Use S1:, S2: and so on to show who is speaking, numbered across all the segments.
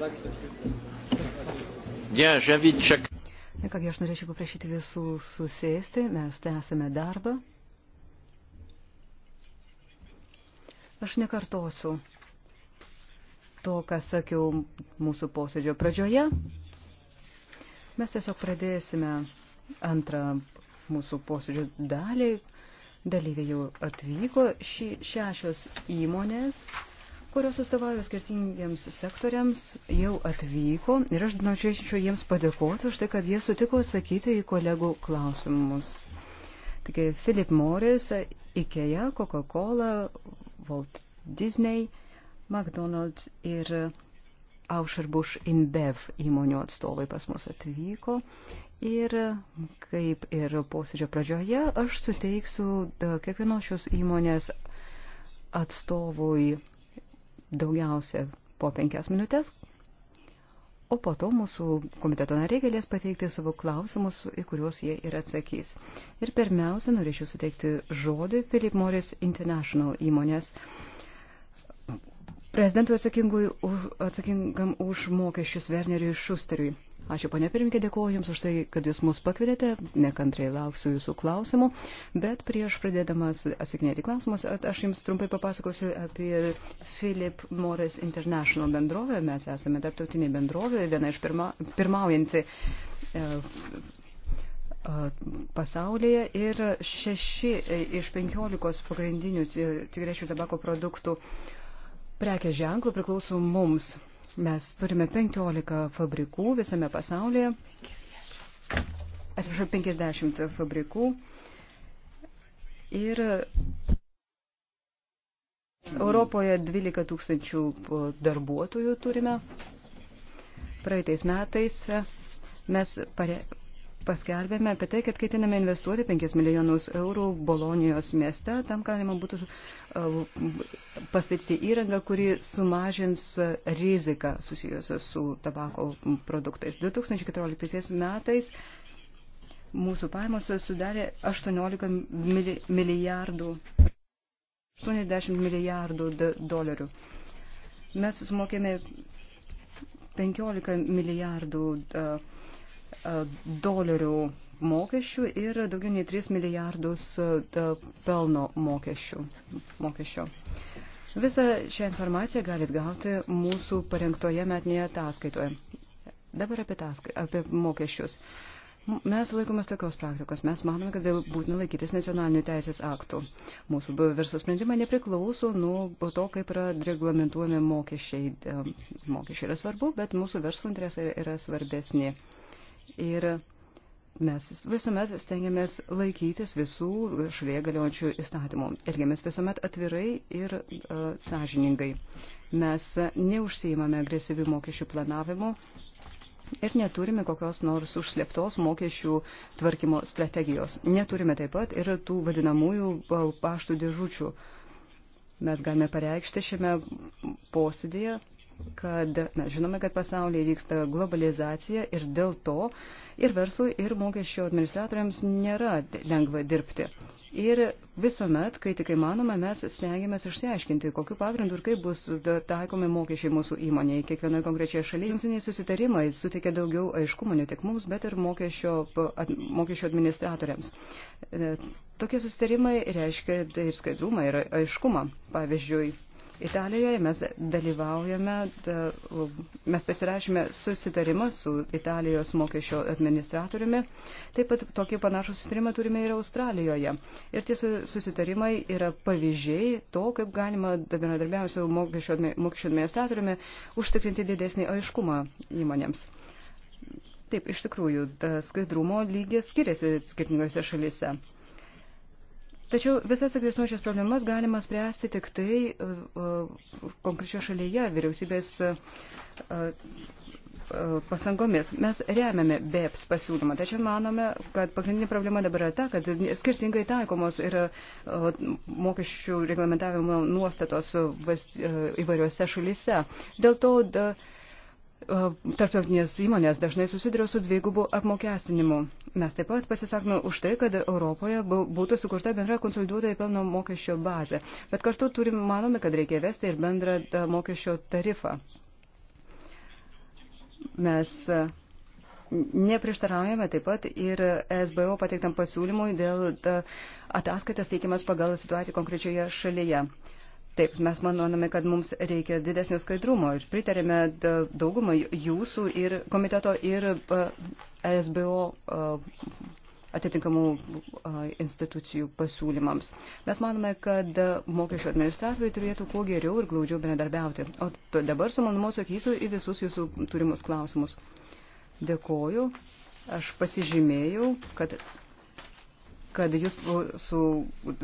S1: Na
S2: kągi, aš norėčiau paprašyti visų susėsti, mes tęsime darbą. Aš nekartosiu to, ką sakiau mūsų posėdžio pradžioje. Mes tiesiog pradėsime antrą mūsų posėdžio dalį. Dalyviai jau atvyko ši, šešios įmonės kurios atstovauja skirtingiems sektoriams, jau atvyko ir aš norėčiau jiems padėkoti už tai, kad jie sutiko atsakyti į kolegų klausimus. Taigi Philip Morris, Ikea, Coca-Cola, Walt Disney, McDonald's ir Aušarbuš InBev įmonių atstovai pas mus atvyko. Ir kaip ir posėdžio pradžioje, aš suteiksiu e, kiekvienos šios įmonės atstovui daugiausia po penkias minutės, o po to mūsų komiteto nariai galės pateikti savo klausimus, į kuriuos jie ir atsakys. Ir pirmiausia, norėčiau suteikti žodį Philip Morris International įmonės prezidentui atsakingam už mokesčius Werneriui Šusteriui. Ačiū, ponė pirmininkė, dėkuoju Jums už tai, kad Jūs mus pakvietėte, nekantrai lauksiu Jūsų klausimų, bet prieš pradėdamas atsakinėti klausimus, aš Jums trumpai papasakosiu apie Philip Morris International bendrovę. Mes esame tarptautinė bendrovė, viena iš pirma, pirmaujanti e, e, pasaulyje ir šeši e, iš penkiolikos pagrindinių cigarečių tabako produktų prekės ženklų priklauso mums. Mes turime 15 fabrikų visame pasaulyje. Atsiprašau, 50 fabrikų. Ir Europoje 12 tūkstančių darbuotojų turime. Praeitais metais mes pare, paskelbėme apie tai, kad ketiname investuoti 5 milijonus eurų Bolonijos mieste, tam galima būtų pastatyti įrangą, kuri sumažins riziką susijusią su tabako produktais. 2014 metais mūsų pajamos sudarė 18 milijardų, 80 milijardų dolerių. Mes sumokėme 15 milijardų dolerių mokesčių ir daugiau nei 3 milijardus e, pelno mokesčių, mokesčio. Visą šią informaciją galit gauti mūsų parengtoje metinėje ataskaitoje. Dabar apie, task, apie mokesčius. Mes laikomės tokios praktikos. Mes manome, kad būtina laikytis nacionalinių teisės aktų. Mūsų verslo sprendimai nepriklauso nuo to, kaip yra reglamentuojami mokesčiai. E, mokesčiai yra svarbu, bet mūsų verslo interesai yra svarbesni. Ir Mes visuomet stengiamės laikytis visų šalyje galiojančių įstatymų. Elgiamės visuomet atvirai ir uh, sąžiningai. Mes neužsijimame agresyvių mokesčių planavimu ir neturime kokios nors užslėptos mokesčių tvarkymo strategijos. Neturime taip pat ir tų vadinamųjų e, paštų dėžučių. Mes galime pareikšti šiame posėdėje, kad mes žinome, kad pasaulyje vyksta globalizacija ir dėl to ir verslui, ir mokesčio administratoriams nėra lengva dirbti. Ir visuomet, kai tik įmanoma, mes stengiamės išsiaiškinti, kokiu pagrindu ir kaip bus taikomi mokesčiai mūsų įmonėje. Kiekvienoje konkrečioje šalyje žingsniai susitarimai suteikia daugiau aiškumo ne tik mums, bet ir mokesčio, mokesčio administratoriams. E, tokie susitarimai reiškia ir skaidrumą, ir aiškumą. Pavyzdžiui, Italijoje mes dalyvaujame, mes pasirašėme susitarimą su Italijos mokesčio administratoriumi. Taip pat tokį panašų susitarimą turime ir Australijoje. Ir tie susitarimai yra pavyzdžiai to, kaip galima bendradarbiausiu mokesčio, mokesčio administratoriumi užtikrinti didesnį aiškumą įmonėms. Taip, iš tikrųjų, skaidrumo lygis skiriasi skirtingose šalise. Tačiau visas egzistuojančias problemas galima spręsti tik tai e, e, konkrečio šalyje vyriausybės e, pastangomis. Mes remiame BEPS pasiūlymą, tačiau manome, kad pagrindinė problema dabar yra ta, kad skirtingai taikomos yra mokesčių reglamentavimo nuostatos įvairiuose šalyse. Dėl to da, tarptautinės įmonės dažnai susiduria su dvigubu apmokestinimu. Mes taip pat pasisakome už tai, kad Europoje būtų sukurta bendra konsoliduota į pelno mokesčio bazę, bet kartu turim, manome, kad reikia vesti ir bendrą mokesčio tarifą. Mes neprieštaraujame taip pat ir SBO pateiktam pasiūlymui dėl ataskaitas teikiamas pagal situaciją konkrečioje šalyje. Taip, mes manome, kad mums reikia didesnio skaidrumo ir pritarėme daugumą jūsų ir komiteto ir e, SBO e, atitinkamų e, institucijų pasiūlymams. Mes manome, kad mokesčio administratoriai turėtų kuo geriau ir glaudžiau bendradarbiauti. O dabar su manumu atsakysiu į visus jūsų turimus klausimus. Dėkoju. Aš pasižymėjau, kad kad jūs su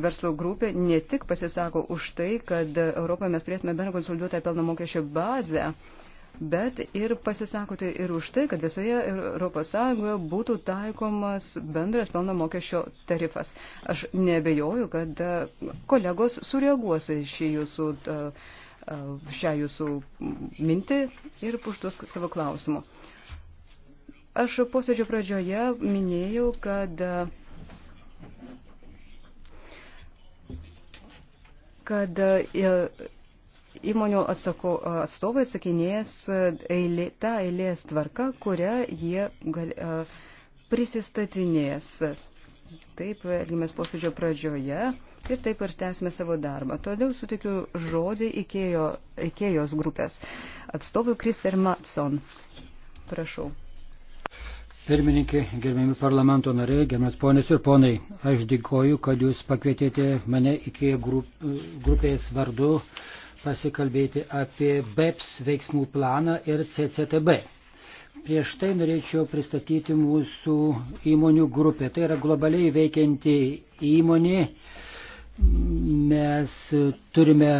S2: verslo grupė ne tik pasisako už tai, kad Europoje mes turėtume bendrą konsoliduotą pelno mokesčio bazę, bet ir pasisakote ir už tai, kad visoje ES būtų taikomas bendras pelno mokesčio tarifas. Aš nebejoju, kad e, kolegos sureaguos šį jūsų, e, e, šią jūsų mintį ir užduos savo klausimų. Aš posėdžio pradžioje minėjau, kad kad e, įmonių atsako, atstovai atsakinės eilė, tą eilės tvarką, kurią jie gal, e, prisistatinės. Taip, elgimės posėdžio pradžioje ir taip ir tęsime savo darbą. Toliau sutikiu žodį Ikėjo, Ikėjos grupės atstovui Krister Matson. Prašau.
S3: Pirmininkė, gerbiami parlamento nariai, gerbiamas ponės ir ponai, aš dėkoju, kad jūs pakvietėte mane iki grup, grupės vardu pasikalbėti apie BEPS veiksmų planą ir CCTB. Prieš tai norėčiau pristatyti mūsų įmonių grupę. Tai yra globaliai veikianti įmonė. Mes turime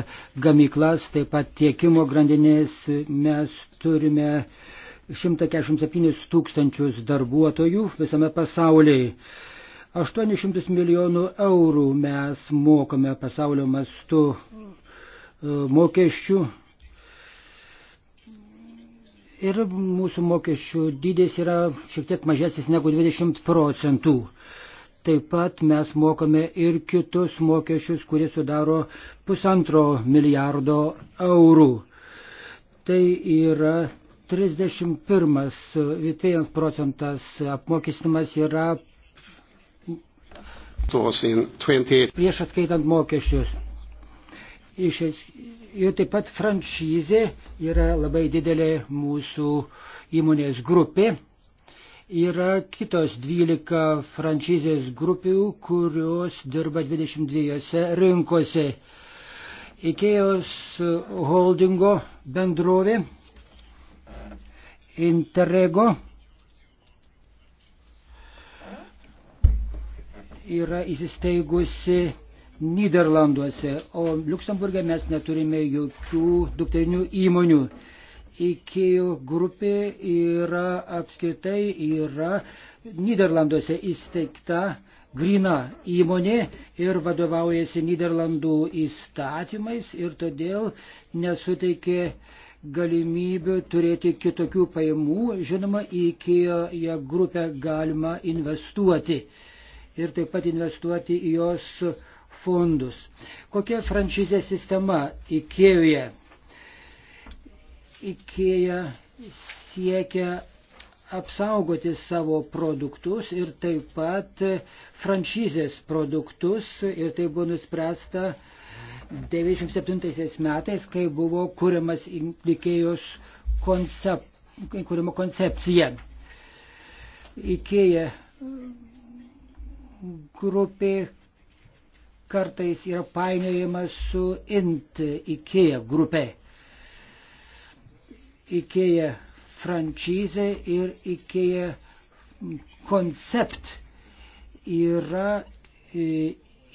S3: gamyklas, taip pat tiekimo grandinės, mes turime uh, 147 tūkstančius darbuotojų visame pasaulyje. 800 milijonų eurų mes mokame pasaulio mastu e, mokesčių. Ir mūsų mokesčių dydis yra šiek tiek mažesnis negu 20 procentų. Taip pat mes mokame ir kitus mokesčius, kurie sudaro pusantro milijardo eurų. Tai yra 31 e, procentas apmokestimas yra prieš atskaitant mokesčius. Iš, ir taip pat franšizė yra labai didelė mūsų įmonės grupė. Yra kitos 12 franšizės grupių, kurios dirba 22 rinkose. Ikėjos holdingo bendrovė Interrego yra įsisteigusi Niderlanduose, o Luksemburgė mes neturime jokių dukterinių įmonių. IKEA grupė yra apskritai yra Niderlanduose įsteigta grina įmonė ir vadovaujasi Niderlandų įstatymais ir todėl nesuteikė uh, galimybių turėti kitokių pajamų. Žinoma, į Kijoje grupę galima investuoti ir taip pat investuoti į jos fondus. Kokia franšizė sistema Ikejoje? Ikeja siekia apsaugoti savo produktus ir taip pat franšizės produktus ir tai buvo nuspręsta uh, 97 metais, kai buvo kūriamas Ikėjos koncep, kūrimo koncepcija. Ikėja grupė kartais yra painiojama su INT Ikėja grupė. Ikėja franšizė ir Ikėja koncept yra e,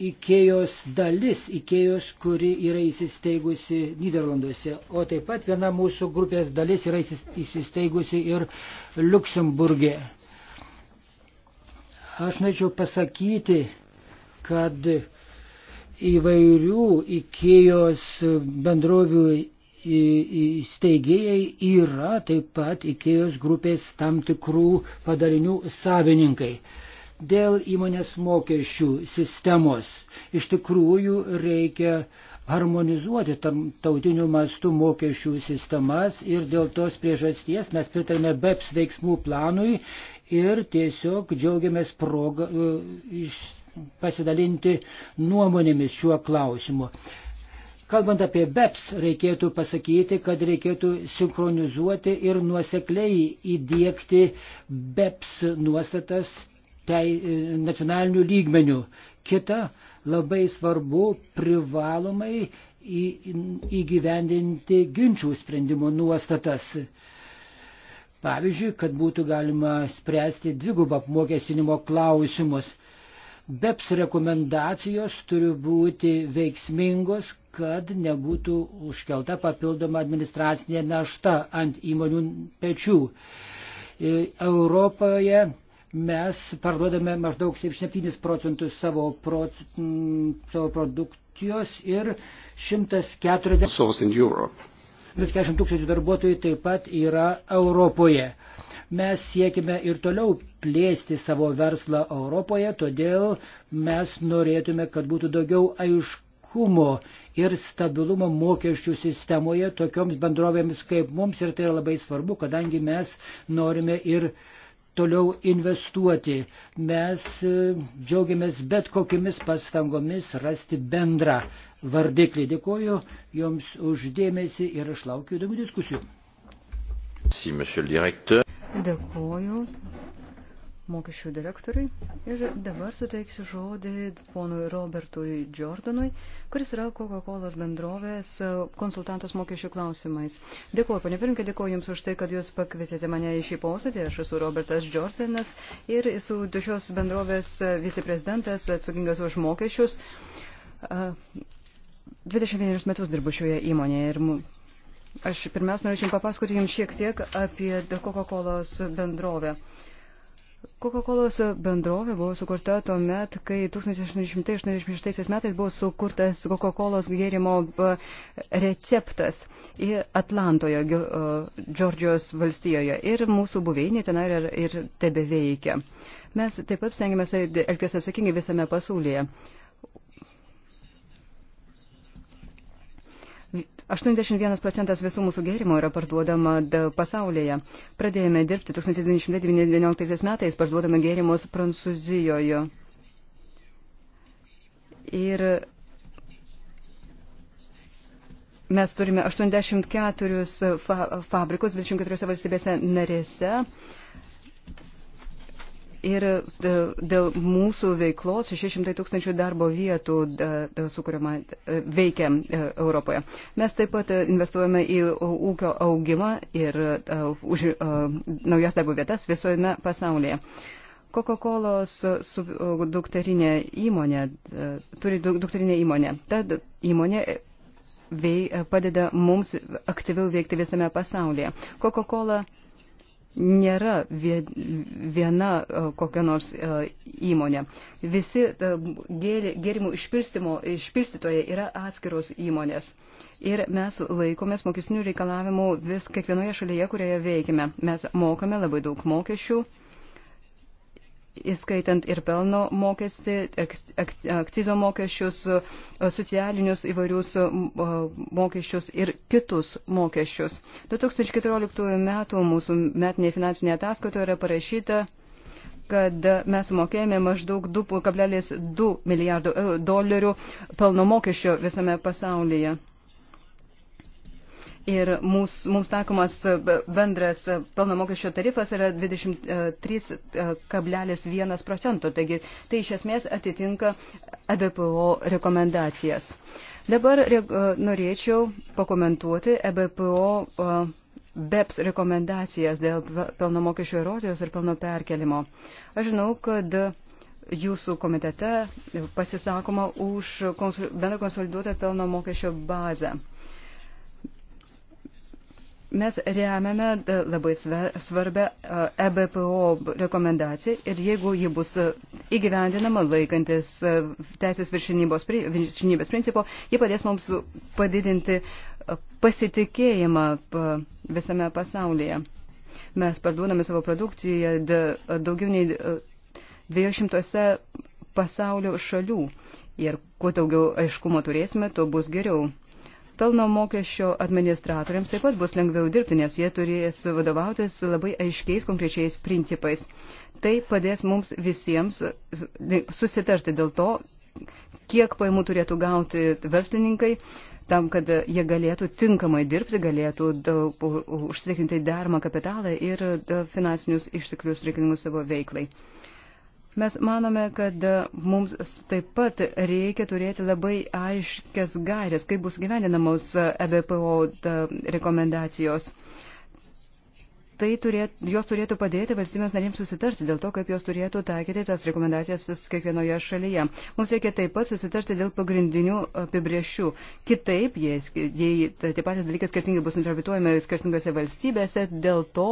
S3: Ikėjos dalis, Ikėjos, kuri yra įsisteigusi Niderlanduose, o taip pat viena mūsų grupės dalis yra įsisteigusi ir Luksemburgė. Aš norėčiau pasakyti, kad įvairių Ikėjos bendrovių steigėjai yra taip pat Ikėjos grupės tam tikrų padalinių savininkai. Dėl įmonės mokesčių sistemos iš tikrųjų reikia harmonizuoti tautinių mastų mokesčių sistemas ir dėl tos priežasties mes pritarėme BEPS veiksmų planui ir tiesiog džiaugiamės progą e, pasidalinti nuomonėmis šiuo klausimu. Kalbant apie BEPS, reikėtų pasakyti, kad reikėtų sinchronizuoti ir nuosekliai įdėkti BEPS nuostatas tei, e, nacionalinių lygmenių. Kita, labai svarbu privalomai į, įgyvendinti ginčių sprendimo nuostatas. Pavyzdžiui, kad būtų galima spręsti dvigubą apmokestinimo klausimus. BEPS rekomendacijos turi būti veiksmingos, kad nebūtų užkelta papildoma administracinė našta ant įmonių pečių. E, Europoje mes parduodame maždaug 7 procentus savo, proc, savo produkcijos ir 140 tūkstančių darbuotojų taip pat yra Europoje. Mes siekime ir toliau plėsti savo verslą Europoje, todėl mes norėtume, kad būtų daugiau aiškumo ir stabilumo mokesčių sistemoje tokioms bendrovėms kaip mums ir tai yra labai svarbu, kadangi mes norime ir uh, toliau investuoti. Mes e, džiaugiamės bet kokiamis pastangomis rasti bendrą vardiklį. Dėkuoju Jums uždėmesi ir aš laukiu įdomių diskusijų. Dėkuoju mokesčių
S2: direktoriui. Ir dabar suteiksiu žodį ponui Robertui Jordanui, kuris yra Coca-Cola bendrovės konsultantas mokesčių klausimais. Dėkuoju, ponė Pirinkė, dėkuoju Jums už tai, kad Jūs pakvietėte mane į šį posėdį. Aš esu Robertas Jordanas ir esu šios bendrovės viceprezidentas atsakingas už mokesčius. 21 metus dirbu šioje įmonėje ir Aš pirmiausia norėčiau papasakoti Jums šiek tiek apie Coca-Cola bendrovę. Coca-Cola bendrovė buvo sukurta tuo met, kai 1886 metais buvo sukurtas Coca-Cola gėrimo e, receptas į Atlantoje, e, Džordžijos valstijoje. Ir mūsų buveinė ten ir, ir tebe veikia. Mes taip pat stengiamės elgtis atsakingai visame pasaulyje. 81 procentas visų mūsų gėrimų yra parduodama pasaulyje. Pradėjome dirbti 1919 metais, parduodame gėrimus Prancūzijoje. Ir mes turime 84 fa fabrikus 24 valstybėse narėse. Ir e, dėl mūsų veiklos 600 tūkstančių darbo vietų e, e, sukūrima veikia Europoje. Mes taip pat investuojame į ūkio augimą ir už naujas darbo vietas visoje pasaulyje. Coca-Cola dukterinė įmonė turi dukterinę įmonę. Ta įmonė vei, padeda mums aktyviau veikti visame pasaulyje. Coca-Cola nėra viena e, kokia nors e, įmonė. Visi e, gėrimų išpirstytojai yra atskiros įmonės. Ir mes laikomės mokesnių reikalavimų vis kiekvienoje šalyje, kurioje veikime. Mes mokame labai daug mokesčių įskaitant ir pelno mokestį, akcizo mokesčius, socialinius įvairius mokesčius ir kitus mokesčius. 2014 metų mūsų metinė finansinė ataskaita yra parašyta kad mes sumokėjome maždaug 2,2 milijardo e, dolerių pelno mokesčio visame pasaulyje ir mūs, mums takomas bendras pelno mokesčio tarifas yra 23,1 procento. Taigi tai iš esmės atitinka EBPO rekomendacijas. Dabar e, norėčiau pakomentuoti EBPO e, BEPS rekomendacijas dėl pelno mokesčio erozijos ir pelno perkelimo. Aš žinau, kad jūsų komitete pasisakoma už bendrą konsoliduotą pelno mokesčio bazę. Mes remiame e, labai svarbę EBPO e rekomendaciją ir jeigu ji bus e, įgyvendinama laikantis teisės viršinybės principo, ji padės mums padidinti pasitikėjimą visame pasaulyje. Mes parduodame savo produkciją daugiau nei 200 pasaulio šalių ir kuo daugiau aiškumo turėsime, tuo bus geriau. Pelno mokesčio administratoriams taip pat bus lengviau dirbti, nes jie turės vadovautis labai aiškiais konkrečiais principais. Tai padės mums visiems e, susitarti dėl to, kiek paimų turėtų gauti verslininkai, tam, kad jie galėtų tinkamai dirbti, galėtų daug, užsitikrinti dermą kapitalą ir finansinius išteklius reikalingus savo veiklai. Mes manome, kad mums taip pat reikia turėti labai aiškias gairės, kaip bus gyveninamos EBPO rekomendacijos. Tai turėt, jos turėtų padėti valstybės narėms susitarti dėl to, kaip jos turėtų taikyti tas rekomendacijas kiekvienoje šalyje. Mums reikia taip pat susitarti dėl pagrindinių apibriešių. Kitaip, jei, jei tie patys dalykai skirtingai bus interpretuojami skirtingose valstybėse, dėl to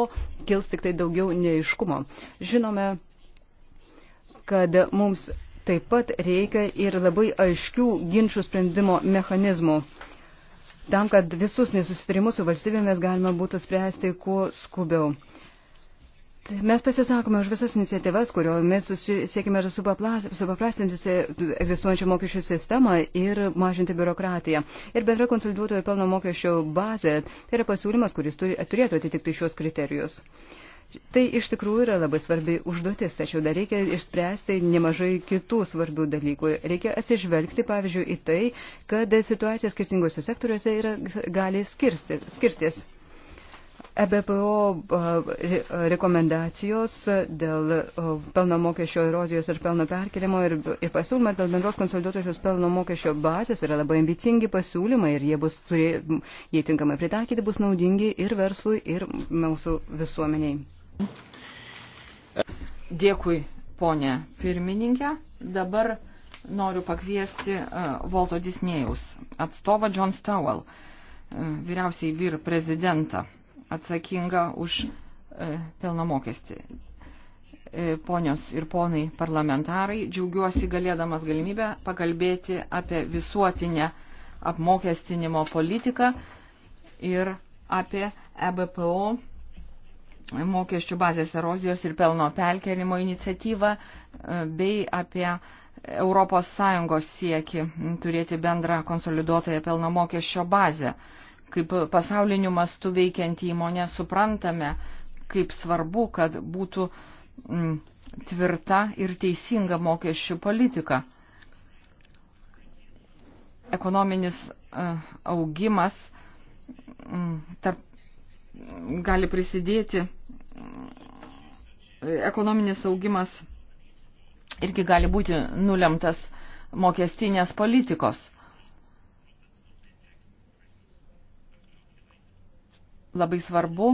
S2: kils tik tai daugiau neiškumo. Žinome, kad mums taip pat reikia ir labai aiškių ginčių sprendimo mechanizmų, tam, kad visus nesusitarimus su valstybėmis galima būtų spręsti kuo skubiau. Tai mes pasisakome už visas iniciatyvas, kuriomis siekime supaprastinti egzistuojančią mokesčių sistemą ir mažinti biurokratiją. Ir bendra konsultuotojo pelno mokesčio bazė tai yra pasiūlymas, kuris turi, turėtų atitikti šios kriterijus. Uh, Tai iš tikrųjų yra labai svarbi užduotis, tačiau dar reikia išspręsti nemažai kitų svarbių dalykų. Reikia atsižvelgti, pavyzdžiui, į tai, kad situacija skirtingose sektoriuose yra, gali skirsti, skirtis. EBPO rekomendacijos dėl pelno mokesčio erozijos ir pelno perkelimo ir, ir pasiūlymą dėl bendros konsoliduotojos pelno mokesčio bazės yra labai ambicingi pasiūlymai ir jie bus turė, jie tinkamai pritaikyti bus naudingi ir verslui,
S1: ir mūsų visuomeniai. Dėkui, ponė pirmininkė. Dabar noriu pakviesti e, Volto Disnėjaus atstovą John Stowell, e, vyriausiai vyr prezidentą, atsakingą už e, pelno mokestį. Ponios ir ponai parlamentarai, džiaugiuosi galėdamas galimybę pakalbėti apie visuotinę apmokestinimo politiką ir apie EBPO mokesčių bazės erozijos ir pelno pelkerimo iniciatyvą e, bei apie ES sieki turėti bendrą konsoliduotąją pelno mokesčio bazę. Kaip pasauliniu mastu veikianti įmonė suprantame, kaip svarbu, kad būtų mm, tvirta ir teisinga mokesčių politika. Ekonominis e, augimas mm, tarp, gali prisidėti ekonominis augimas irgi gali būti nulemtas mokestinės politikos. Labai svarbu,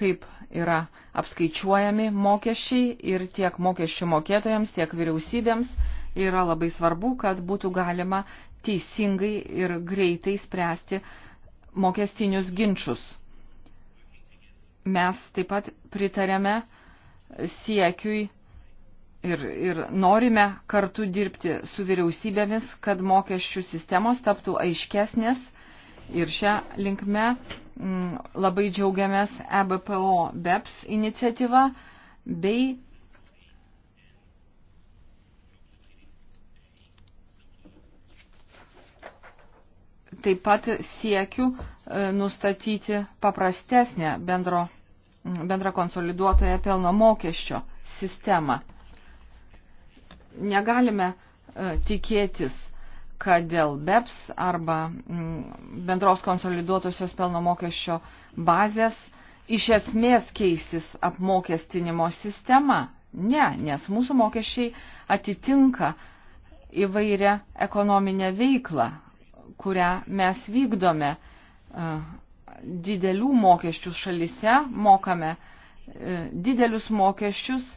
S1: kaip yra apskaičiuojami mokesčiai ir tiek mokesčių mokėtojams, tiek vyriausybėms yra labai svarbu, kad būtų galima teisingai ir greitai spręsti mokestinius ginčius. Mes taip pat pritarėme siekiui ir, ir norime kartu dirbti su vyriausybėmis, kad mokesčių sistemos taptų aiškesnės. Ir šią linkme m, mm, labai džiaugiamės EBPO BEPS iniciatyva bei taip pat siekiu e, nustatyti paprastesnę bendro, bendrą konsoliduotąją pelno mokesčio sistemą. Negalime e, tikėtis, kad dėl BEPS arba bendros konsoliduotosios pelno mokesčio bazės iš esmės keisis apmokestinimo sistema. Ne, nes mūsų mokesčiai atitinka įvairią ekonominę veiklą, kurią mes vykdome. E, didelių mokesčių šalise mokame e, didelius mokesčius, e,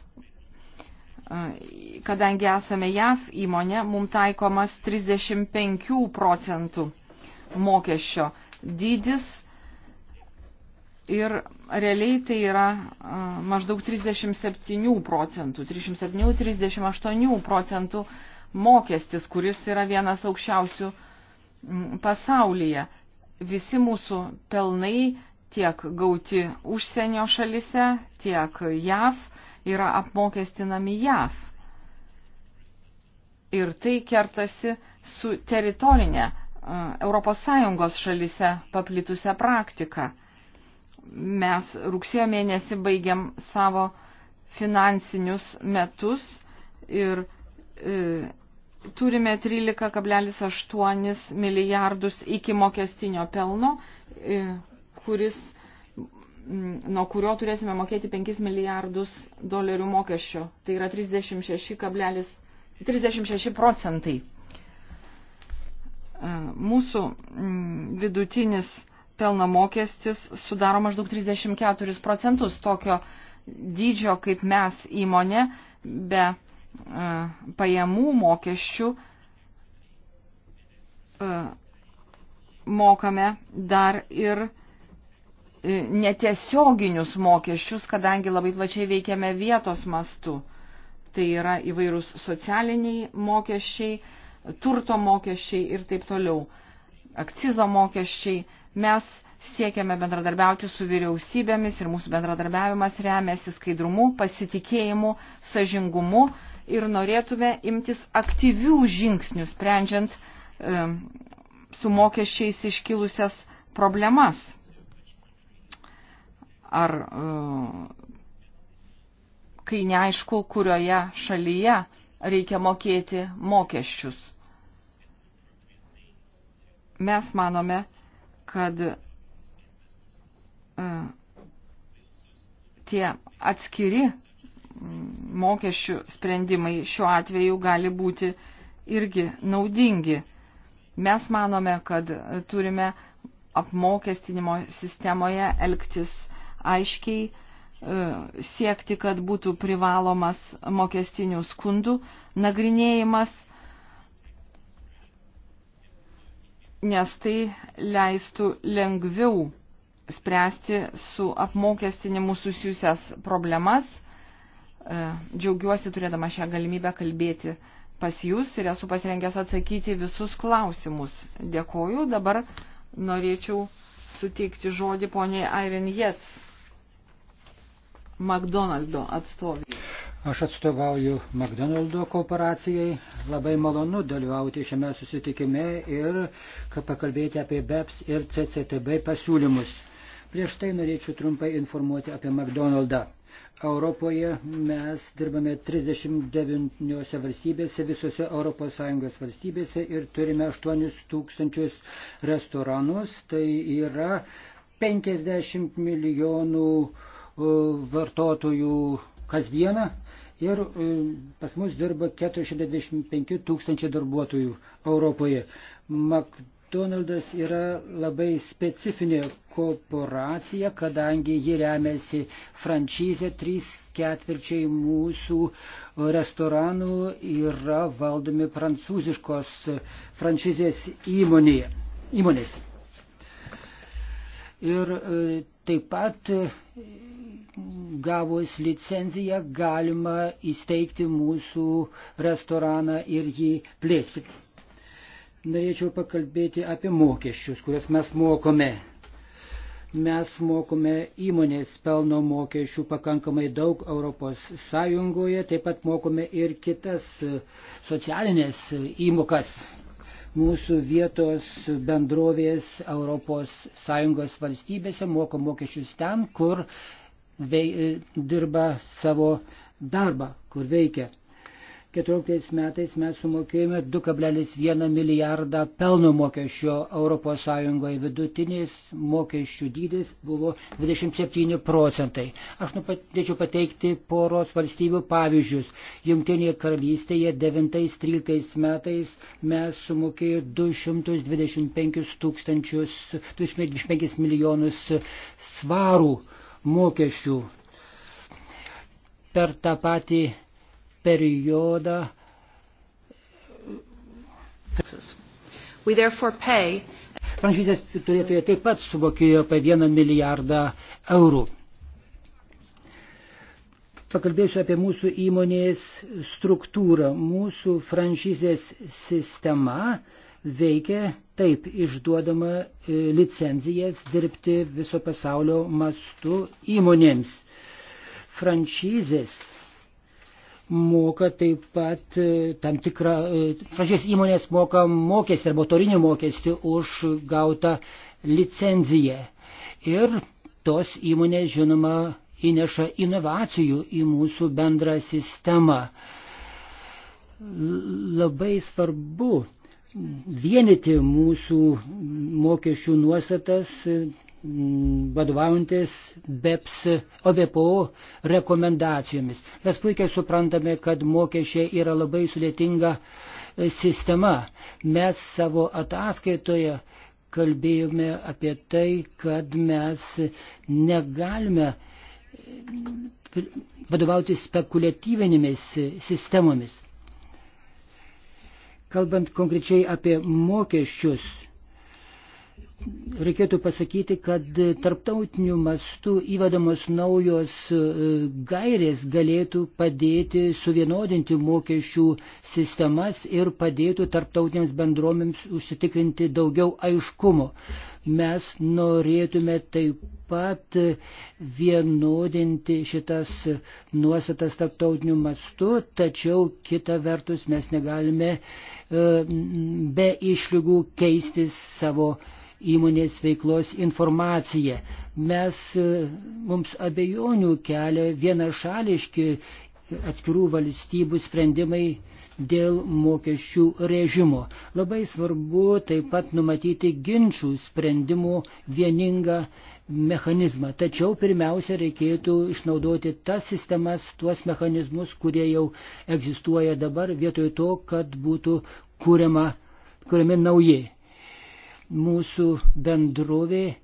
S1: kadangi esame JAV įmonė, mums taikomas 35 procentų mokesčio dydis ir realiai tai yra maždaug 37 procentų, 37-38 procentų mokestis, kuris yra vienas aukščiausių pasaulyje. Visi mūsų pelnai tiek gauti užsienio šalise, tiek JAV yra apmokestinami JAV. Ir tai kertasi su teritorinė ES šalise paplitusią praktiką. Mes rugsėjo mėnesį baigiam savo finansinius metus ir e, turime 13,8 milijardus iki mokestinio pelno, e, kuris, mm, nuo kurio turėsime mokėti 5 milijardus dolerių mokesčio. Tai yra 36, kablelis, 36 procentai. E, mūsų mm, vidutinis pelno mokestis sudaro maždaug 34 procentus tokio dydžio kaip mes įmonė be E, pajamų mokesčių e, mokame dar ir e, netiesioginius mokesčius, kadangi labai plačiai veikiame vietos mastu. Tai yra įvairūs socialiniai mokesčiai, turto mokesčiai ir taip toliau. Akcizo mokesčiai. Mes siekiame bendradarbiauti su vyriausybėmis ir mūsų bendradarbiavimas remiasi skaidrumu, pasitikėjimu, sažingumu ir norėtume imtis aktyvių žingsnių sprendžiant e, su mokesčiais iškilusias problemas. Ar e, kai neaišku, kurioje šalyje reikia mokėti mokesčius. Mes manome, kad e, tie atskiri mokesčių sprendimai šiuo atveju gali būti irgi naudingi. Mes manome, kad turime apmokestinimo sistemoje elgtis aiškiai, e, siekti, kad būtų privalomas mokestinių skundų nagrinėjimas, nes tai leistų lengviau spręsti su apmokestinimu susijusias problemas E, džiaugiuosi turėdama šią galimybę kalbėti pas jūs ir esu pasirengęs atsakyti visus klausimus. Dėkoju. Dabar norėčiau suteikti žodį poniai Airin Jets, McDonaldo atstovai.
S3: Aš atstovauju McDonaldo kooperacijai. Labai malonu dalyvauti šiame susitikime ir pakalbėti apie BEPS ir CCTB pasiūlymus. Prieš tai norėčiau trumpai informuoti apie McDonaldą. Europoje mes dirbame 39 valstybėse, visose ES valstybėse ir turime 8 tūkstančius restoranus. Tai yra 50 milijonų e, vartotojų kasdieną ir e, pas mus dirba 425 tūkstančiai darbuotojų Europoje. Mak McDonald's yra labai specifinė korporacija, kadangi ji remiasi franšizė, trys ketvirčiai mūsų restoranų yra valdomi prancūziškos franšizės įmonėje, įmonės. Ir e, taip pat e, gavus licenciją galima įsteigti mūsų restoraną ir jį plėsti norėčiau pakalbėti apie mokesčius, kuriuos mes mokome. Mes mokome įmonės pelno mokesčių pakankamai daug Europos Sąjungoje, taip pat mokome ir kitas socialinės įmokas. Mūsų vietos bendrovės Europos Sąjungos valstybėse moka mokesčius ten, kur vei, dirba savo darbą, kur veikia. 2014 metais mes sumokėjome 2,1 milijardą pelno mokesčio ES vidutinis mokesčių dydis buvo 27 procentai. Aš nu norėčiau pateikti poros valstybių pavyzdžius. Jungtinėje karalystėje 9-13 metais mes sumokėjome 225 tūkstančius, 225 milijonus svarų mokesčių. Per tą patį periodą. Pay... Franšizės turėtoje taip pat sumokėjo apie vieną milijardą eurų. Pakalbėsiu apie mūsų įmonės struktūrą. Mūsų franšizės sistema veikia taip išduodama e, licenzijas dirbti viso pasaulio mastu įmonėms. Franšizės moka taip pat e, tam tikrą, pradžios e, įmonės moka mokestį arba autorinį mokestį už gautą licenciją. Ir tos įmonės, žinoma, įneša inovacijų į mūsų bendrą sistemą. Labai svarbu vienyti mūsų mokesčių nuostatas Mm, vadovaujantis BEPS OBPO rekomendacijomis. Mes puikiai suprantame, kad mokesčiai yra labai sudėtinga e, sistema. Mes savo ataskaitoje kalbėjome apie tai, kad mes negalime e, vadovauti spekuliatyvinėmis sistemomis. Kalbant konkrečiai apie mokesčius, reikėtų pasakyti, kad tarptautiniu mastu įvedamos naujos e, gairės galėtų padėti suvienodinti mokesčių sistemas ir padėtų tarptautiniams bendromėms užsitikrinti daugiau aiškumo. Mes norėtume taip pat vienodinti šitas nuostatas tarptautiniu mastu, tačiau kita vertus mes negalime e, be išlygų keisti savo įmonės veiklos informaciją. Mes, e, mums abejonių kelia vienašališki atskirų valstybių sprendimai dėl mokesčių režimo. Labai svarbu taip pat numatyti ginčių sprendimų vieningą mechanizmą. Tačiau pirmiausia reikėtų išnaudoti tas sistemas, tuos mechanizmus, kurie jau egzistuoja dabar, vietoj to, kad būtų kuriama, kuriami nauji mūsų bendrovė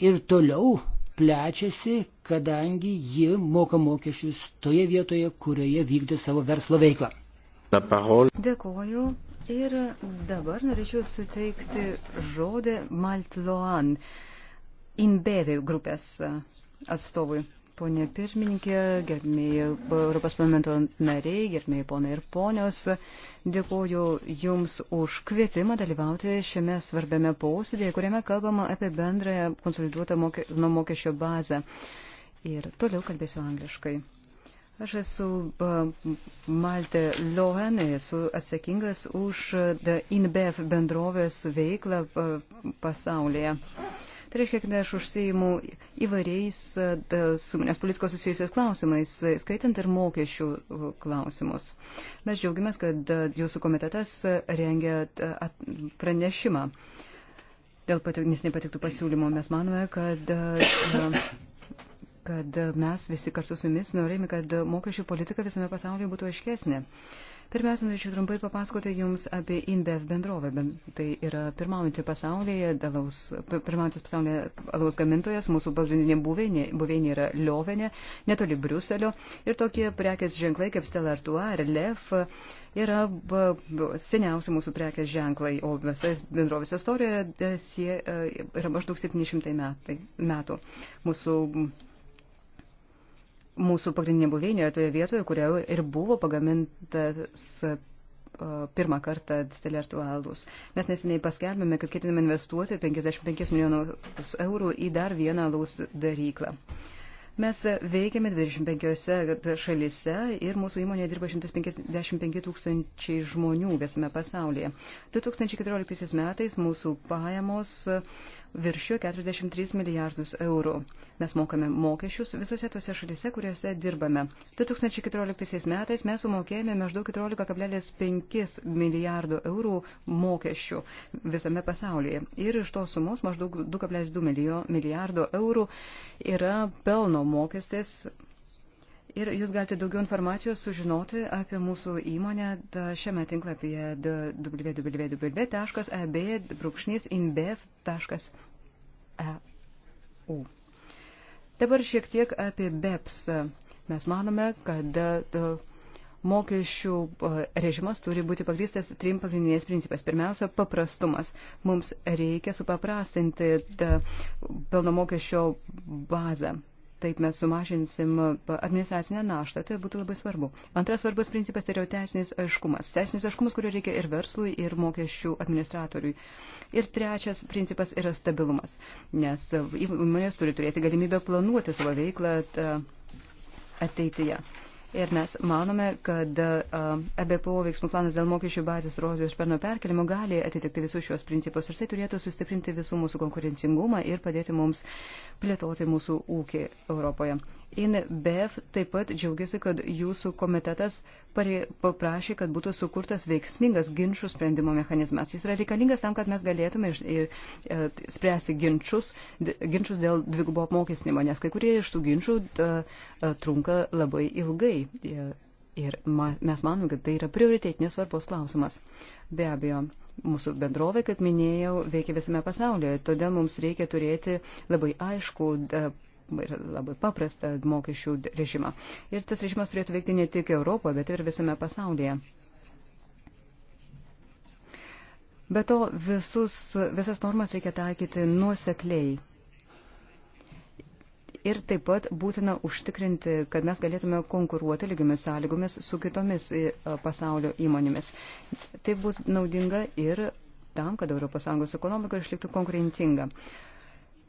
S3: ir toliau plečiasi, kadangi ji moka mokesčius toje vietoje, kurioje vykdė savo verslo veiklą.
S2: Dėkoju. Ir dabar norėčiau suteikti žodį Maltloan Inbevi grupės atstovui. Pone pirmininkė, gerbėjai Europos parlamento nariai, gerbėjai ponai ir ponios, dėkuoju Jums už kvietimą dalyvauti šiame svarbiame posėdėje, kuriame kalbama apie bendrąją konsoliduotą mokė, nuo mokesčio bazę. Ir toliau kalbėsiu angliškai. Aš esu Malte Lohen, esu atsakingas už InBev bendrovės veiklą pasaulyje. Tai reiškia, kad aš užsijimu įvairiais e, su manęs politikos susijusiais klausimais, skaitant ir mokesčių e, klausimus. Mes džiaugiamės, kad e, jūsų komitetas rengia pranešimą dėl nepatiktų pasiūlymų. Mes manome, kad. kad mes visi kartu su jumis norėjome, kad mokesčių politika visame pasaulyje būtų aiškesnė. Uh, Pirmiausia, norėčiau trumpai papasakoti Jums apie InBev bendrovę. Tai yra pirmaujantis pasaulyje, dalaus, pirmaujantis pasaulyje alaus gamintojas, mūsų pagrindinė buveinė, buveinė yra Liovenė, netoli Briuselio. Ir tokie prekės ženklai kaip Stella Artois ir Lef yra seniausi mūsų prekės ženklai, o visa bendrovės istorija e, e, yra maždaug 700 metai, metų. Mūsų mūsų pagrindinė buveinė yra toje vietoje, kurioje ir buvo pagamintas e, pirmą kartą Stelle Artualus. Mes neseniai paskelbėme, kad ketiname investuoti 55 milijonus eurų į dar vieną alaus daryklą. Mes veikiame 25 šalise ir mūsų įmonėje dirba 155 tūkstančiai žmonių visame pasaulyje. 2014 metais mūsų pajamos viršijo 43 milijardus eurų. Mes mokame mokesčius visose tose šalise, kuriuose dirbame. 2014 metais mes sumokėjome maždaug 14,5 milijardų eurų mokesčių visame pasaulyje. Ir iš tos sumos maždaug 2,2 milijardo eurų yra pelno mokestis Ir jūs galite daugiau informacijos sužinoti apie mūsų įmonę da, šiame tinklapyje www.ab.inbev.eu. E Dabar šiek tiek apie BEPS. Mes manome, kad da, mokesčių režimas turi būti pagrįstas trim pagrindiniais principais. Pirmiausia, paprastumas. Mums reikia supaprastinti pelno mokesčio bazę. Taip mes sumažinsim administracinę naštą, tai būtų labai svarbu. Antras svarbus principas tai yra teisinis aiškumas. Teisinis aiškumas, kurio reikia ir verslui, ir mokesčių administratoriui. Ir trečias principas yra stabilumas, nes įmonės turi turėti galimybę planuoti savo veiklą ateityje. Ir mes manome, kad ABPO veiksmų planas dėl mokesčių bazės rozijos pelno perkelimo gali atitikti visus šios principus ir tai turėtų sustiprinti visų mūsų konkurencingumą ir padėti mums plėtoti mūsų ūkį Europoje. INBF taip pat džiaugiasi, kad jūsų komitetas paprašė, kad būtų sukurtas veiksmingas ginčių sprendimo mechanizmas. Jis yra reikalingas tam, kad mes galėtume iš, ir, ir, e, spręsti ginčius, ginčius dėl dvigubo apmokestinimo, nes kai kurie iš tų ginčių t, t, e, trunka labai ilgai. Ir ma, mes manome, kad tai yra prioritetinės svarbos klausimas. Be abejo, mūsų bendrovė, kaip minėjau, veikia visame pasaulyje, todėl mums reikia turėti labai aišku ir labai paprastą mokesčių režimą. Ir tas režimas turėtų veikti ne tik Europoje, bet ir visame pasaulyje. Be to, visus, visas normas reikia taikyti nuosekliai. Ir taip pat būtina užtikrinti, kad mes galėtume konkuruoti lygiomis sąlygomis su kitomis e, pasaulio įmonėmis. Tai bus naudinga ir tam, kad ES ekonomika išliktų konkurencinga. Uh,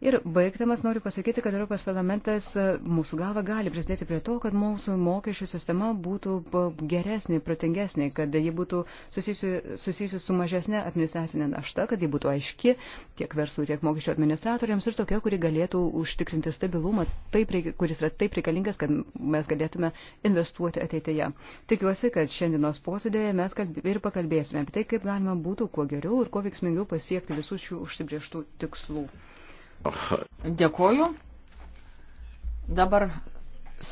S2: Ir baigtamas noriu pasakyti, kad Europos parlamentas e, mūsų galva gali prisidėti prie to, kad mūsų mokesčių sistema būtų e, geresnė, protingesnė, kad ji būtų susijusi, susijusi su mažesnė administracinė našta, kad ji būtų aiški tiek verslų, tiek mokesčių administratoriams ir tokia, kuri galėtų užtikrinti stabilumą, taip, kuris yra taip reikalingas, kad mes galėtume investuoti ateityje. Tikiuosi, kad šiandienos posėdėje mes ir pakalbėsime apie tai, kaip galima būtų kuo geriau ir kuo veiksmingiau pasiekti visų
S1: šių užsibrieštų tikslų. Dėkoju. Dabar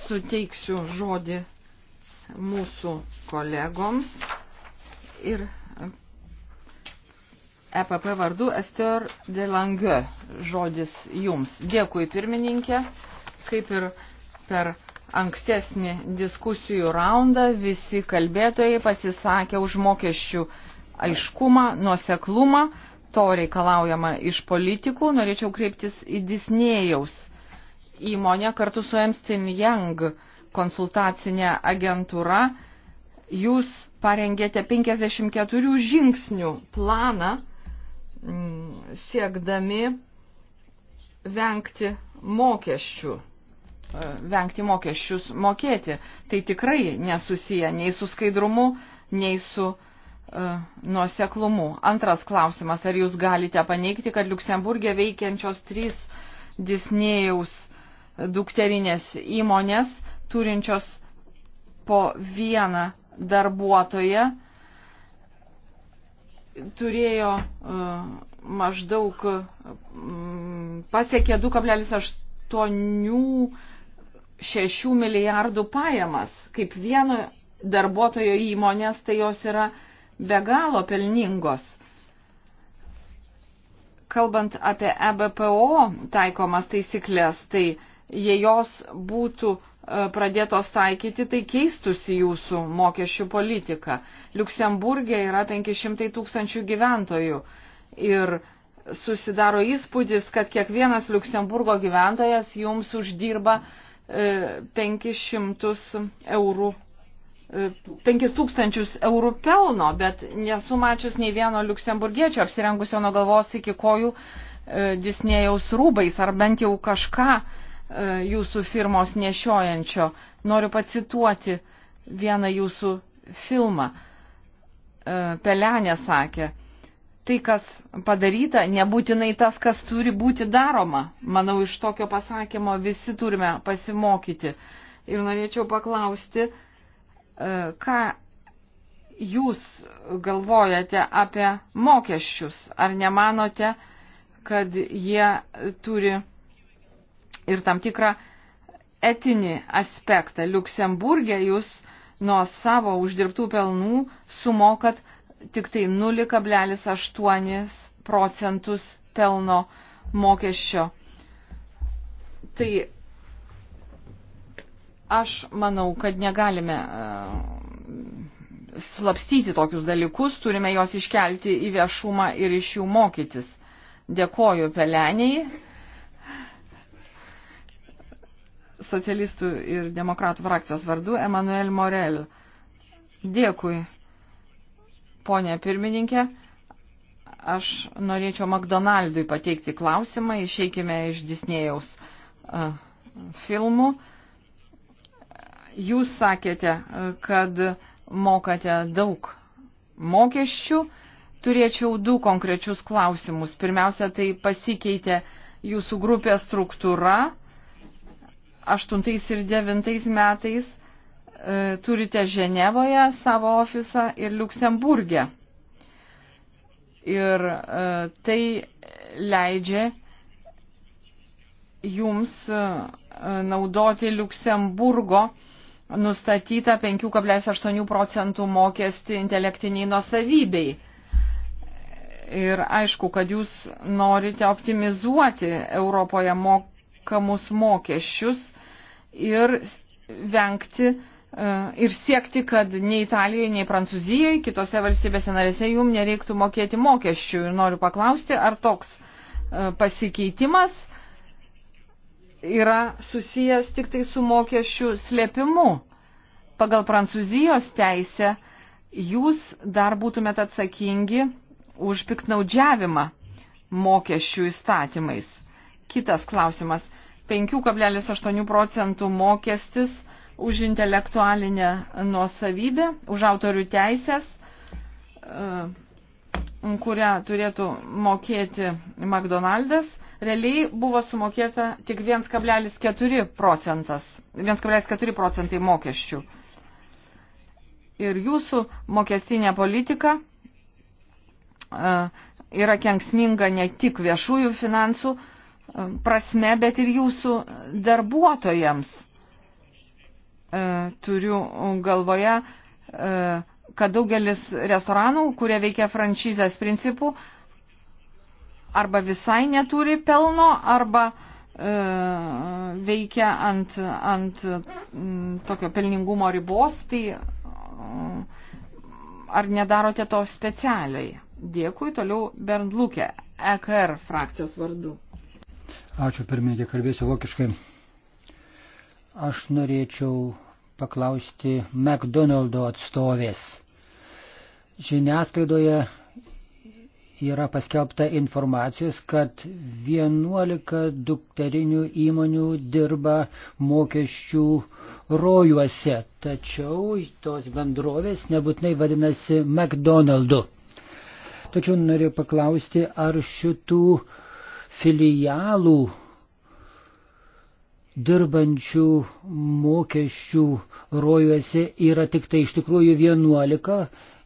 S1: suteiksiu žodį mūsų kolegoms ir EPP vardu Ester Delange žodis jums. Dėkui pirmininkė, kaip ir per ankstesnį diskusijų raundą visi kalbėtojai pasisakė už mokesčių aiškumą, nuoseklumą to reikalaujama iš politikų. Norėčiau kreiptis į Disnėjaus įmonę kartu su Ernst Young konsultacinė agentūra. Jūs parengėte 54 žingsnių planą mm, siekdami vengti mokesčių e, vengti mokesčius mokėti. Tai tikrai nesusiję nei su skaidrumu, nei su uh, E, nuoseklumu. Antras klausimas, ar jūs galite paneigti, kad Luksemburgė veikiančios trys Disnėjaus dukterinės įmonės, turinčios po vieną darbuotoją, turėjo uh, maždaug um, pasiekė 2,86 milijardų pajamas. Kaip vieno darbuotojo įmonės, tai jos yra uh, be galo pelningos. Kalbant apie EBPO taikomas taisyklės, tai jei jos būtų e, pradėtos taikyti, tai keistusi jūsų mokesčių politika. Luksemburgė yra 500 tūkstančių gyventojų ir susidaro įspūdis, kad kiekvienas Luksemburgo gyventojas jums uždirba 500 e, eurų 5000 eurų pelno, bet nesu mačius nei vieno liuksemburgiečio apsirengusio nuo galvos iki kojų e, Disnėjaus rūbais ar bent jau kažką e, jūsų firmos nešiojančio. Noriu pacituoti vieną jūsų filmą. E, Pelenė sakė, tai kas padaryta, nebūtinai tas, kas turi būti daroma. Manau, iš tokio pasakymo visi turime pasimokyti. Ir norėčiau paklausti, E, ką jūs galvojate apie mokesčius? Ar nemanote, kad jie turi ir tam tikrą etinį aspektą? Luksemburgė jūs nuo savo uždirbtų pelnų sumokat tik tai 0,8 procentus pelno mokesčio. Tai Aš manau, kad negalime e, slapstyti tokius dalykus, turime juos iškelti į viešumą ir iš jų mokytis. Dėkoju Peleniai, socialistų ir demokratų frakcijos vardu Emanuel Morel. Dėkui, ponė pirmininkė. Aš norėčiau McDonaldui pateikti klausimą, išeikime iš Disnėjaus uh, e, filmų. Uh, Jūs sakėte, kad mokate daug mokesčių. Turėčiau du konkrečius klausimus. Pirmiausia, tai pasikeitė jūsų grupės struktūra. Aštuntais ir devintais metais e, turite Ženevoje savo ofisą ir Luksemburgė. Ir e, tai leidžia jums e, naudoti Luksemburgo nustatytą 5,8 procentų mokestį intelektiniai nusavybei. Ir aišku, kad jūs norite optimizuoti Europoje mokamus mokesčius ir vengti e, ir siekti, kad nei Italijoje, nei Prancūzijoje, kitose valstybėse narėse jum nereiktų mokėti mokesčių. Ir noriu paklausti, ar toks e, pasikeitimas yra susijęs tik tai su mokesčių slėpimu. Pagal Prancūzijos teisę jūs dar būtumėt atsakingi už piknaudžiavimą mokesčių įstatymais. Kitas klausimas. 5,8 procentų mokestis už intelektualinę nuosavybę, už autorių teisės, e, kurią turėtų mokėti McDonald's Realiai buvo sumokėta tik 1,4 procentas, 1,4 procentai mokesčių. Ir jūsų mokestinė politika e, yra kenksminga ne tik viešųjų finansų e, prasme, bet ir jūsų darbuotojams. E, turiu galvoje, kad daugelis restoranų, kurie veikia franšizės principų, arba visai neturi pelno, arba e, veikia ant, ant m, mm, tokio pelningumo ribos, tai e, ar nedarote to specialiai? Dėkui, toliau Bernd Lukė, EKR frakcijos vardu.
S3: Ačiū, pirmininkė, kalbėsiu vokiškai. Aš norėčiau paklausti McDonald'o atstovės. Žiniasklaidoje yra paskelbta informacijos, kad 11 dukterinių įmonių dirba mokesčių rojuose, tačiau tos bendrovės nebūtinai vadinasi McDonald'u. Tačiau noriu paklausti, ar šitų filialų dirbančių mokesčių rojuose yra tik tai iš tikrųjų 11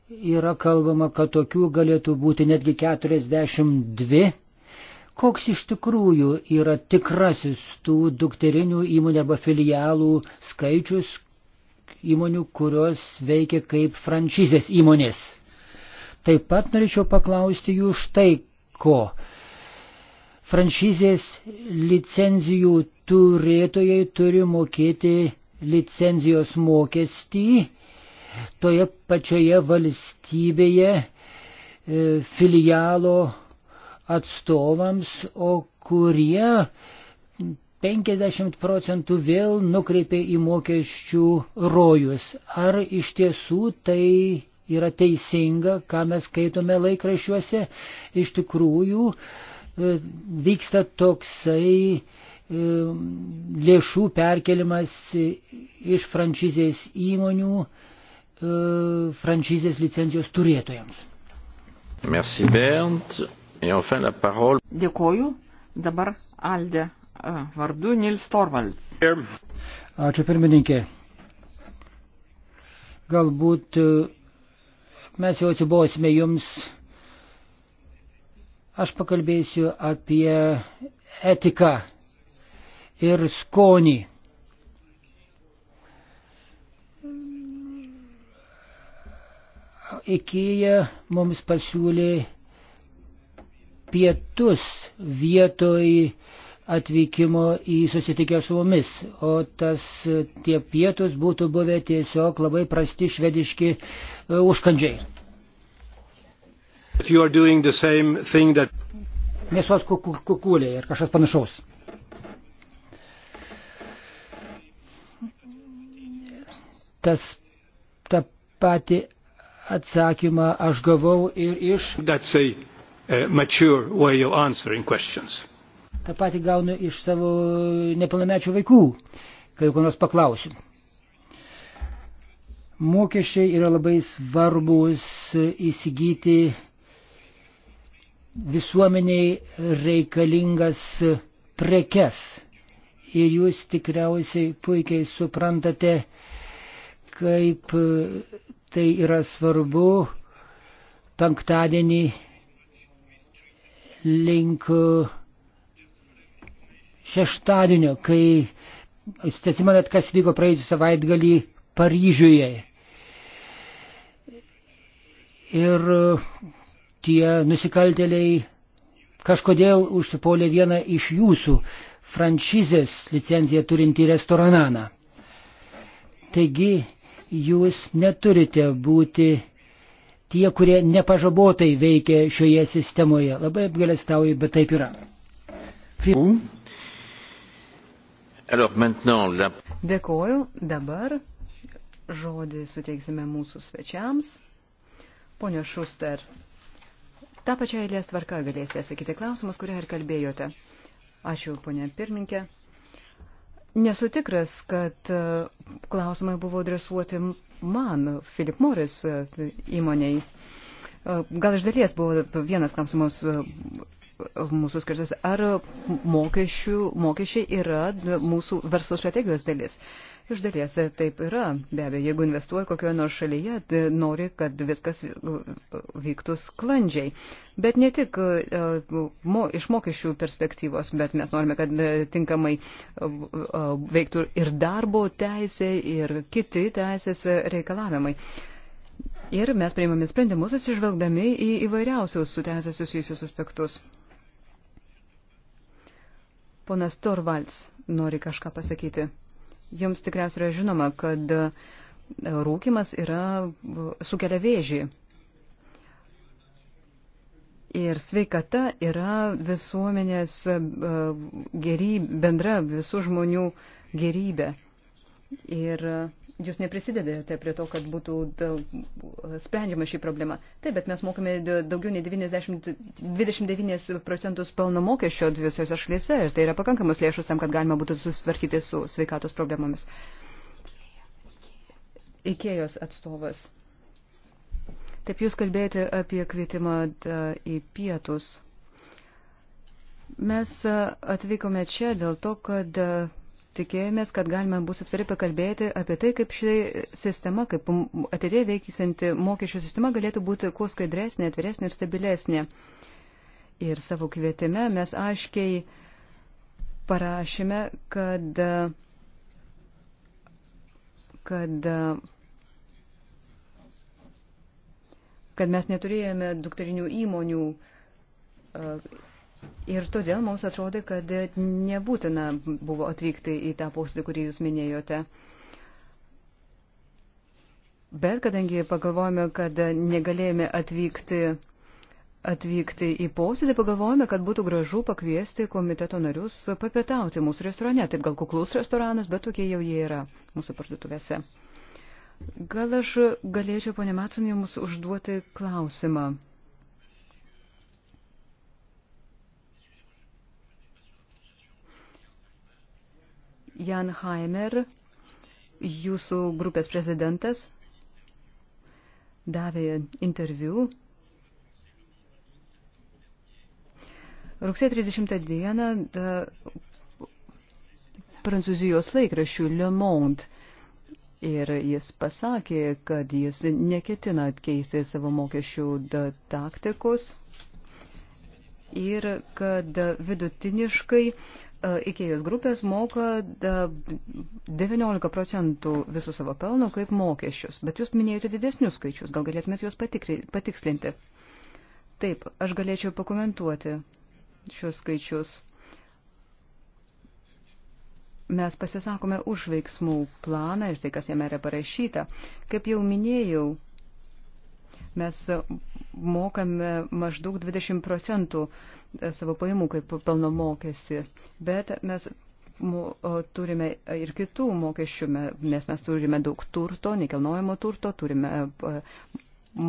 S3: yra kalbama, kad tokių galėtų būti netgi 42. Koks iš tikrųjų yra tikrasis tų dukterinių įmonių arba filialų skaičius įmonių, kurios veikia kaip franšizės įmonės? Taip pat norėčiau paklausti jų štai ko. Franšizės licenzijų turėtojai turi mokėti licenzijos mokestį toje pačioje valstybėje e, filialo atstovams, o kurie 50 procentų vėl nukreipė į mokesčių rojus. Ar iš tiesų tai yra teisinga, ką mes skaitome laikrašiuose? Iš tikrųjų e, vyksta toksai e, lėšų perkelimas iš frančizės įmonių E, franšizės licencijos turėtojams.
S1: Merci Bernd. Et enfin la parole. Dėkoju. Dabar Aldė e, vardu Nils Torvalds.
S3: Ačiū pirmininkė. Galbūt e, mes jau atsibosime jums. Aš pakalbėsiu apie etiką ir skonį. IKEA mums pasiūlė pietus vietoj atvykimo į susitikę su mumis, o tas tie pietus būtų buvę tiesiog labai prasti švediški e, užkandžiai. That... Mėsos kukulė ir kažkas panašaus. Tas ta pati atsakymą aš gavau ir iš. Ta pati gaunu iš savo nepilnamečių vaikų, kai ko nors paklausiu. Mokesčiai yra labai svarbus įsigyti visuomeniai reikalingas prekes. Ir jūs tikriausiai puikiai suprantate, kaip Tai yra svarbu penktadienį link šeštadienio, kai, jūs atsimenat, kas vyko praėjusią savaitgalį Paryžiuje. Ir tie nusikaltėliai kažkodėl užsipolė vieną iš jūsų franšizės licenciją turintį restoraną. Taigi jūs neturite būti tie, kurie nepažabotai veikia šioje sistemoje. Labai apgalėstauju, bet taip yra.
S2: Dėkoju. Dabar žodį suteiksime mūsų svečiams. Pone Šuster, tą pačią eilės tvarką galėsite sakyti klausimus, kurią ir kalbėjote. Ačiū, ponė pirminkė nesu tikras, kad e, klausimai buvo adresuoti man, Philip Morris e, įmoniai. E, gal iš dalies buvo vienas klausimas mūsų skirtas, ar mokesčių, mokesčiai yra mūsų verslo strategijos dalis. Iš dalies taip yra. Be abejo, jeigu investuoji kokioje nors šalyje, tai nori, kad viskas vyktų sklandžiai. Bet ne tik e, mo, iš mokesčių perspektyvos, bet mes norime, kad e, tinkamai e, veiktų ir darbo teisė, ir kiti teisės reikalavimai. Ir mes priimame sprendimus atsižvelgdami į įvairiausius su teisė susijusius aspektus. Ponas Torvalds nori kažką pasakyti. Jums tikriausiai yra žinoma, kad e, rūkimas yra, sukelia vėžį. Ir sveikata yra visuomenės e, gerybė, bendra visų žmonių gerybė. Ir uh, jūs neprisidedate prie to, kad būtų sprendžiama šį problemą. Taip, bet mes mokame daugiau nei 90, 29 procentus pelno mokesčio visose šalyse ir tai yra pakankamas lėšus tam, kad galima būtų susitvarkyti su sveikatos problemomis. Ikėjos atstovas. Taip, jūs kalbėjote apie kvietimą į pietus. Mes atvykome čia dėl to, kad tikėjomės, kad galime bus atviri pakalbėti apie tai, kaip ši sistema, kaip ateitie veikisinti mokesčių sistema galėtų būti kuo skaidresnė, atviresnė ir stabilesnė. Ir savo kvietime mes aiškiai parašėme, kad, kad, kad mes neturėjome dukterinių įmonių Ir todėl mums atrodo, kad nebūtina buvo atvykti į tą posėdį, kurį jūs minėjote. Bet kadangi pagalvojame, kad negalėjome atvykti, atvykti į posėdį, pagalvojame, kad būtų gražu pakviesti komiteto narius papietauti mūsų restorane. Taip gal kuklus restoranas, bet tokie jau jie yra mūsų parduotuvėse. Gal aš galėčiau, ponė Matson, jums užduoti klausimą. Jan Haimer, jūsų grupės prezidentas, davė interviu. Rugsėjo 30 dieną da, prancūzijos laikraščių Le Monde Ir jis pasakė, kad jis neketina keisti savo mokesčių taktikos ir kad vidutiniškai E, Ikėjos grupės moka 19 e, procentų visų savo pelno kaip mokesčius, bet jūs minėjote didesnius skaičius, gal galėtumėte juos patikri, patikslinti. Taip, aš galėčiau pakomentuoti šios skaičius. Mes pasisakome už veiksmų planą ir tai, kas jame yra parašyta. Kaip jau minėjau, mes mokame maždaug 20 procentų uh, E, savo pajamų kaip pelno mokestį, bet mes turime ir kitų mokesčių, nes mes turime daug turto, nekelnojamo turto, turime, e,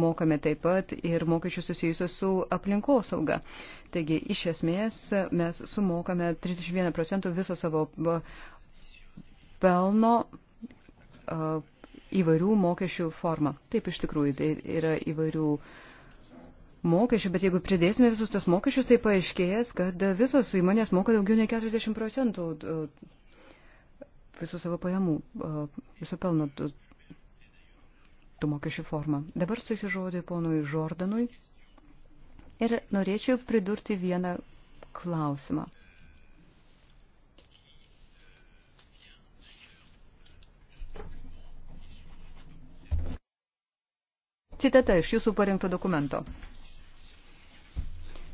S2: mokame taip pat ir mokesčių susijusių su aplinkosauga. Taigi, iš esmės, mes sumokame 31 procentų viso savo e, pelno įvairių mokesčių formą. Taip, iš tikrųjų, tai yra įvairių uh, mokesčių, bet jeigu pridėsime visus tos mokesčius, tai paaiškės, kad visos įmonės moka daugiau nei 40 procentų visų savo pajamų, viso pelno tų mokesčių formą. Dabar susižodžiu ponui Žordanui ir norėčiau pridurti vieną klausimą. Citata iš jūsų parengto dokumento.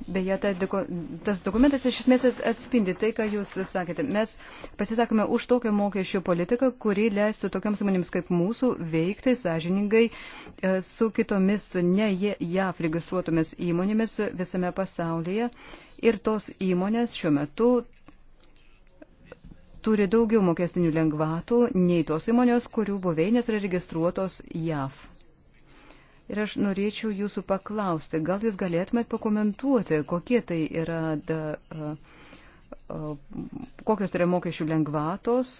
S2: Beje, ta, tas dokumentas iš esmės atspindi tai, ką jūs sakėte. Mes pasisakome už tokią mokesčių politiką, kuri leistų tokiams įmonėms kaip mūsų veikti sąžiningai e, su kitomis ne JAF registruotomis įmonėmis visame pasaulyje. Ir tos įmonės šiuo metu turi daugiau mokestinių lengvatų nei tos įmonės, kurių buveinės yra registruotos JAF. Ir aš norėčiau jūsų paklausti, gal jūs galėtumėt pakomentuoti, kokie tai yra, da, a, a, kokios tai yra mokesčių lengvatos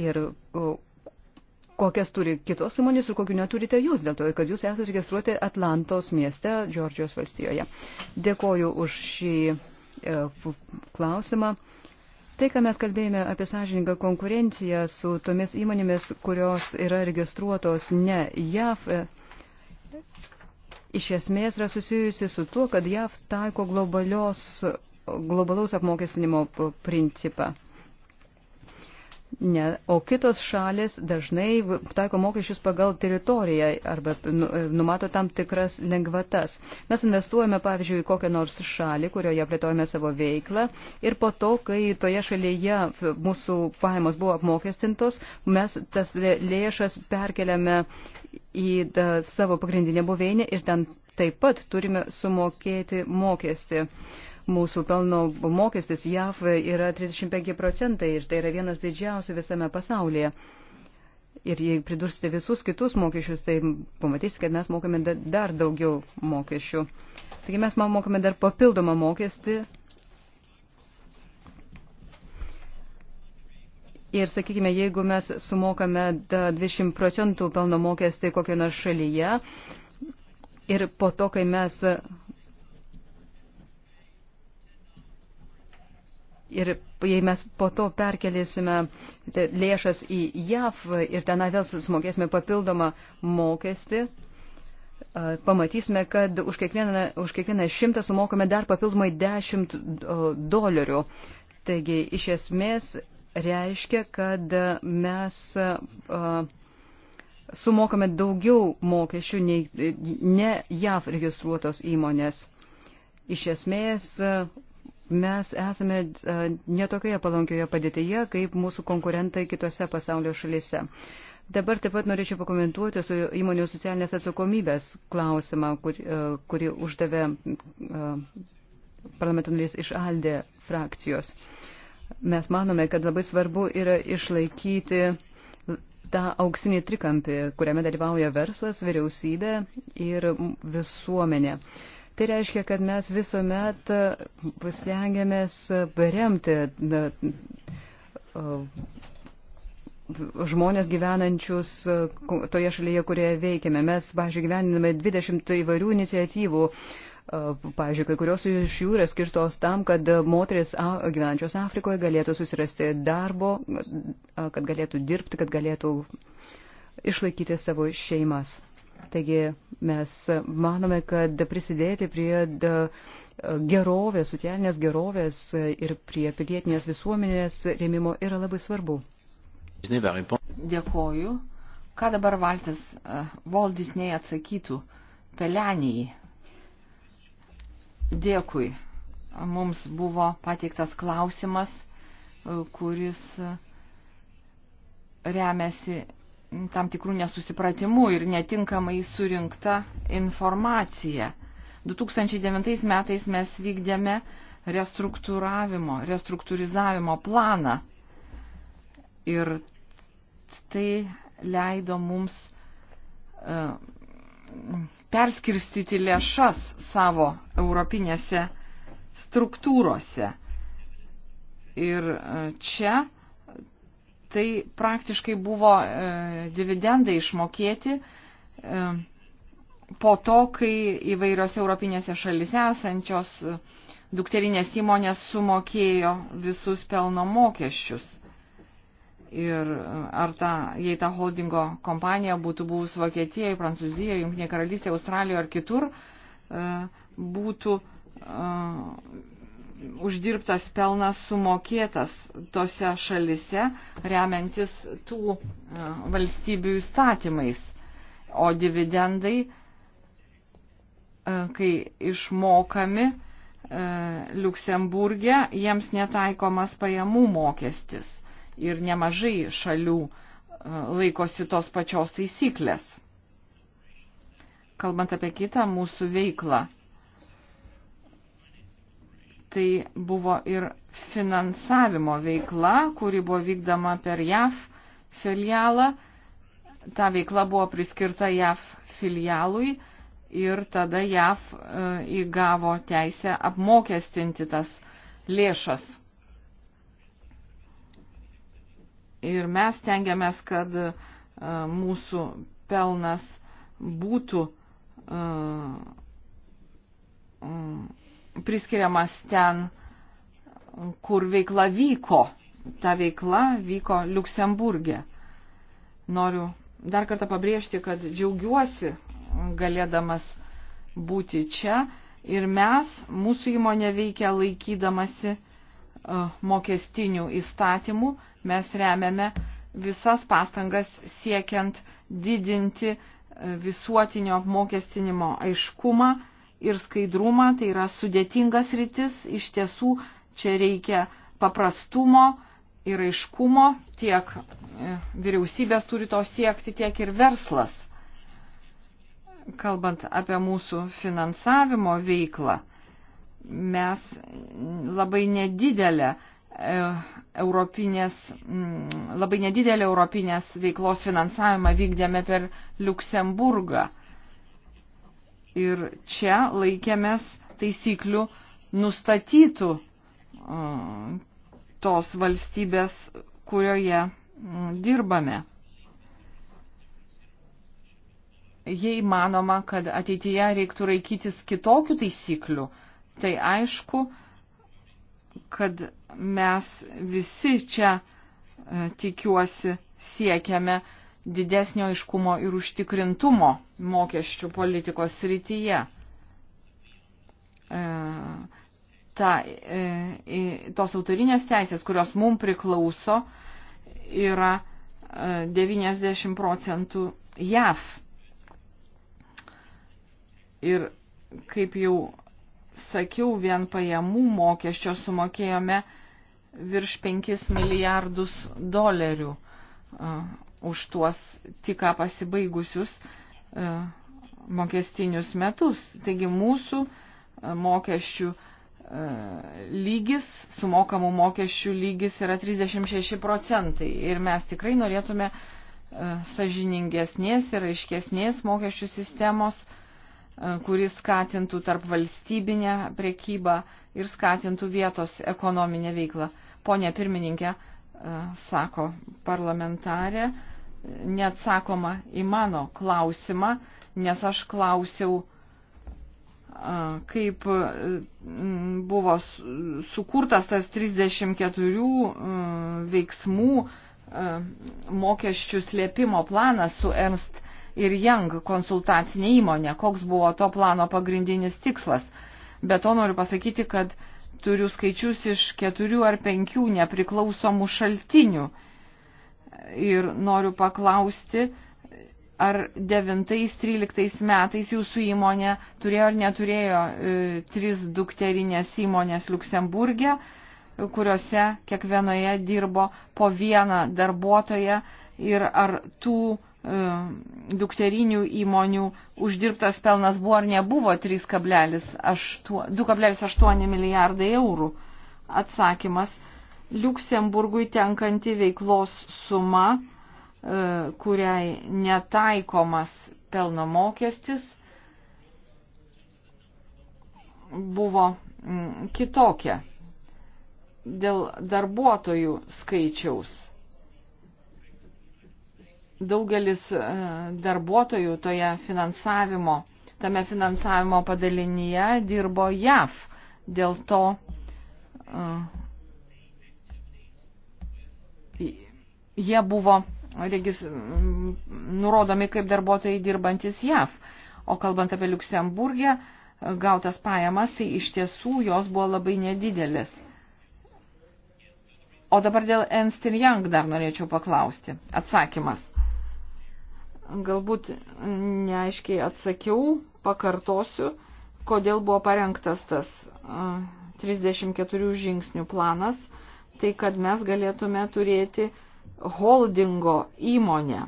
S2: ir a, kokias turi kitos įmonės ir kokių neturite jūs, dėl to, kad jūs esate registruoti Atlantos mieste, Džordžijos valstijoje. Dėkoju už šį e, klausimą. Tai, ką mes kalbėjome apie sąžininką konkurenciją su tomis įmonėmis, kurios yra registruotos ne JAV. E, iš esmės yra susijusi su tuo, kad JAV taiko globalios, globalaus apmokestinimo principą. Ne, o kitos šalis dažnai taiko mokesčius pagal teritoriją arba nu, e, numato tam tikras lengvatas. Mes investuojame, pavyzdžiui, į kokią nors šalį, kurioje plėtojame savo veiklą ir po to, kai toje šalyje mūsų pajamos buvo apmokestintos, mes tas lėšas perkeliame į savo pagrindinę buveinę ir ten taip pat turime sumokėti mokestį. Uh, Mūsų pelno mokestis JAV yra 35 procentai ir tai yra vienas didžiausių visame pasaulyje. Ir jei pridursite visus kitus mokesčius, tai pamatysite, kad mes mokame dar daugiau mokesčių. Taigi mes man mokame dar papildomą mokestį. Ir sakykime, jeigu mes sumokame 20 procentų pelno mokestį kokio nors šalyje ir po to, kai mes Ir jei mes po to perkelėsime lėšas į JAV ir ten vėl sumokėsime papildomą mokestį, pamatysime, kad už kiekvieną, už kiekvieną šimtą sumokame dar papildomai 10 dolerių. Taigi, iš esmės reiškia, kad mes sumokame daugiau mokesčių nei ne JAV registruotos įmonės. Iš esmės mes esame netokioje palankioje padėtyje, kaip mūsų konkurentai kitose pasaulio šalyse. Dabar taip pat norėčiau pakomentuoti su įmonių socialinės atsakomybės klausimą, kur, kurį uždavė parlamento narys iš Aldė frakcijos. Mes manome, kad labai svarbu yra išlaikyti tą auksinį trikampį, kuriame dalyvauja verslas, vyriausybė ir visuomenė. Uh, Tai reiškia, kad mes visuomet e, stengiamės e, remti e, žmonės gyvenančius toje šalyje, kurioje veikiame. Mes, pažiūrėjau, gyveniname 20 įvairių iniciatyvų. Pavyzdžiui, kai kurios iš jų yra skirtos tam, kad moteris gyvenančios Afrikoje galėtų susirasti darbo, kad galėtų dirbti, kad galėtų išlaikyti savo šeimas. Taigi mes manome, kad prisidėti prie gerovės, socialinės gerovės ir prie pilietinės visuomenės rėmimo yra labai svarbu.
S1: Dėkoju. Ką dabar Valtis Walt Disney atsakytų pelenijai? Dėkui. Mums buvo pateiktas klausimas, kuris remiasi tam tikrų nesusipratimų ir netinkamai surinkta informacija. 2009 metais mes vykdėme restruktūravimo, restruktūrizavimo planą ir tai leido mums uh, perskirstyti lėšas savo europinėse struktūrose. Ir e, čia tai praktiškai buvo e, dividendai išmokėti e, po to, kai įvairiose europinėse šalise esančios e, dukterinės įmonės sumokėjo visus pelno mokesčius. Ir e, ar ta, jei ta holdingo kompanija būtų buvus Vokietijoje, Prancūzijoje, Junktinėje karalystėje, Australijoje ar kitur, e, būtų uždirbtas pelnas sumokėtas tose šalise, remiantis tų e, valstybių įstatymais. O dividendai, e, kai išmokami e, Luksemburgė, jiems netaikomas pajamų mokestis. Ir nemažai šalių laikosi tos pačios taisyklės. Kalbant apie kitą mūsų veiklą Tai buvo ir finansavimo veikla, kuri buvo vykdama per JAF filialą. Ta veikla buvo priskirta JAF filialui ir tada JAF e, įgavo teisę apmokestinti tas lėšas. Ir mes tengiamės, kad e, mūsų pelnas būtų e, priskiriamas ten, kur veikla vyko. Ta veikla vyko Luksemburgė. Noriu dar kartą pabrėžti, kad džiaugiuosi galėdamas būti čia ir mes, mūsų įmonė veikia laikydamasi e, mokestinių įstatymų, mes remiame visas pastangas siekiant didinti e, visuotinio apmokestinimo aiškumą ir skaidrumą, tai yra sudėtingas rytis, iš tiesų čia reikia paprastumo ir aiškumo, tiek e, vyriausybės turi to siekti, tiek ir verslas. Kalbant apie mūsų finansavimo veiklą, mes labai nedidelę e, europinės, labai nedidelį europinės veiklos finansavimą vykdėme per Luksemburgą ir čia laikėmės taisyklių nustatytų tos valstybės, kurioje dirbame. Jei manoma, kad ateityje reiktų laikytis kitokių taisyklių, tai aišku, kad mes visi čia e, tikiuosi siekiame uh, didesnio iškumo ir užtikrintumo mokesčių politikos srityje. E, ta, e, tos autorinės teisės, kurios mums priklauso, yra 90 e, procentų JAV. Ir kaip jau sakiau, vien pajamų mokesčio sumokėjome virš 5 milijardus dolerių e, už tuos tik ką pasibaigusius e, mokestinius metus. Taigi mūsų e, mokesčių e, lygis, sumokamų mokesčių lygis yra 36 procentai ir mes tikrai norėtume sažiningesnės ir aiškesnės mokesčių sistemos, kuris skatintų tarp valstybinę prekybą ir skatintų vietos ekonominę veiklą. Pone pirmininkė, E, sako parlamentarė, neatsakoma į mano klausimą, nes aš klausiau, e, kaip e, buvo sukurtas tas 34 veiksmų mokesčių slėpimo planas su Ernst ir Young konsultacinė įmonė, koks buvo to plano pagrindinis tikslas. Bet to noriu pasakyti, kad uh, turiu skaičius iš keturių ar penkių nepriklausomų šaltinių. Ir noriu paklausti, ar 9-13 metais jūsų įmonė turėjo ar neturėjo e, tris dukterinės įmonės Luksemburgė, kuriuose kiekvienoje dirbo po vieną darbuotoją ir ar tų E, dukterinių įmonių uždirbtas pelnas buvo ar nebuvo 2,8 milijardai eurų. Atsakymas. Liuksemburgui tenkanti veiklos suma, e, kuriai netaikomas pelno mokestis, buvo kitokia dėl darbuotojų skaičiaus daugelis e, darbuotojų toje finansavimo, tame finansavimo padalinyje dirbo JAV. Dėl to e, jie buvo regis, nurodomi kaip darbuotojai dirbantis JAV. O kalbant apie Luksemburgę, e, gautas pajamas, tai iš tiesų jos buvo labai nedidelis. O dabar dėl Ernst Young dar norėčiau paklausti. Atsakymas – Galbūt neaiškiai atsakiau, pakartosiu, kodėl buvo parengtas tas 34 žingsnių planas, tai kad mes galėtume turėti holdingo įmonę,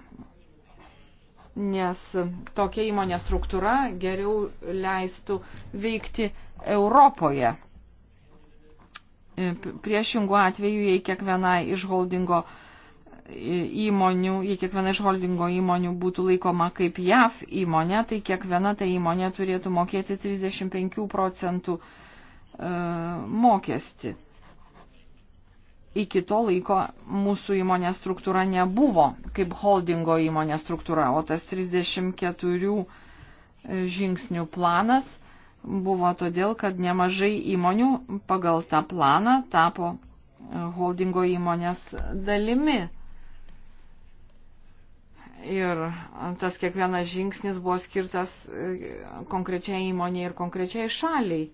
S1: nes tokia įmonė struktūra geriau leistų veikti Europoje. E, priešingų atveju, jei kiekvienai iš holdingo įmonės įmonių, jei kiekviena iš holdingo įmonių būtų laikoma kaip JAV įmonė, tai kiekviena ta įmonė turėtų mokėti 35 procentų e, mokestį. Iki to laiko mūsų įmonės struktūra nebuvo kaip holdingo įmonės struktūra, o tas 34 e, žingsnių planas buvo todėl, kad nemažai įmonių pagal tą planą tapo e, holdingo įmonės dalimi. Ir tas kiekvienas žingsnis buvo skirtas e, konkrečiai įmonė ir konkrečiai šaliai.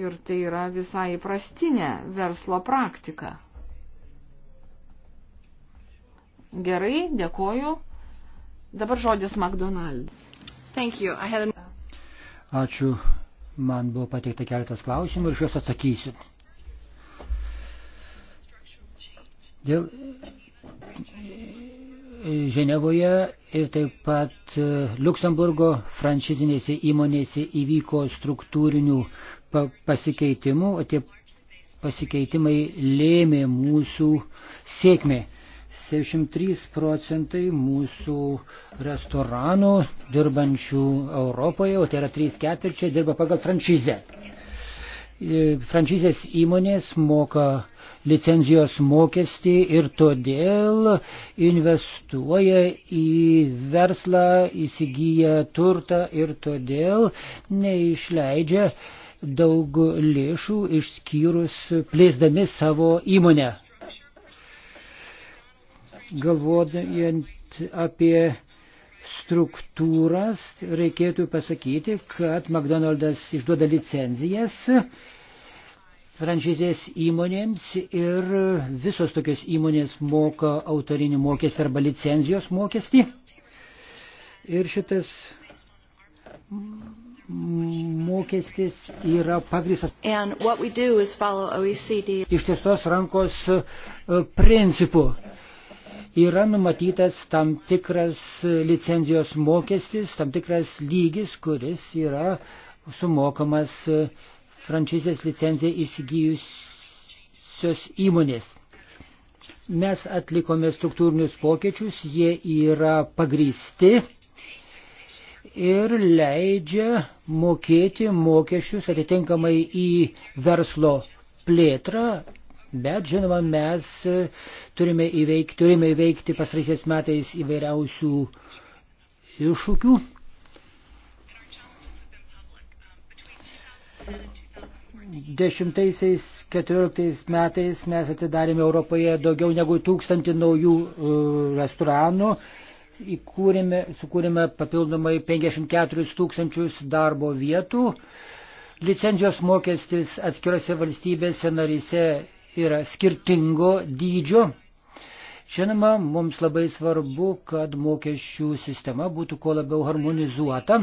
S1: Ir tai yra visai įprastinė verslo praktika. Gerai, dėkoju. Dabar žodis McDonald's. Thank you. I had an...
S3: Ačiū. Man buvo pateikta keletas klausimų ir aš juos atsakysiu. Dėl Ženevoje ir taip pat e, Luksemburgo franšizinėse įmonėse įvyko struktūrinių pasikeitimų, o tie pasikeitimai lėmė mūsų sėkmę. 73 procentai mūsų restoranų dirbančių Europoje, o tai yra 3 ketvirčiai, dirba pagal franšizę. E, franšizės įmonės moka licenzijos mokestį ir todėl investuoja į verslą, įsigyja turtą ir todėl neišleidžia daug lėšų išskyrus plėsdami savo įmonę. Galvojant apie struktūras, reikėtų pasakyti, kad McDonald's išduoda licenzijas franšizės įmonėms ir visos tokios įmonės moka autorinį mokestį arba licenzijos mokestį. Ir šitas mokestis yra pagristas e ištiestos rankos e, principu. Yra numatytas tam tikras licenzijos mokestis, tam tikras lygis, kuris yra sumokamas e, franšizės licenciją įsigijusios įmonės. Mes atlikome struktūrinius pokyčius, jie yra pagrysti ir leidžia mokėti mokesčius atitinkamai į verslo plėtrą, bet žinoma, mes turime įveikti, turime įveikti pastraisiais metais įvairiausių iššūkių. 2010-2014 metais mes atidarėme Europoje daugiau negu tūkstantį naujų e, restoranų, įkūrėme, sukūrėme papildomai 54 tūkstančius darbo vietų. Licenzijos mokestis atskirose valstybėse narise yra skirtingo dydžio. Žinoma, mums labai svarbu, kad mokesčių sistema būtų kuo labiau harmonizuota.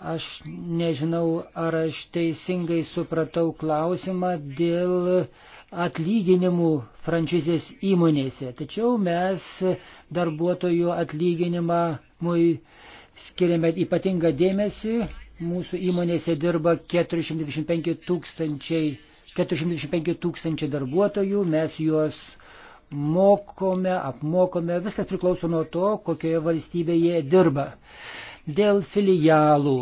S3: Aš nežinau, ar aš teisingai supratau klausimą dėl atlyginimų frančizės įmonėse. Tačiau mes darbuotojų atlyginimui skiriame ypatingą dėmesį. Mūsų įmonėse dirba 425 tūkstančiai, 425 tūkstančiai darbuotojų. Mes juos mokome, apmokome. Viskas priklauso nuo to, kokioje valstybėje dirba. Dėl filialų.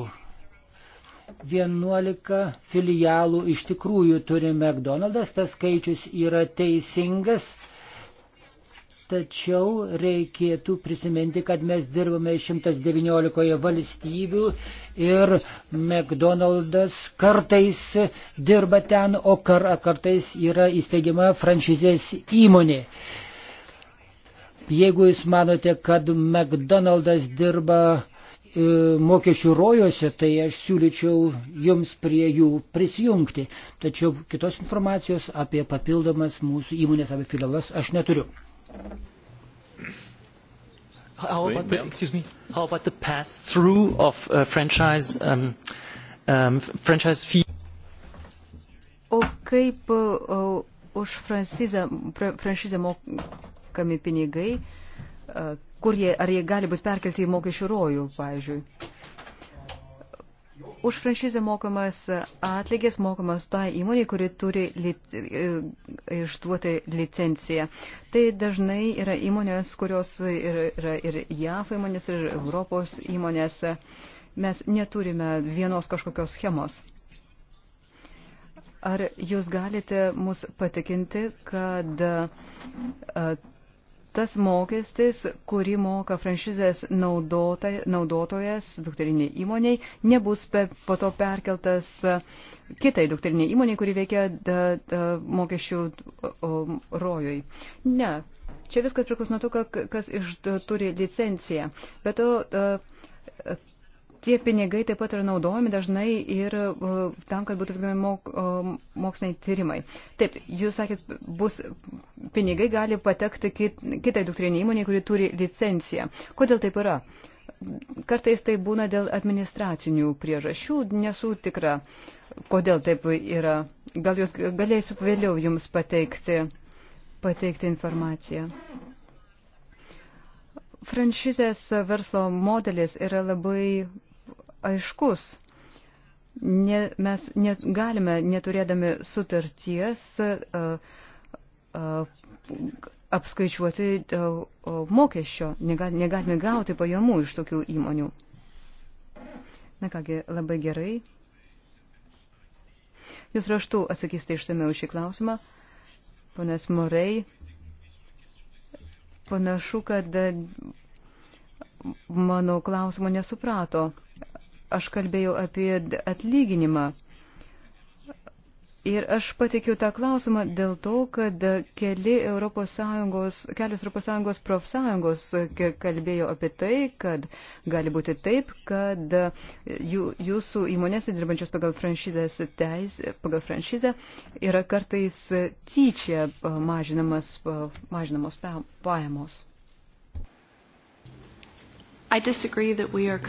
S3: 11 filialų iš tikrųjų turi McDonald's, tas skaičius yra teisingas, tačiau reikėtų prisiminti, kad mes dirbame 119 valstybių ir McDonald's kartais dirba ten, o kar, kartais yra įsteigiama franšizės įmonė. Jeigu jūs manote, kad McDonald's dirba E, mokesčių rojuose, tai aš siūlyčiau jums prie jų prisijungti. Tačiau kitos informacijos apie papildomas mūsų įmonės, apie filialas aš neturiu. How about the, excuse me, how about the pass-through of uh, franchise, um, um, franchise fee?
S2: O kaip o, už franšizę mokami pinigai, kur jie, ar jie gali būti perkelti į mokesčių rojų, pavyzdžiui. Už franšizę mokamas atlygis mokamas tą tai įmonį, kuri turi lit, e, išduoti licenciją. Tai dažnai yra įmonės, kurios yra, yra ir JAF įmonės, ir Europos įmonės. Mes neturime vienos kažkokios schemos. Ar jūs galite mus patikinti, kad e, tas mokestis, kurį moka franšizės naudota, naudotojas dukteriniai įmoniai, nebus pe, po to perkeltas e, kitai dukteriniai įmoniai, kuri veikia da, da, mokesčių rojui. Ne, čia viskas priklauso nuo to, kas iš da, turi licenciją. Bet to da, e, tie pinigai taip pat yra naudojami dažnai ir e, tam, kad būtų vykdomi mok, e, moksliniai tyrimai. Taip, jūs sakėt, bus pinigai gali patekti kit, kitai duktrinį įmonė, kuri turi licenciją. Kodėl taip yra? Kartais tai būna dėl administracinių priežasčių, nesu tikra, kodėl taip yra. Gal jūs galėsiu vėliau jums pateikti, pateikti informaciją. Franšizės verslo modelis yra labai aiškus. Ne, mes negalime, neturėdami sutarties, e, e, apskaičiuoti e, mokesčio, negalime gauti pajamų iš tokių įmonių. Na kągi, labai gerai. Jūs raštu atsakysite išsameu šį klausimą. Ponas Morei, panašu, kad mano klausimo nesuprato aš kalbėjau apie atlyginimą. Ir aš patikiu tą klausimą dėl to, kad keli Europos Sąjungos, kelios Europos Sąjungos profsąjungos kalbėjo apie tai, kad gali būti taip, kad jų, jūsų įmonėse dirbančios pagal, teis, pagal franšizę yra kartais tyčia mažinamas, mažinamos pajamos.
S1: I disagree
S2: that we are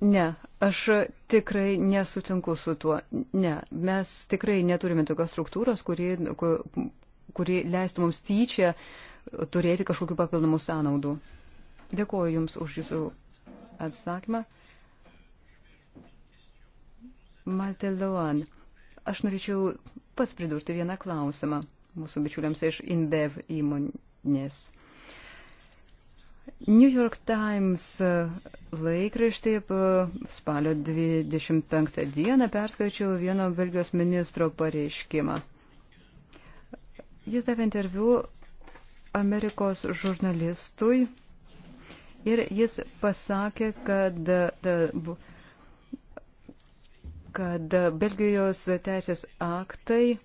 S2: Ne, aš tikrai nesutinku su tuo. Ne, mes tikrai neturime tokios struktūros, kuri, kuri leistų mums tyčia turėti kažkokių papildomų sąnaudų. Dėkuoju Jums už Jūsų atsakymą. Mateloan, aš norėčiau pats pridurti vieną klausimą mūsų bičiuliams iš InBev įmonės. New York Times uh, laikraštį spalio 25 dieną perskaičiau vieno Belgijos ministro pareiškimą. Jis davė interviu Amerikos žurnalistui ir jis pasakė, kad, kad Belgijos teisės aktai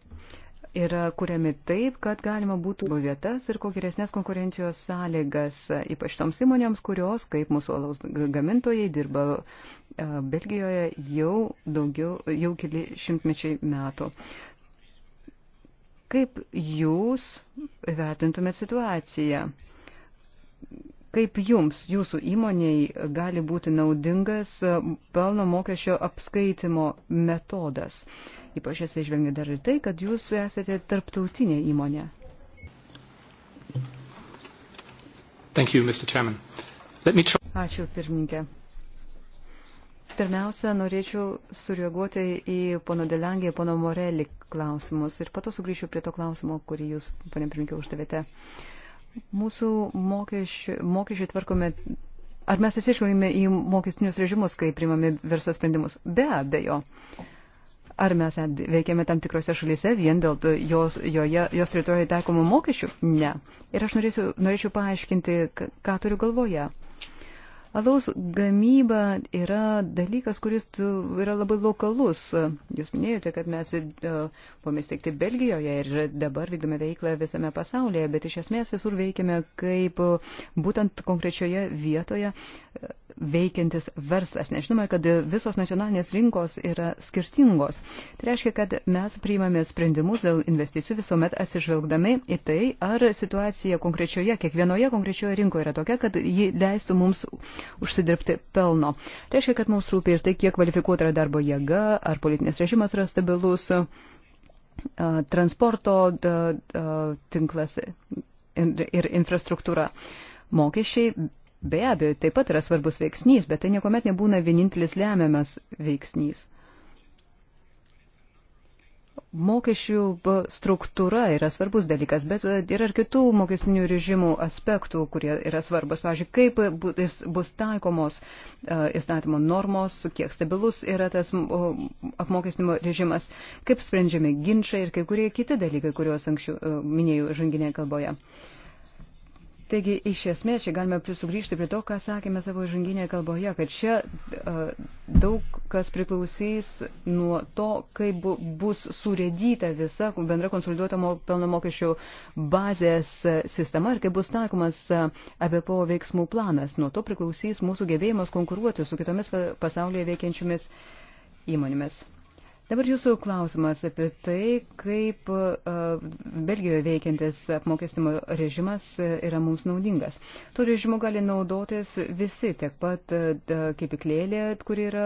S2: yra kuriami taip, kad galima būtų vietas ir kokias geresnės konkurencijos sąlygas, ypač toms įmonėms, kurios, kaip mūsų alaus gamintojai, dirba Belgijoje jau daugiau, jau keli šimtmečiai metų. Kaip jūs vertintumėt situaciją? Kaip jums, jūsų įmoniai gali būti naudingas pelno mokesčio apskaitimo metodas? Ypač esu išvengia dar ir tai, kad jūs esate tarptautinė įmonė.
S1: Thank you, Mr. Chairman. Let me try...
S2: Ačiū, pirmininkė. Pirmiausia, norėčiau surieguoti į pono Delangį, pono Morelį klausimus ir pato sugrįšiu prie to klausimo, kurį jūs, pane pirmininkė, uždavėte. Uh, mūsų mokesčių, mokesčių tvarkome, ar mes atsižvelgime į mokestinius režimus, kai primame verslo sprendimus? Be abejo. Ar mes veikiame tam tikrose šalyse vien dėl to, jos, joje, jos teritorijoje taikomų mokesčių? Ne. Ir aš norėsiu, norėčiau paaiškinti, ką turiu galvoje. Alaus gamyba yra dalykas, kuris yra labai lokalus. Jūs minėjote, kad mes e, buvom įsteigti Belgijoje ir dabar vykdome veiklą visame pasaulyje, bet iš esmės visur veikiame kaip e, būtent konkrečioje vietoje e, veikiantis verslas. Nežinome, kad visos nacionalinės rinkos yra skirtingos. Tai reiškia, kad mes priimame sprendimus dėl investicijų visuomet atsižvelgdami į tai, ar situacija konkrečioje, kiekvienoje konkrečioje rinkoje yra tokia, kad ji leistų mums užsidirbti pelno. Reiškia, kad mums rūpi ir tai, kiek kvalifikuota yra darbo jėga, ar politinis režimas yra stabilus, transporto tinklas ir infrastruktūra. Mokesčiai be abejo taip pat yra svarbus veiksnys, bet tai niekuomet nebūna vienintelis lemiamas veiksnys. Mokesčių struktūra yra svarbus dalykas, bet e, yra ir kitų mokestinių režimų aspektų, kurie yra svarbus. Pavyzdžiui, kaip bus taikomos e, įstatymo normos, kiek stabilus yra tas apmokestinimo režimas, kaip sprendžiami ginčiai ir kai kurie kiti dalykai, kuriuos anksčiau e, minėjau žanginėje kalboje. Taigi, iš esmės, čia galime sugrįžti prie to, ką sakėme savo žanginėje kalboje, kad čia daug kas priklausys nuo to, kaip bus surėdyta visa bendra konsoliduota pelno mokesčio bazės sistema ir kaip bus taikomas ABPO veiksmų planas. Nuo to priklausys mūsų gebėjimas konkuruoti su kitomis pasaulyje veikiančiomis įmonėmis. Dabar jūsų klausimas apie tai, kaip Belgijoje veikiantis apmokestimo režimas yra mums naudingas. Tuo režimu gali naudotis visi, tiek pat kipiklėlė, kuri yra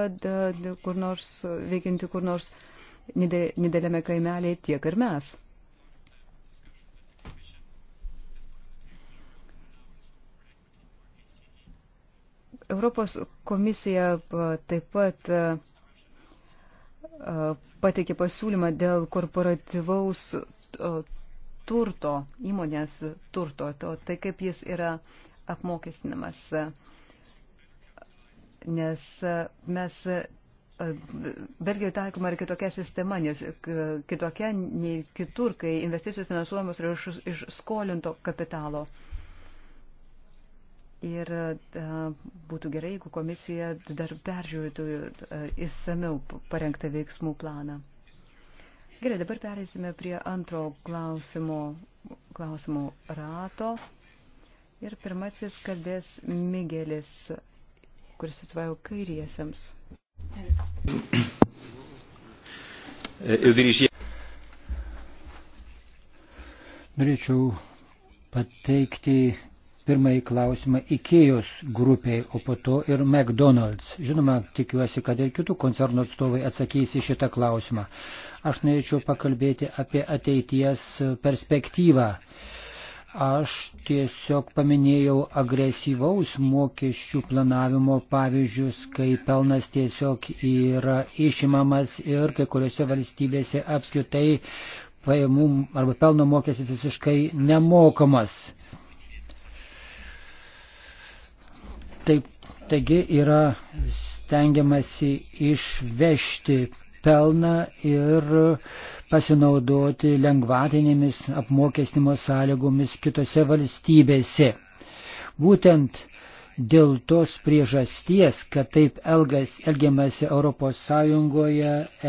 S2: kur nors veikianti kur nors nedėlėme kaimelėje, tiek ir mes. Europos komisija taip pat pateikė pasiūlymą dėl korporatyvaus turto, įmonės turto, to, tai kaip jis yra apmokestinamas. Nes mes Belgijoje taikoma ir kitokia sistema, nes kitokia nei kitur, kai investicijos finansuojamos yra iš, iš skolinto kapitalo. Uh, Ir e, būtų gerai, jeigu komisija dar peržiūrėtų įsamiau e, parengtą veiksmų planą. Gerai, dabar pereisime prie antro klausimo, klausimų rato. Ir pirmasis kalbės Migelis, kuris atsvajo kairiesiams.
S3: Norėčiau pateikti pirmąjį klausimą IKEJOS grupiai, o po to ir McDonald's. Žinoma, tikiuosi, kad ir kitų koncernų atstovai atsakys į šitą klausimą. Aš norėčiau pakalbėti apie ateities perspektyvą. Aš tiesiog paminėjau agresyvaus mokesčių planavimo pavyzdžius, kai pelnas tiesiog yra išimamas ir kai kuriuose valstybėse apskritai pajamų arba pelno mokestis visiškai nemokamas. Taip, taigi yra stengiamasi išvežti pelną ir pasinaudoti lengvatinėmis apmokestinimo sąlygomis kitose valstybėse. Būtent dėl tos priežasties, kad taip elgas, elgiamasi ES,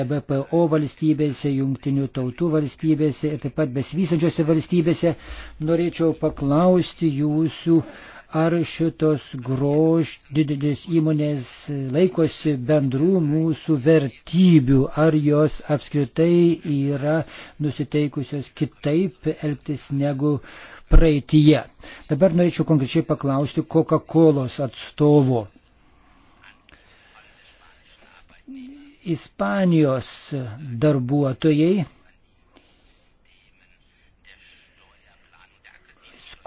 S3: EBPO e valstybėse, jungtinių tautų valstybėse ir taip pat besvysančiose valstybėse, norėčiau paklausti jūsų, ar šitos grož didelės įmonės laikosi bendrų mūsų vertybių, ar jos apskritai yra nusiteikusios kitaip elgtis negu praeitie. Dabar norėčiau konkrečiai paklausti Coca-Colos atstovo. Ispanijos darbuotojai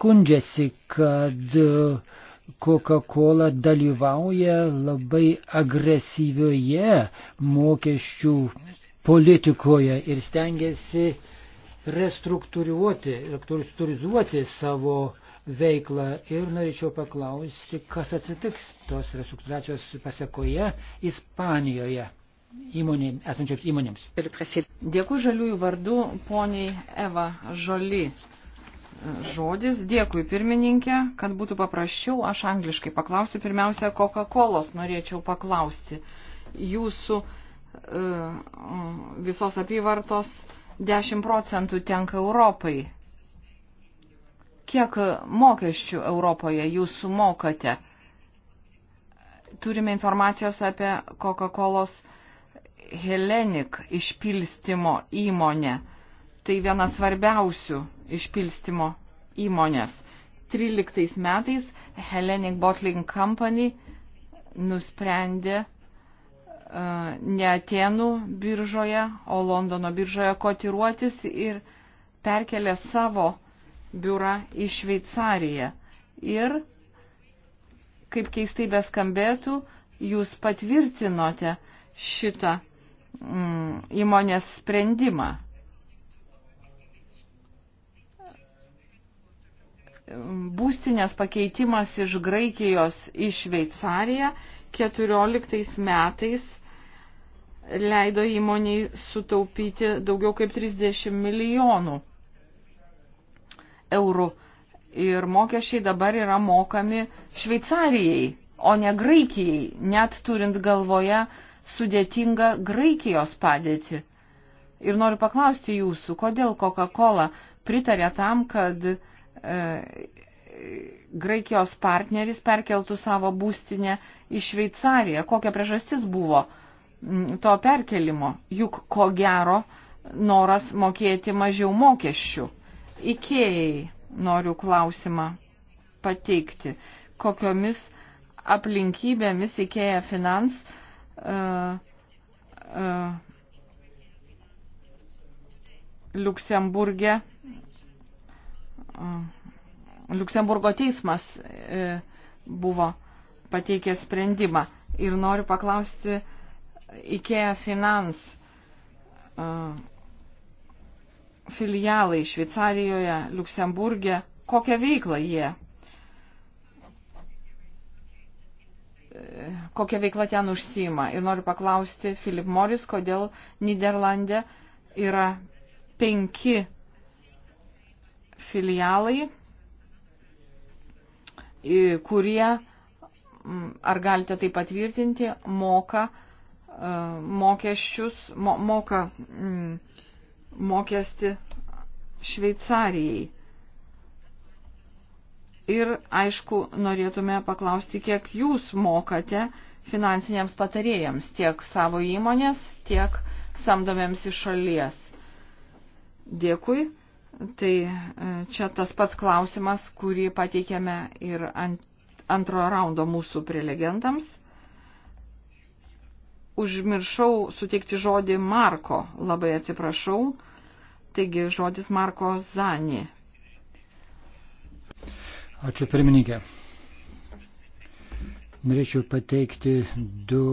S3: skundžiasi, kad Coca-Cola dalyvauja labai agresyvioje mokesčių politikoje ir stengiasi restruktūrizuoti, restruktūrizuoti savo veiklą ir norėčiau paklausti, kas atsitiks tos restruktūracijos pasiekoje Ispanijoje įmonėm, esančioms įmonėms.
S1: Dėkui žaliųjų vardu poniai Eva Žoli žodis. Dėkui pirmininkė, kad būtų paprasčiau, aš angliškai paklausiu. Pirmiausia, Coca-Colos norėčiau paklausti. Jūsų e, visos apyvartos 10 procentų tenka Europai. Kiek mokesčių Europoje jūs sumokate? Turime informacijos apie Coca-Colos Hellenic išpilstimo įmonę. Tai viena svarbiausių išpilstimo įmonės. 13 metais Hellenic Bottling Company nusprendė e, ne Atenų biržoje, o Londono biržoje kotiruotis ir perkelė savo biurą į Šveicariją. Ir, kaip keistai beskambėtų, jūs patvirtinote šitą mm, įmonės sprendimą. būstinės pakeitimas iš Graikijos į Šveicariją 14 metais leido įmoniai sutaupyti daugiau kaip 30 milijonų eurų. Ir mokesčiai dabar yra mokami Šveicarijai, o ne Graikijai, net turint galvoje sudėtingą Graikijos padėtį. Ir noriu paklausti jūsų, kodėl Coca-Cola pritarė tam, kad uh, E, Graikijos partneris perkeltų savo būstinę į Šveicariją. Kokia priežastis buvo to perkelimo? Juk ko gero noras mokėti mažiau mokesčių. Ikėjai noriu klausimą pateikti. Kokiomis aplinkybėmis Ikėja Finans uh, e, uh, e, Luksemburgė Luksemburgo teismas e, buvo pateikęs sprendimą. Ir noriu paklausti IKEA Finans filialai Šveicarijoje, Luksemburgė, kokią veiklą jie, e, kokią veiklą ten užsima. Ir noriu paklausti Filip Moris, kodėl Niderlandė yra penki filialai, kurie, ar galite tai patvirtinti, moka e, mokesčius, mo, moka mm, mokesti Šveicarijai. Ir, aišku, norėtume paklausti, kiek jūs mokate finansiniams patarėjams, tiek savo įmonės, tiek samdomiems iš šalies. Dėkui. Tai e, čia tas pats klausimas, kurį pateikėme ir ant, antro raundo mūsų prelegentams. Užmiršau suteikti žodį Marko, labai atsiprašau. Taigi žodis Marko Zani.
S3: Ačiū pirmininkė. Norėčiau pateikti du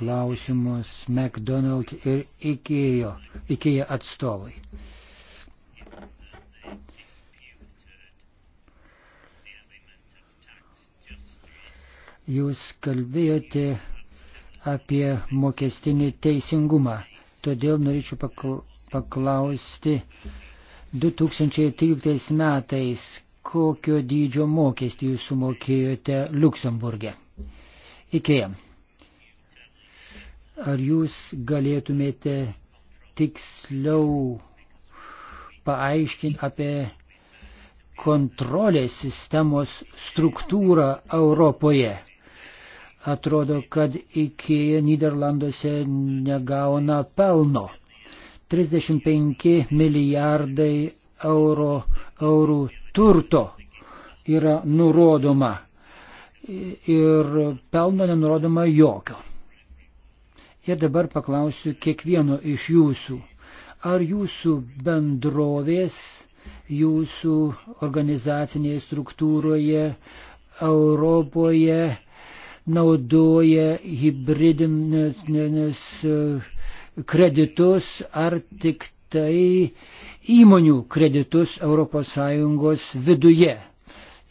S3: klausimus McDonald ir IKEA, IKEA atstovai. Jūs kalbėjote apie mokestinį teisingumą. Todėl norėčiau paklausti 2013 metais, kokio dydžio mokestį jūs sumokėjote Luksemburgė. Ikea. Ar jūs galėtumėte tiksliau paaiškinti apie kontrolės sistemos struktūrą Europoje? atrodo, kad IKEA Niderlanduose negauna pelno. 35 milijardai euro, eurų turto yra nurodoma ir pelno nenurodoma jokio. Ir dabar paklausiu kiekvieno iš jūsų, ar jūsų bendrovės, jūsų organizacinėje struktūroje, Europoje naudoja hybridinius e, kreditus ar tik tai įmonių kreditus ES viduje.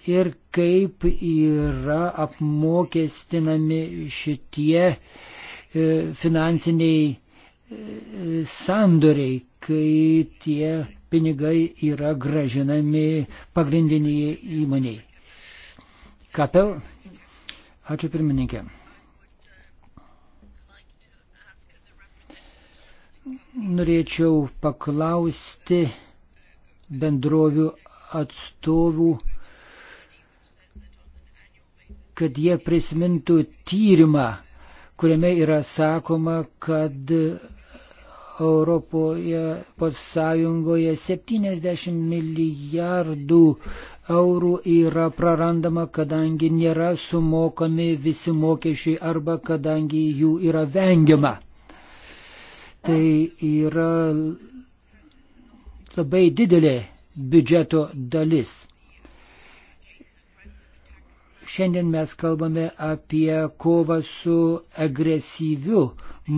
S3: Ir kaip yra apmokestinami šitie e, finansiniai e, sandoriai, kai tie pinigai yra gražinami pagrindiniai įmoniai. Kapel. Ačiū pirmininkė. Norėčiau paklausti bendrovių atstovų, kad jie prisimintų tyrimą, kuriame yra sakoma, kad Europoje, po sąjungoje 70 milijardų eurų yra prarandama, kadangi nėra sumokami visi mokesčiai arba kadangi jų yra vengiama. Tai yra labai didelė biudžeto dalis. Šiandien mes kalbame apie kovą su agresyviu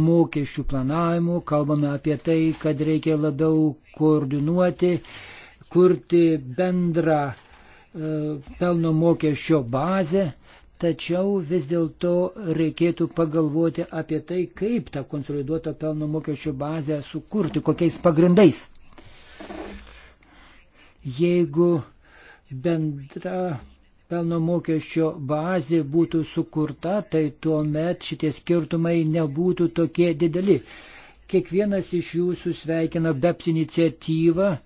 S3: mokesčių planavimu, kalbame apie tai, kad reikia labiau koordinuoti, kurti bendrą E, pelno mokesčio bazę, tačiau vis dėlto reikėtų pagalvoti apie tai, kaip tą konsoliduotą pelno mokesčio bazę sukurti, kokiais pagrindais. Jeigu bendra pelno mokesčio bazė būtų sukurta, tai tuomet šitie skirtumai nebūtų tokie dideli. Kiekvienas iš jūsų sveikina BEPS iniciatyvą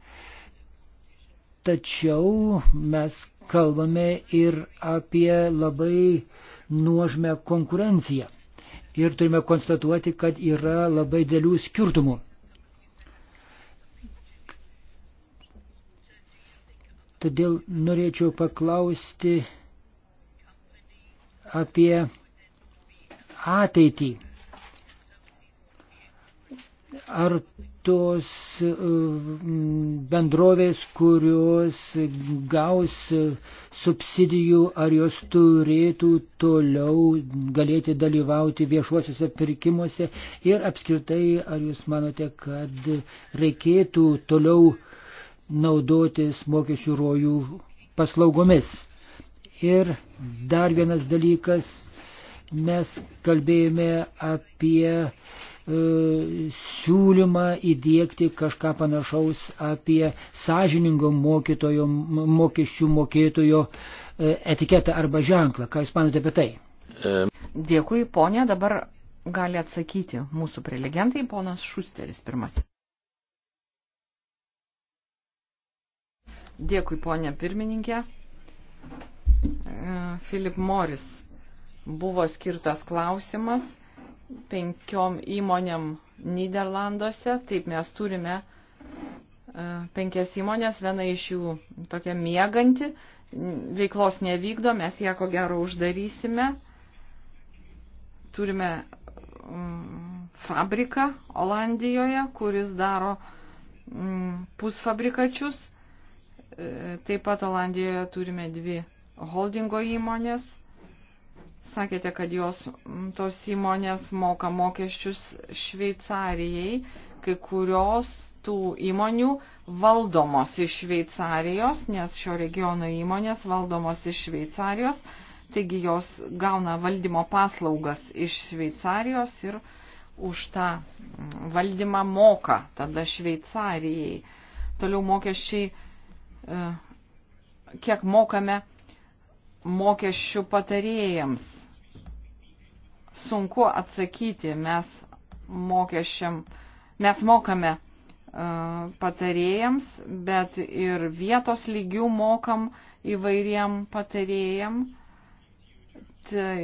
S3: Tačiau mes kalbame ir apie labai nuožmę konkurenciją. Ir turime konstatuoti, kad yra labai dėlių skirtumų. Todėl norėčiau paklausti apie ateitį ar tos e, bendrovės, kurios gaus subsidijų, ar jos turėtų toliau galėti dalyvauti viešuosiuose pirkimuose ir apskritai, ar jūs manote, kad reikėtų toliau naudotis mokesčių rojų paslaugomis. Ir dar vienas dalykas, mes kalbėjome apie E, siūlymą įdėkti kažką panašaus apie sąžiningo mokytojo, mokesčių mokėtojo e, etiketą arba ženklą. Ką Jūs manote apie tai? Dėkui, ponė. Dabar gali atsakyti mūsų prelegentai, ponas Šusteris pirmasis.
S1: Dėkui, ponė pirmininkė. E, Filip Moris buvo skirtas klausimas penkiom įmonėm Niderlanduose. Taip mes turime e, penkias įmonės, viena iš jų tokia mėganti, veiklos nevykdo, mes ją ko gero uždarysime. Turime mm, fabriką Olandijoje, kuris daro mm, pusfabrikačius. E, taip pat Olandijoje turime dvi holdingo įmonės Sakėte, kad jos, tos įmonės moka mokesčius Šveicarijai, kai kurios tų įmonių valdomos iš Šveicarijos, nes šio regiono įmonės valdomos iš Šveicarijos, taigi jos gauna valdymo paslaugas iš Šveicarijos ir už tą valdymą moka tada Šveicarijai. Toliau mokesčiai, e, kiek mokame mokesčių patarėjams sunku atsakyti. Mes mokesčiam, mes mokame e, patarėjams, bet ir vietos lygių mokam įvairiem patarėjam. Tai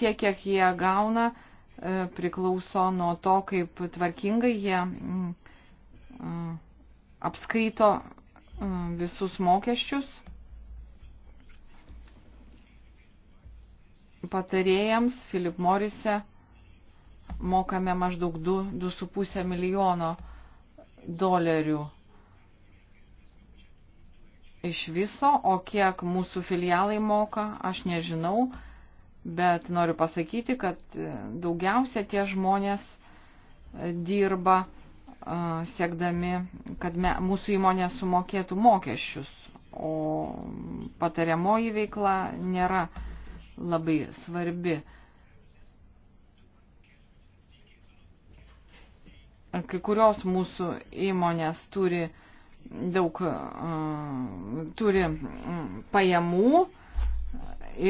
S1: tiek, kiek jie gauna, e, priklauso nuo to, kaip tvarkingai jie mm, e, apskaito visus mokesčius. patarėjams Filip Morise mokame maždaug 2,5 milijono dolerių iš viso, o kiek mūsų filialai moka, aš nežinau, bet noriu pasakyti, kad e, daugiausia tie žmonės e, dirba e, siekdami, kad me, mūsų įmonė sumokėtų mokesčius, o patariamoji veikla nėra uh, labai svarbi. Kai kurios mūsų įmonės turi daug uh, turi mm, pajamų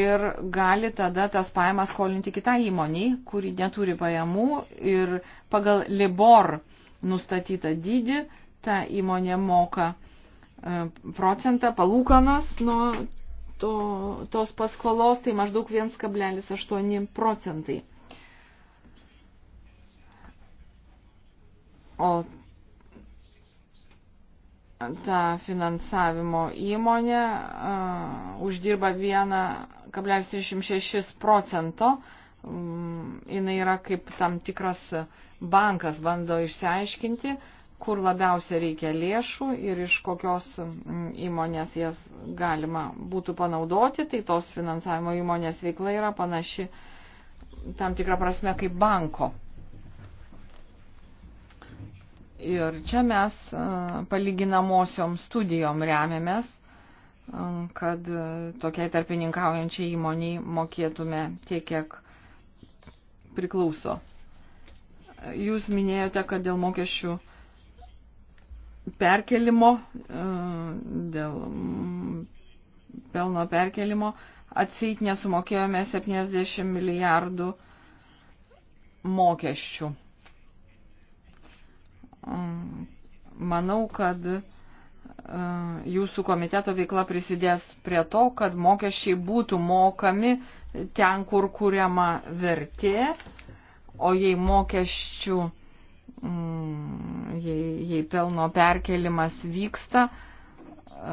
S1: ir gali tada tas pajamas skolinti kitai įmoniai, kuri neturi pajamų ir pagal Libor nustatytą dydį ta įmonė moka uh, procentą palūkanas nuo to, tos paskolos, tai maždaug 1,8 procentai. O ta finansavimo įmonė uh, uždirba 1,36 procento. Um, jinai yra kaip tam tikras bankas, bando išsiaiškinti, uh, kur labiausia reikia lėšų ir iš kokios mm, įmonės jas galima būtų panaudoti, tai tos finansavimo įmonės veikla yra panaši tam tikrą prasme kaip banko. Ir čia mes e, palyginamosiom studijom remiamės, e, kad e, tokiai tarpininkaujančiai įmoniai mokėtume tiek, kiek priklauso. Jūs minėjote, kad dėl mokesčių perkelimo, e, dėl pelno perkelimo atseit nesumokėjome 70 milijardų mokesčių. Mm, manau, kad e, jūsų komiteto veikla prisidės prie to, kad mokesčiai būtų mokami ten, kur kuriama vertė, o jei mokesčių Mm, jei, jei pelno perkelimas vyksta e,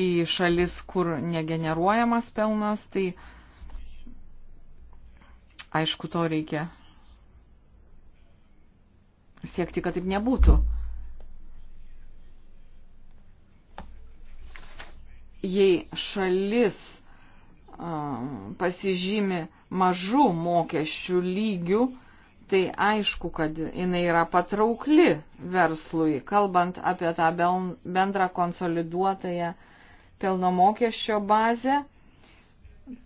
S1: į šalis, kur negeneruojamas pelnas, tai aišku, to reikia siekti, kad taip nebūtų. Jei šalis e, pasižymi mažų mokesčių lygių, tai aišku, kad jinai yra patraukli verslui, kalbant apie tą bendrą konsoliduotąją pelno mokesčio bazę,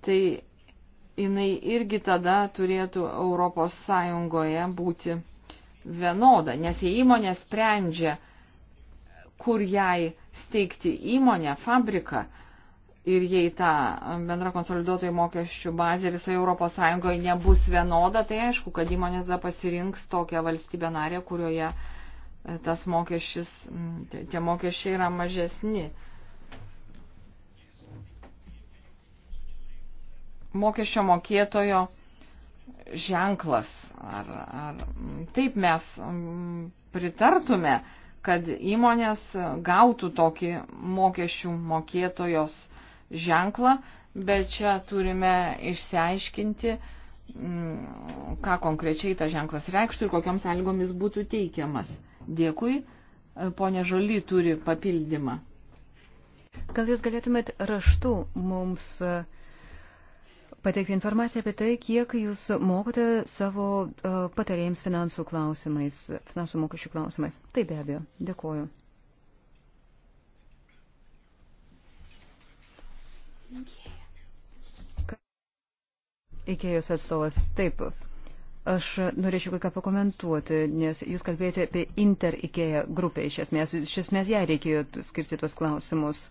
S1: tai jinai irgi tada turėtų Europos Sąjungoje būti vienoda, nes jei įmonė sprendžia, kur jai steigti įmonę, fabriką, ir jei ta bendra konsoliduotojų mokesčių bazė visoje Europos Sąjungoje nebus vienoda, tai aišku, kad įmonė tada pasirinks tokią valstybę narę, kurioje e, tas mokesčius, tie mokesčiai yra mažesni. Mokesčio mokėtojo ženklas. Ar, ar taip mes pritartume, kad įmonės gautų tokį mokesčių mokėtojos ženklą, bet čia turime išsiaiškinti, mm, ką konkrečiai tas ženklas reikštų ir kokiam sąlygomis būtų teikiamas. Dėkui. Pone Žoly turi papildymą.
S2: Gal jūs galėtumėt raštu mums e, pateikti informaciją apie tai, kiek jūs mokote savo e, patarėjams finansų klausimais, finansų mokesčių klausimais? Taip, be abejo. Dėkuoju. Ikėjos atstovas. Taip. Aš norėčiau kai ką pakomentuoti, nes jūs kalbėjote apie Inter Ikėją grupę. Iš esmės, iš esmės ją reikėjo skirti tuos klausimus.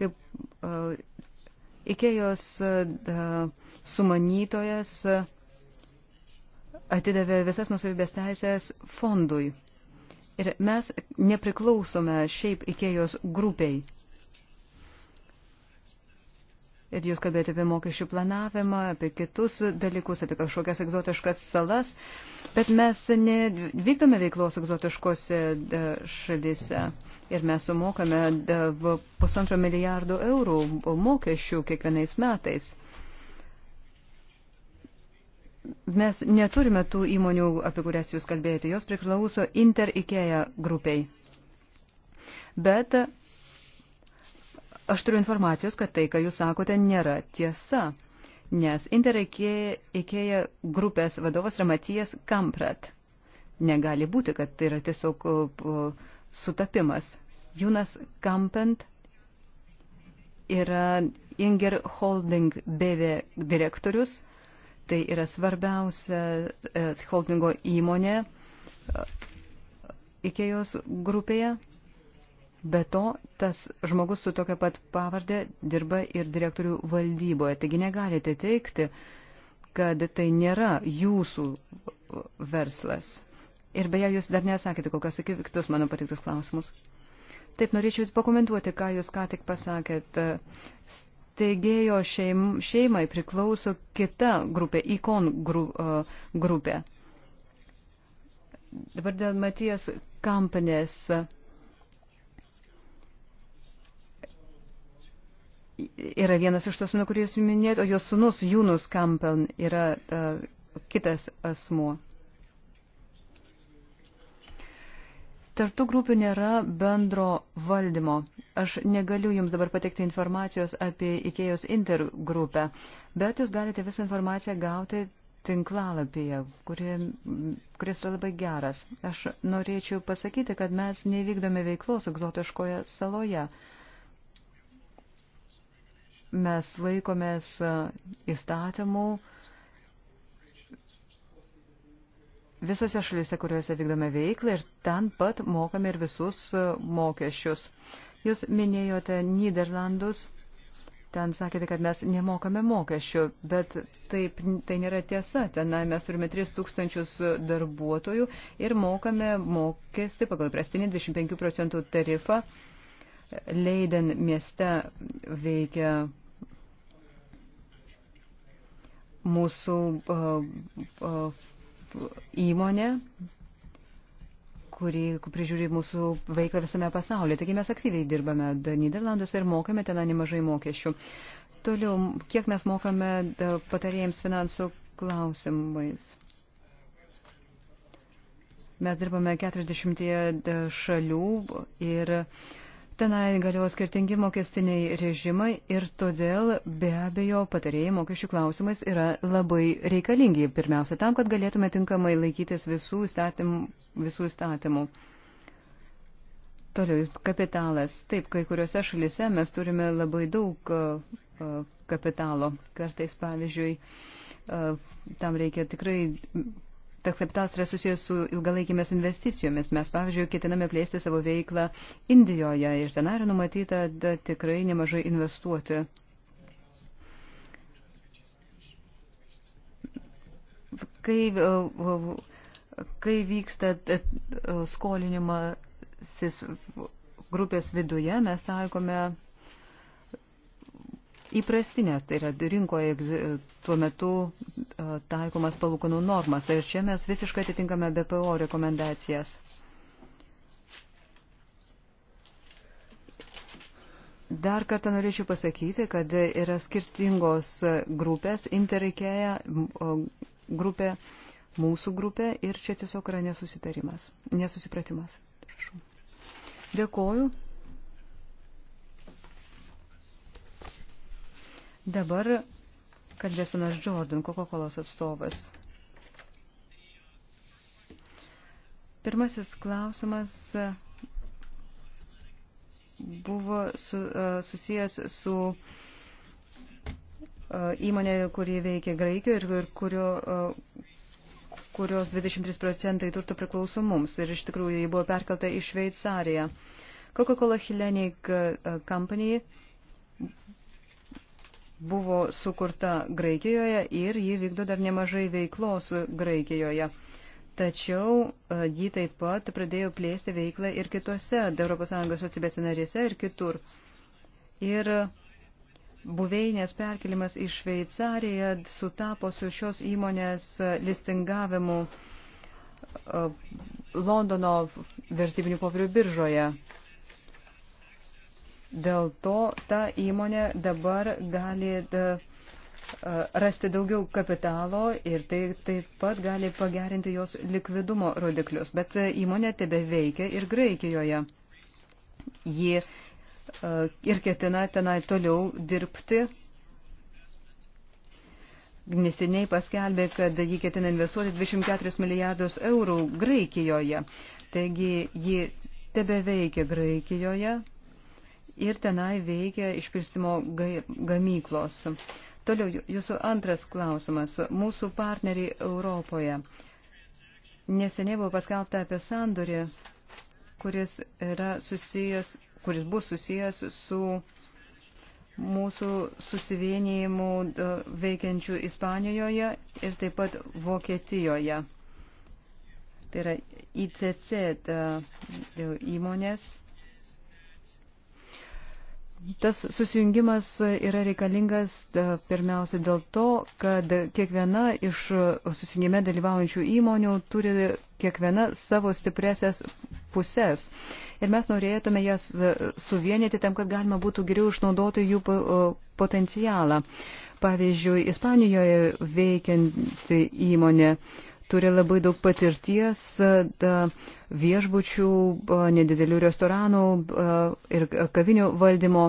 S2: Kaip uh, Ikėjos uh, sumanytojas uh, atidavė visas nusavybės teisės fondui. Ir mes nepriklausome šiaip Ikėjos grupiai. Uh, Ir jūs kalbėjote apie mokesčių planavimą, apie kitus dalykus, apie kažkokias egzotiškas salas, bet mes nevykdome veiklos egzotiškose e, šalyse. Ir mes sumokame e, pusantro milijardo eurų mokesčių kiekvienais metais mes neturime tų įmonių, apie kurias jūs kalbėjote, jos priklauso Inter Ikea grupiai. Bet Aš turiu informacijos, kad tai, ką jūs sakote, nėra tiesa, nes Intereikėja grupės vadovas Ramatijas Kamprat. Negali būti, kad tai yra tiesiog sutapimas. Junas Kampent yra Inger Holding BV direktorius, tai yra svarbiausia e, holdingo įmonė e, Ikėjos grupėje. Be to, tas žmogus su tokia pat pavardė dirba ir direktorių valdyboje. Taigi negalite teikti, kad tai nėra jūsų verslas. Ir beje, jūs dar nesakėte kol kas į kitus mano patiktus klausimus. Taip, norėčiau pakomentuoti, ką jūs ką tik pasakėt. Steigėjo šeim, šeimai priklauso kita grupė, ikon gru, uh, grupė. Dabar dėl Matijas kampanės. Uh, yra vienas iš tos, kurį jūs minėjote, o jos sunus Jūnus Kampeln yra uh, kitas asmuo. Tartų grupių nėra bendro valdymo. Aš negaliu jums dabar pateikti informacijos apie IKEJOS intergrupę, bet jūs galite visą informaciją gauti tinklalapyje, kurie, kuris yra labai geras. Aš norėčiau pasakyti, kad mes nevykdome veiklos egzotiškoje saloje. Uh, mes laikomės e, įstatymų visose šalyse, kuriuose vykdome veiklą ir ten pat mokame ir visus e, mokesčius. Jūs minėjote Niderlandus, ten sakėte, kad mes nemokame mokesčių, bet taip tai nėra tiesa. Ten mes turime 3000 e, darbuotojų ir mokame mokestį pagal prastinį 25 procentų tarifą Leiden mieste veikia mūsų įmonė, kuri prižiūri mūsų veiklą visame pasaulyje. Taigi mes aktyviai dirbame Niderlanduose ir mokame ten nemažai mokesčių. Toliau, kiek mes mokame patarėjams finansų klausimais? Mes dirbame 40 šalių ir uh, Tenai galios skirtingi mokestiniai režimai ir todėl be abejo patarėjai mokesčių klausimais yra labai reikalingi. Pirmiausia, tam, kad galėtume tinkamai laikytis visų įstatymų. Visų įstatymų. Toliau, kapitalas. Taip, kai kuriuose šalise mes turime labai daug kapitalo. Kartais, pavyzdžiui, tam reikia tikrai Toks kapitalas yra susijęs su ilgalaikėmis investicijomis. Mes, pavyzdžiui, ketiname plėsti savo veiklą Indijoje ir ten yra numatyta da, tikrai nemažai investuoti. Kai, kai vyksta skolinima grupės viduje, mes taikome įprastinės, tai yra rinkoje tuo metu taikomas palūkanų normas. Ir čia mes visiškai atitinkame BPO rekomendacijas. Dar kartą norėčiau pasakyti, kad yra skirtingos grupės, interikėja grupė, mūsų grupė ir čia tiesiog yra nesusitarimas, nesusipratimas. Prašau. Dėkoju. Dabar kalbės panas Jordan, Coca-Cola atstovas. Pirmasis klausimas buvo su, uh, susijęs su uh, įmonė, kuri veikia Graikijoje ir, ir kurio, uh, kurios 23 procentai turto priklauso mums. Ir iš tikrųjų jį buvo perkelta į Šveicariją. Coca-Cola Hellenic Company buvo sukurta Graikijoje ir ji vykdo dar nemažai veiklos Graikijoje. Tačiau e, ji taip pat pradėjo plėsti veiklą ir kitose ES atsibėse narėse ir kitur. Ir buveinės perkelimas į Šveicariją sutapo su šios įmonės e, listingavimu e, Londono vertybinių popierių biržoje. Dėl to ta įmonė dabar gali e, e, rasti daugiau kapitalo ir tai taip pat gali pagerinti jos likvidumo rodiklius. Bet e, įmonė tebe veikia ir Graikijoje. Ji ir ketina tenai toliau dirbti neseniai paskelbė, kad jį ketina investuoti 24 milijardus eurų Graikijoje. Taigi ji tebeveikia Graikijoje ir tenai veikia išpirstimo gamyklos. Toliau jūsų antras klausimas. Mūsų partneriai Europoje. Neseniai buvo paskelbta apie sandorį, kuris, susijęs, kuris bus susijęs su mūsų susivienijimu e, veikiančių Ispanijoje ir taip pat Vokietijoje. Tai yra ICC ta, e, įmonės Tas susijungimas yra reikalingas e, pirmiausia dėl to, kad kiekviena iš susijungime dalyvaujančių įmonių turi kiekviena savo stipresias pusės. Ir mes norėtume jas e, suvienyti tam, kad galima būtų geriau išnaudoti jų e, potencialą. Pavyzdžiui, Ispanijoje veikianti įmonė turi labai daug patirties viešbučių, nedidelių restoranų ir kavinių valdymo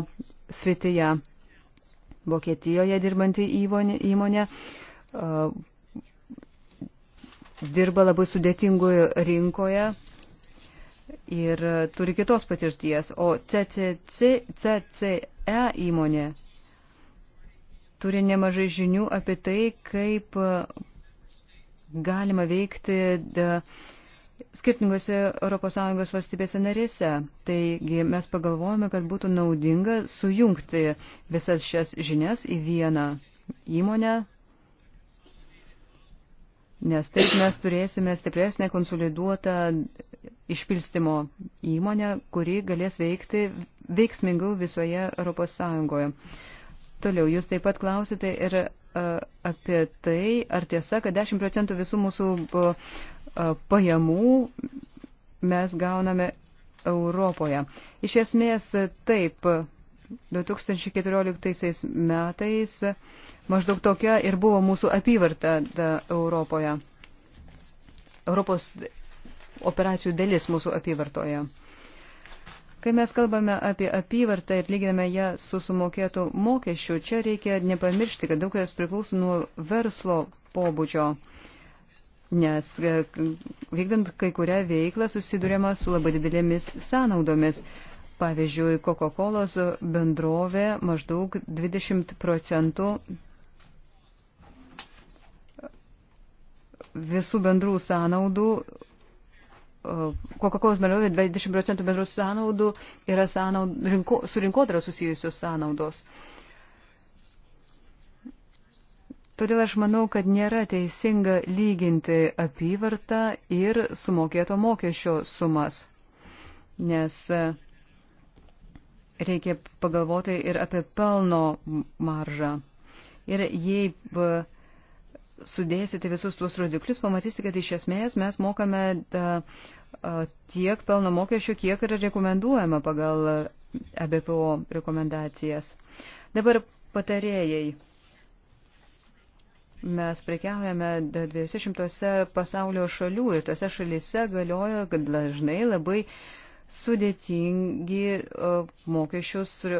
S2: srityje. Vokietijoje dirbanti įmonė, įmonė dirba labai sudėtingoje rinkoje ir turi kitos patirties, o CCC, CCE įmonė turi nemažai žinių apie tai, kaip galima veikti skirtingose ES valstybėse narėse. Taigi mes pagalvojame, kad būtų naudinga sujungti visas šias žinias į vieną įmonę, nes taip mes turėsime stipresnę konsoliduotą išpilstimo įmonę, kuri galės veikti veiksmingiau visoje ES. Toliau, jūs taip pat klausite ir apie tai, ar tiesa, kad 10 procentų visų mūsų pajamų mes gauname Europoje. Iš esmės taip, 2014 metais maždaug tokia ir buvo mūsų apyvarta Europoje. Europos operacijų dalis mūsų apyvartoje. Kai mes kalbame apie apyvartą ir lyginame ją su sumokėtų mokesčių, čia reikia nepamiršti, kad daug kas priklauso nuo verslo pobūdžio, nes e, vykdant kai kurią veiklą susidurėma su labai didelėmis sąnaudomis. Pavyzdžiui, Coca-Cola bendrovė maždaug 20 procentų visų bendrų sąnaudų Coca-Cola bendrovė 20 procentų bendrų sąnaudų yra sąnaud, rinko, su rinkodara susijusios sąnaudos. Todėl aš manau, kad nėra teisinga lyginti apyvartą ir sumokėto mokesčio sumas, nes e, reikia pagalvoti ir apie pelno maržą. Ir jei e, sudėsite visus tuos rodiklius, pamatysite, kad iš esmės mes mokame tiek pelno mokesčio, kiek yra rekomenduojama pagal ABPO rekomendacijas. Dabar patarėjai. Mes prekiaujame 200 pasaulio šalių ir tose šalyse galioja, kad dažnai labai uh, sudėtingi e, mokesčius e,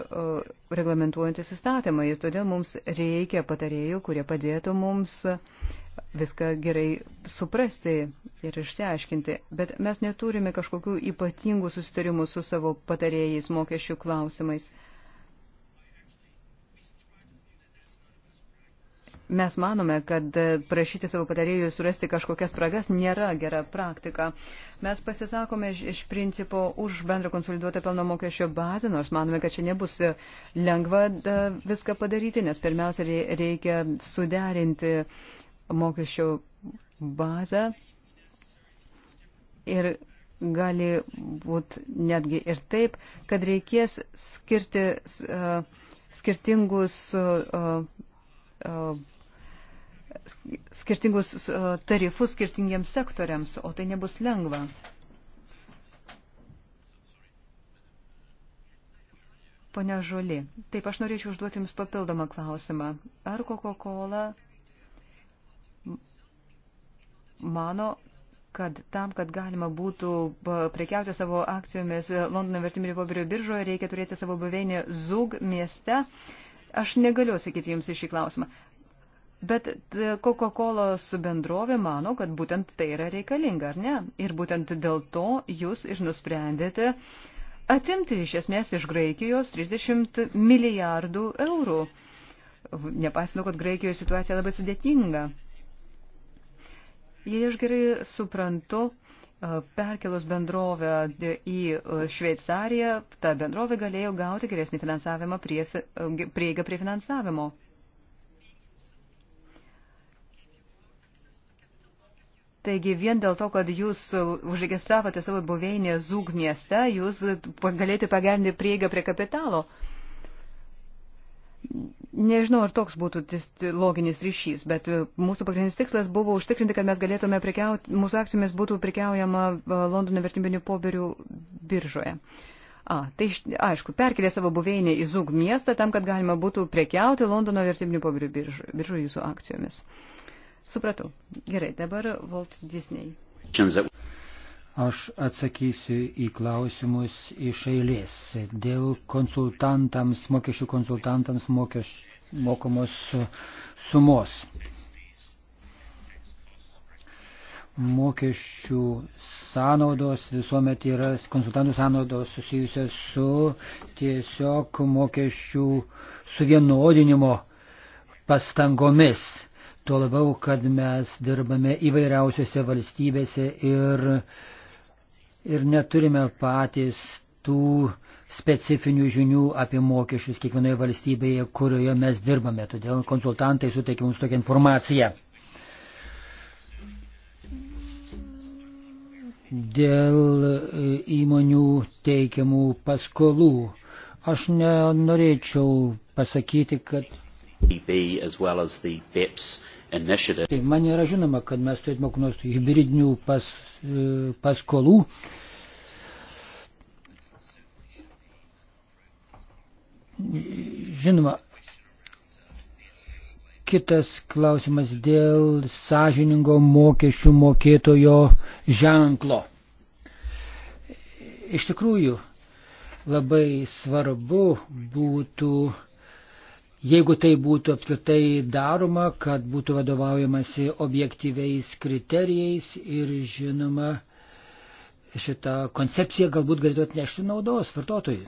S2: reglamentuojantis įstatymai ir todėl mums reikia patarėjų, kurie padėtų mums viską gerai suprasti ir išsiaiškinti. Bet mes neturime kažkokių ypatingų susitarimų su savo patarėjais mokesčių klausimais. Mes manome, kad prašyti savo patarėjų surasti kažkokias spragas nėra gera praktika. Mes pasisakome iš principo už bendrą konsoliduotą pelno mokesčio bazę, nors manome, kad čia nebus lengva viską padaryti, nes pirmiausia reikia suderinti mokesčio bazę ir gali būti netgi ir taip, kad reikės skirti uh, skirtingus uh, uh, skirtingus tarifus skirtingiems sektoriams, o tai nebus lengva. Pone Žoli, taip aš norėčiau užduoti Jums papildomą klausimą. Ar Coca-Cola mano, kad tam, kad galima būtų prekiauti savo akcijomis Londono vertimų popierių biržoje, reikia turėti savo buveinį Zug mieste? Aš negaliu sakyti Jums į šį klausimą. Bet e, Coca-Cola bendrovė mano, kad būtent tai yra reikalinga, ar ne? Ir būtent dėl to jūs ir nusprendėte atimti iš esmės iš Graikijos 30 milijardų eurų. Nepasinu, kad Graikijoje situacija labai sudėtinga. Jei aš gerai suprantu, e, perkelus bendrovę į e, Šveicariją, ta bendrovė galėjo gauti geresnį finansavimą prie, prieigą prie finansavimo. Taigi vien dėl to, kad jūs užregistravote savo buveinę Zūg mieste, jūs galėtų pagerinti prieigą prie kapitalo. Nežinau, ar toks būtų loginis ryšys, bet e, mūsų pagrindinis tikslas buvo užtikrinti, kad mes galėtume prekiauti, mūsų akcijomis būtų prekiaujama e, Londono vertybinių poberių biržoje. A, tai aišku, perkelė savo buveinę į Zūg miestą tam, kad galima būtų prekiauti Londono vertybinių poberių biržoje jūsų akcijomis. Uh, Supratau. Gerai, dabar Walt Disney.
S3: Aš atsakysiu į klausimus iš eilės. Dėl konsultantams, mokesčių konsultantams mokeš, mokomos sumos. Mokesčių sąnaudos visuomet yra konsultantų sąnaudos susijusios su tiesiog mokesčių suvienodinimo pastangomis Tuo labiau, kad mes dirbame įvairiausiose valstybėse ir, ir neturime patys tų specifinių žinių apie mokesčius kiekvienoje valstybėje, kurioje mes dirbame. Todėl konsultantai suteikia mums tokią informaciją. Dėl e, įmonių teikiamų paskolų. Aš nenorėčiau pasakyti, kad As well as e tai man yra žinoma, kad mes turėtume kokių nors hybridinių pas, e, paskolų. Žinoma, kitas klausimas dėl sąžiningo mokesčių mokėtojo ženklo. Iš tikrųjų, labai svarbu būtų uh, Jeigu tai būtų apskritai daroma, kad būtų vadovaujamasi objektyviais kriterijais ir žinoma, šitą koncepciją galbūt galėtų atnešti naudos vartotojui.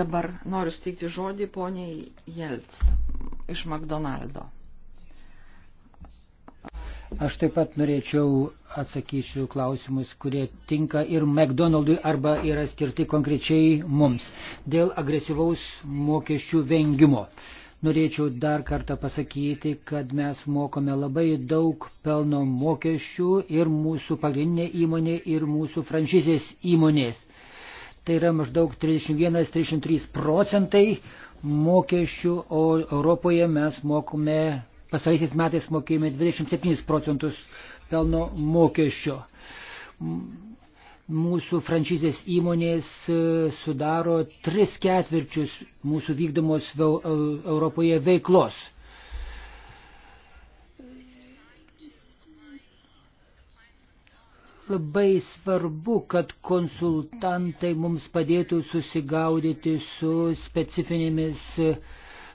S1: Dabar noriu steikti žodį poniai Jelts iš McDonaldo.
S3: Aš taip pat norėčiau atsakysiu klausimus, kurie tinka ir McDonald'ui arba yra skirti konkrečiai mums dėl agresyvaus mokesčių vengimo. Norėčiau dar kartą pasakyti, kad mes mokame labai daug pelno mokesčių ir mūsų pagrindinė įmonė ir mūsų franšizės įmonės. Tai yra maždaug 31-33 procentai mokesčių, o Europoje mes mokome Pastaraisiais metais mokėjome 27 procentus pelno mokesčio. Mūsų franšizės įmonės e, sudaro 3 ketvirčius mūsų vykdomos e, Europoje veiklos. labai svarbu, kad konsultantai mums padėtų susigaudyti su specifinėmis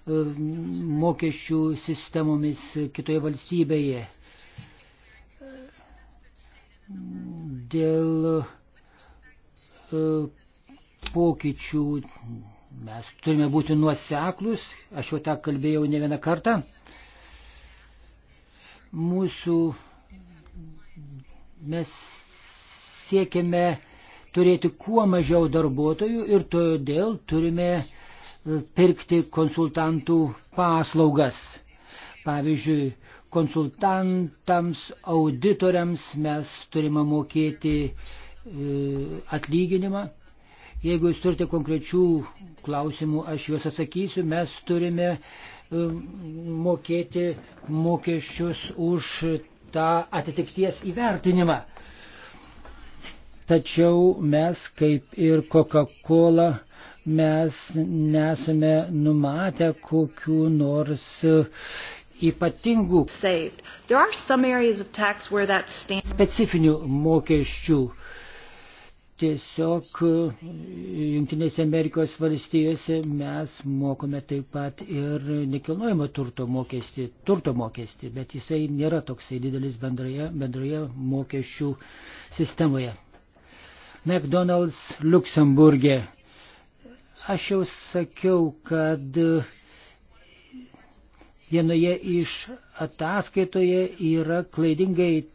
S3: mokesčių sistemomis kitoje valstybėje. Dėl e, pokyčių mes turime būti nuoseklus, aš jau tą kalbėjau ne vieną kartą. Mūsų mes siekiame turėti kuo mažiau darbuotojų ir todėl turime uh, pirkti konsultantų paslaugas. Pavyzdžiui, konsultantams, auditoriams mes turime mokėti e, atlyginimą. Jeigu jūs turite konkrečių klausimų, aš juos atsakysiu. Mes turime e, mokėti mokesčius už tą atitikties įvertinimą. Tačiau mes, kaip ir Coca-Cola, mes nesame numatę kokių nors ypatingų specifinių mokesčių. Tiesiog e, Junktinėse Amerikos valstijose mes mokome taip pat ir nekilnojamo turto mokestį, turto mokestį, bet jisai nėra toksai didelis bendroje, bendroje mokesčių sistemoje. McDonald's Luksemburgė Aš jau sakiau, kad vienoje iš ataskaitoje yra klaidingai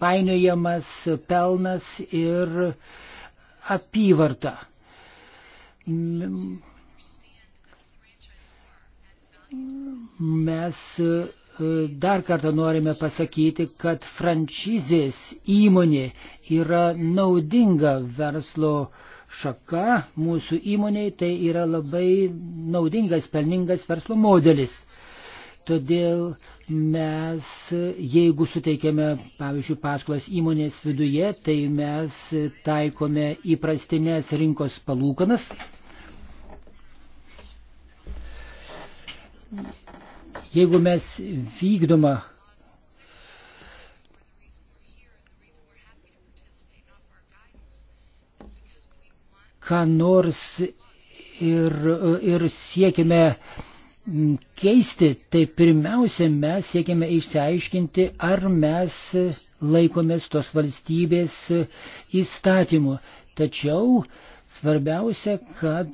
S3: painiojamas pelnas ir apyvarta. Mes dar kartą norime pasakyti, kad franšizės įmonė yra naudinga verslo uh, šaka mūsų įmoniai, tai yra labai naudingas, pelningas verslo modelis. Todėl mes, jeigu suteikėme, pavyzdžiui, paskolas įmonės viduje, tai mes taikome įprastinės rinkos palūkanas. Jeigu mes vykdoma ką nors ir, ir siekime keisti, tai pirmiausia mes siekime išsiaiškinti, ar mes laikomės tos valstybės įstatymu. Tačiau svarbiausia, kad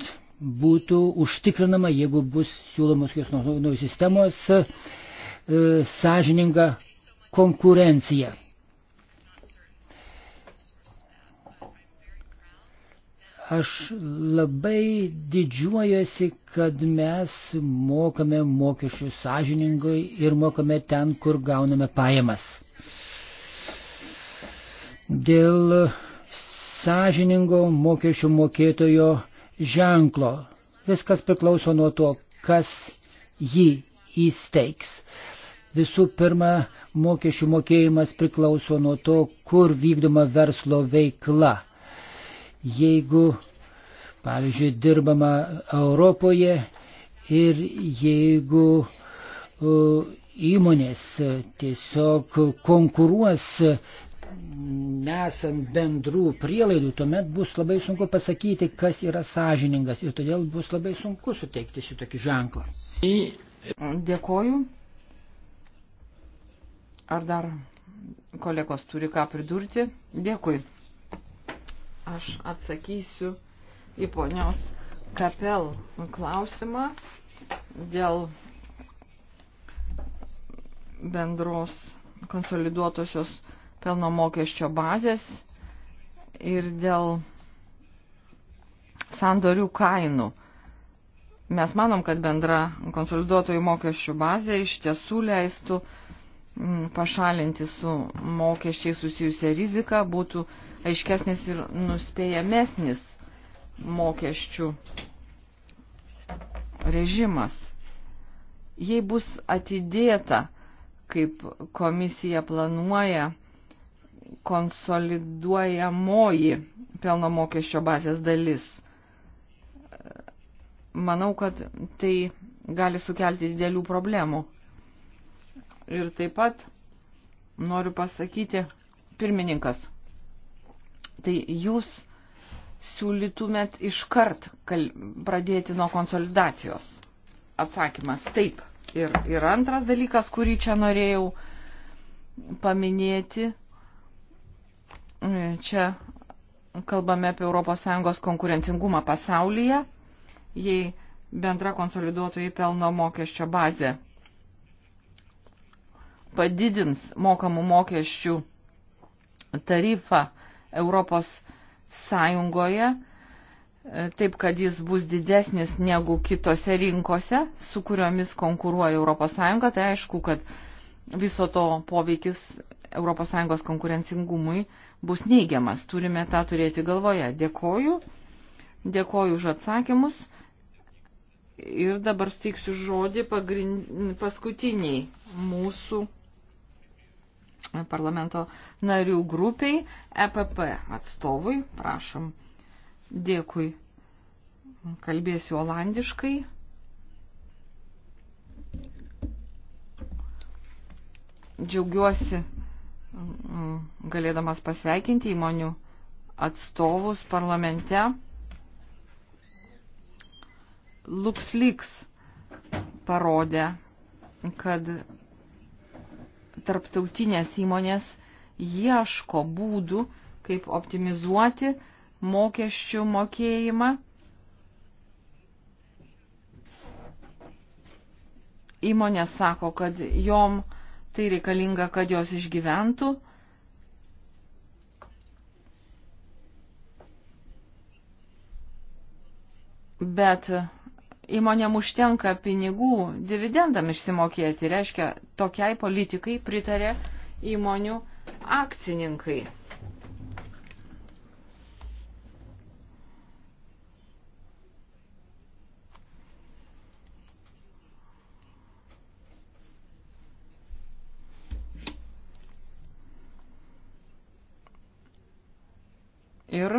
S3: būtų užtikrinama, jeigu bus siūlomos kios naujos sistemos, e, sąžininga konkurencija. Aš labai didžiuojuosi, kad mes mokame mokesčius sąžiningai ir mokame ten, kur gauname pajamas. Dėl sąžiningo mokesčių mokėtojo ženklo viskas priklauso nuo to, kas jį įsteigs. Visų pirma, mokesčių mokėjimas priklauso nuo to, kur vykdoma verslo veikla jeigu, pavyzdžiui, dirbama Europoje ir jeigu įmonės tiesiog konkuruos nesant bendrų prielaidų, tuomet bus labai sunku pasakyti, kas yra sąžiningas ir todėl bus labai sunku suteikti šitokį ženklą. Dėkoju.
S1: Ar dar kolegos turi ką pridurti? Dėkui aš atsakysiu į ponios Kapel klausimą dėl bendros konsoliduotosios pelno mokesčio bazės ir dėl sandorių kainų. Mes manom, kad bendra konsoliduotojų mokesčių bazė iš tiesų leistų uh, Mm, pašalinti su mokesčiai susijusią riziką, būtų aiškesnis ir nuspėjamesnis mokesčių režimas. Jei bus atidėta, kaip komisija planuoja, konsoliduojamoji pelno mokesčio bazės dalis, manau, kad tai gali sukelti didelių problemų Ir taip pat noriu pasakyti, pirmininkas, tai jūs siūlytumėt iškart pradėti nuo konsolidacijos. Atsakymas taip. Ir, ir antras dalykas, kurį čia norėjau paminėti, čia kalbame apie ES konkurencingumą pasaulyje, jei bendra konsoliduotojai pelno mokesčio bazė padidins mokamų mokesčių tarifą Europos Sąjungoje, e, taip kad jis bus didesnis negu kitose rinkose, su kuriomis konkuruoja Europos Sąjunga, tai aišku, kad viso to poveikis Europos Sąjungos konkurencingumui bus neigiamas. Turime tą turėti galvoje. Dėkoju. Dėkoju už atsakymus. Ir dabar steiksiu žodį pagrind... paskutiniai mūsų parlamento narių grupiai, EPP atstovui, prašom. Dėkui. Kalbėsiu olandiškai. Džiaugiuosi mm, galėdamas pasveikinti įmonių atstovus parlamente. LuxLeaks parodė, kad tarptautinės įmonės ieško būdų, kaip optimizuoti mokesčių mokėjimą. Įmonės sako, kad jom tai reikalinga, kad jos išgyventų. Bet įmonėm užtenka pinigų dividendam išsimokėti. Reiškia, tokiai politikai pritarė įmonių akcininkai. Ir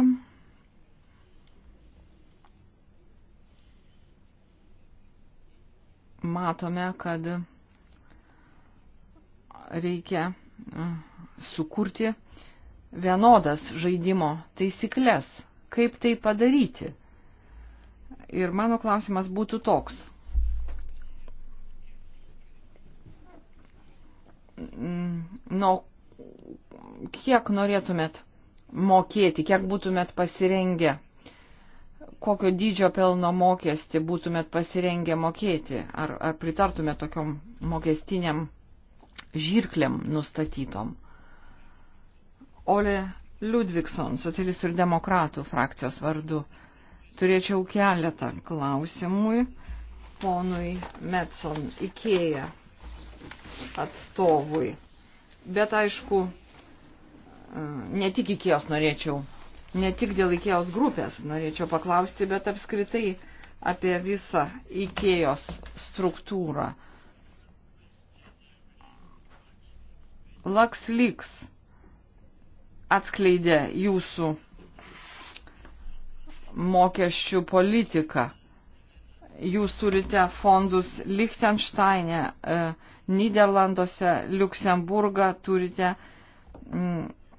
S1: matome, kad reikia sukurti vienodas žaidimo taisyklės. Kaip tai padaryti? Ir mano klausimas būtų toks. Nu, kiek norėtumėt mokėti, kiek būtumėt pasirengę kokio dydžio pelno mokestį būtumėt pasirengę mokėti? Ar, ar pritartumėt tokiom mokestiniam žirkliam nustatytom? Ole Ludvikson, socialistų ir demokratų frakcijos vardu. Turėčiau keletą klausimui ponui Metson Ikėja atstovui. Bet aišku, ne tik Ikėjos norėčiau ne tik dėl IKEOS grupės norėčiau paklausti, bet apskritai apie visą IKEOS struktūrą. LuxLeaks atskleidė jūsų mokesčių politiką. Jūs turite fondus Liechtensteine, e, Niderlanduose, Luksemburgą, turite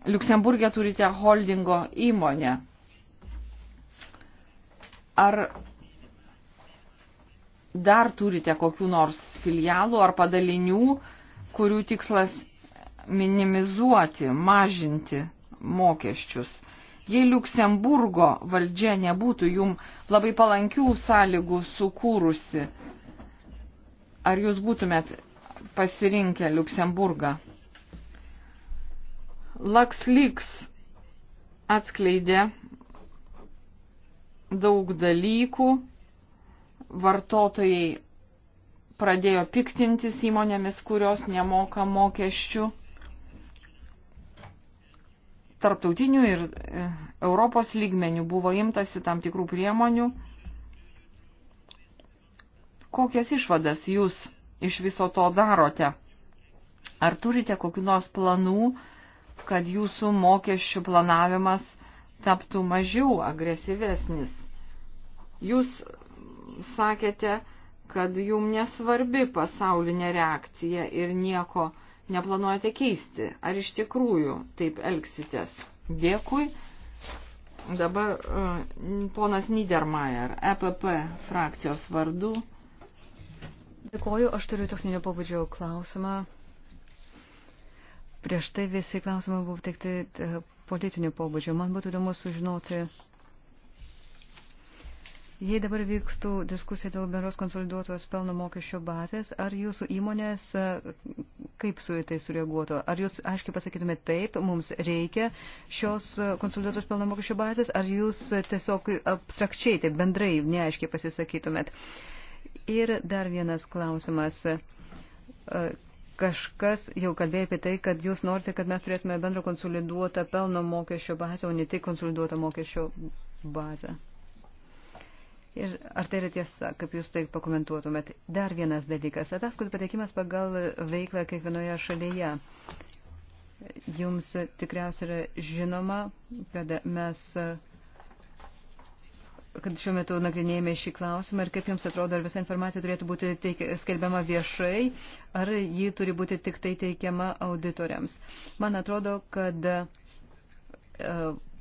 S1: Luksemburgė turite holdingo įmonę. Ar dar turite kokių nors filialų ar padalinių, kurių tikslas minimizuoti, mažinti mokesčius? Jei Luksemburgo valdžia nebūtų jum labai palankių sąlygų sukūrusi, ar jūs būtumėt pasirinkę Luksemburgą? LuxLeaks atskleidė daug dalykų, vartotojai pradėjo piktintis įmonėmis, kurios nemoka mokesčių tarptautinių ir e, Europos lygmenių buvo imtasi tam tikrų priemonių. Kokias išvadas jūs iš viso to darote? Ar turite kokiu nors planų kad jūsų mokesčių planavimas taptų mažiau agresyvesnis. Jūs sakėte, kad jum nesvarbi pasaulinė reakcija ir nieko neplanuojate keisti. Ar iš tikrųjų taip elgsitės? Dėkui. Dabar e, ponas Niedermayer, EPP frakcijos vardu.
S2: Dėkoju, aš turiu techninio pabudžio klausimą. Prieš tai visi klausimai buvo tikti e, politinių pobūdžio. Man būtų įdomu sužinoti, jei dabar vyktų diskusija dėl bendros konsoliduotos pelno mokesčio bazės, ar jūsų įmonės e, kaip su tai sureaguotų? Ar jūs aiškiai pasakytumėte taip, mums reikia šios e, konsoliduotos pelno mokesčio bazės, ar jūs tiesiog abstrakčiai, taip bendrai, neaiškiai pasisakytumėt? Ir dar vienas klausimas Kažkas jau kalbėjo apie tai, kad jūs norite, kad mes turėtume bendrą konsoliduotą pelno mokesčio bazę, o ne tik konsoliduotą mokesčio bazę. Ir ar tai yra tiesa, kaip jūs tai pakomentuotumėt? Dar vienas dalykas. Ataskaitų patekimas pagal veiklą kiekvienoje šalyje. Jums tikriausiai yra žinoma, kad mes uh, kad šiuo metu nagrinėjame šį klausimą ir kaip jums atrodo, ar visa informacija turėtų būti teik, skelbiama viešai, ar ji turi būti tik tai teikiama auditoriams. Man atrodo, kad e,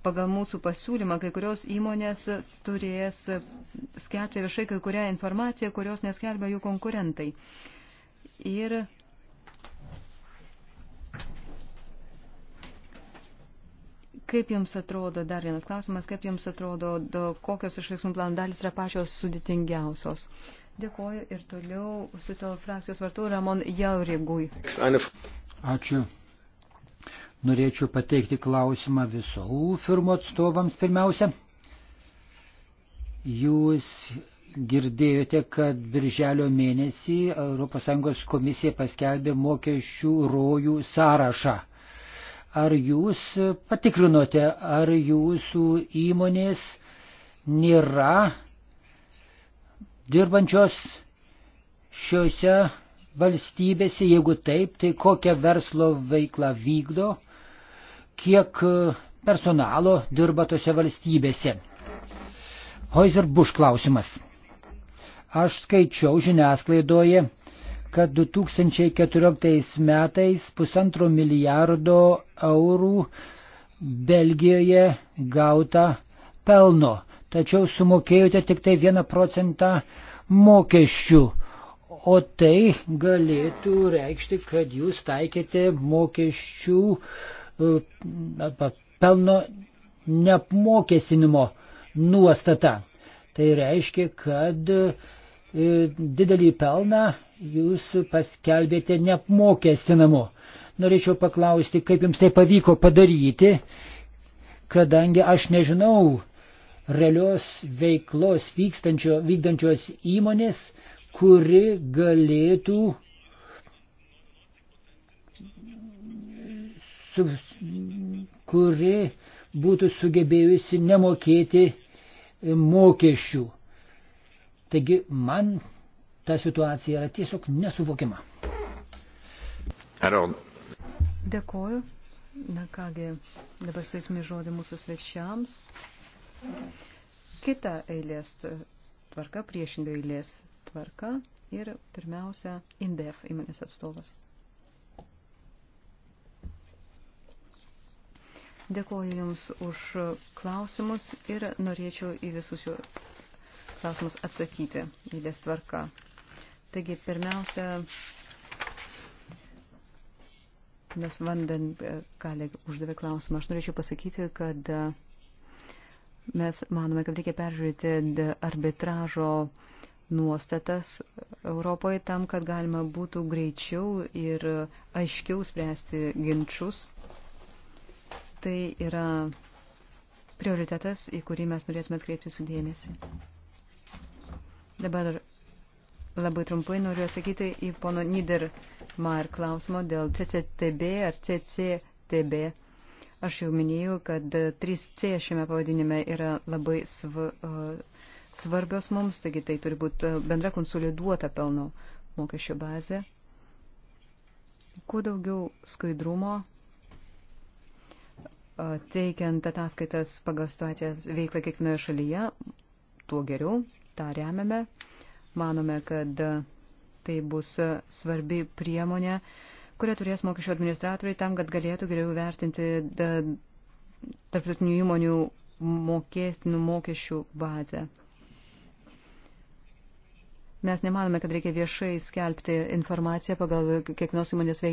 S2: pagal mūsų pasiūlymą kai kurios įmonės turės skelbti viešai kai kurią informaciją, kurios neskelbia jų konkurentai. Ir Kaip Jums atrodo, dar vienas klausimas, kaip Jums atrodo, do, kokios iš veiksmų planų dalis yra pačios sudėtingiausios? Dėkoju ir toliau socialų frakcijos vartų Ramon Jaurigui.
S3: Ačiū. Norėčiau pateikti klausimą visų firmų atstovams pirmiausia. Jūs girdėjote, kad birželio mėnesį ES komisija paskelbė mokesčių rojų sąrašą ar jūs patikrinote, ar jūsų įmonės nėra dirbančios šiuose valstybėse, jeigu taip, tai kokią verslo veiklą vykdo, kiek personalo dirba tose valstybėse. Hoizer Bush klausimas. Aš skaičiau žiniasklaidoje, kad 2014 metais pusantro milijardo eurų Belgijoje gauta pelno, tačiau sumokėjote tik tai 1 procentą mokesčių. O tai galėtų reikšti, kad jūs taikėte mokesčių e, pelno neapmokesinimo nuostatą. Tai reiškia, kad e, didelį pelną jūs paskelbėte neapmokestinamu. Norėčiau paklausti, kaip jums tai pavyko padaryti, kadangi aš nežinau realios veiklos vykstančio, vykdančios įmonės, kuri galėtų su, kuri būtų sugebėjusi nemokėti mokesčių. Taigi man ta situacija yra tiesiog nesuvokima.
S1: Aron.
S2: Dėkoju. Na kągi, dabar sveiksime žodį mūsų svečiams. Kita eilės tvarka, priešinga eilės tvarka ir pirmiausia INDEF įmonės atstovas. Dėkoju Jums už klausimus ir norėčiau į visus jų klausimus atsakyti eilės tvarka. Taigi, pirmiausia, mes vandan, e, gali uždavė klausimą. Aš norėčiau pasakyti, kad e, mes manome, kad reikia peržiūrėti arbitražo nuostatas Europoje tam, kad galima būtų greičiau ir aiškiau spręsti ginčius. Tai yra prioritetas, į kurį mes norėtume atkreipti sudėmesį. Dabar Labai trumpai noriu atsakyti į pono Niedermayer klausimo dėl CCTB ar CCTB. Aš jau minėjau, kad 3C šiame pavadinime yra labai sv, svarbios mums, taigi tai turi būti bendra konsoliduota pelno mokesčio bazė. Kuo daugiau skaidrumo, teikiant ataskaitas pagal situaciją veiklą kiekvienoje šalyje, tuo geriau, tą remiame. Manome, kad tai bus svarbi priemonė, kurią turės mokesčio administratoriai tam, kad galėtų geriau vertinti tarptautinių įmonių mokėstinų nu, mokesčių bazę. Mes nemanome, kad reikia viešai skelbti informaciją pagal kiekvienos įmonės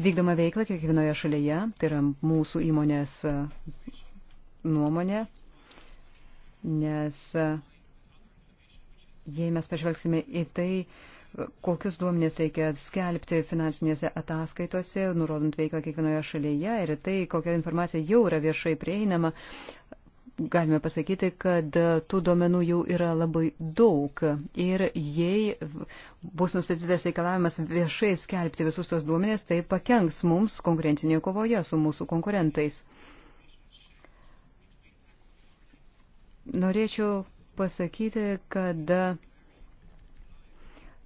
S2: vykdomą veiklą kiekvienoje šalyje. Tai yra mūsų įmonės nuomonė, nes jei mes pažvelgsime į tai, kokius duomenys reikia skelbti finansinėse ataskaitose, nurodant veiklą kiekvienoje šalyje ir tai, kokia informacija jau yra viešai prieinama, galime pasakyti, kad tų duomenų jau yra labai daug. Ir jei bus nustatytas reikalavimas viešai skelbti visus tos duomenys, tai pakenks mums konkurencinėje kovoje su mūsų konkurentais. Norėčiau pasakyti, kad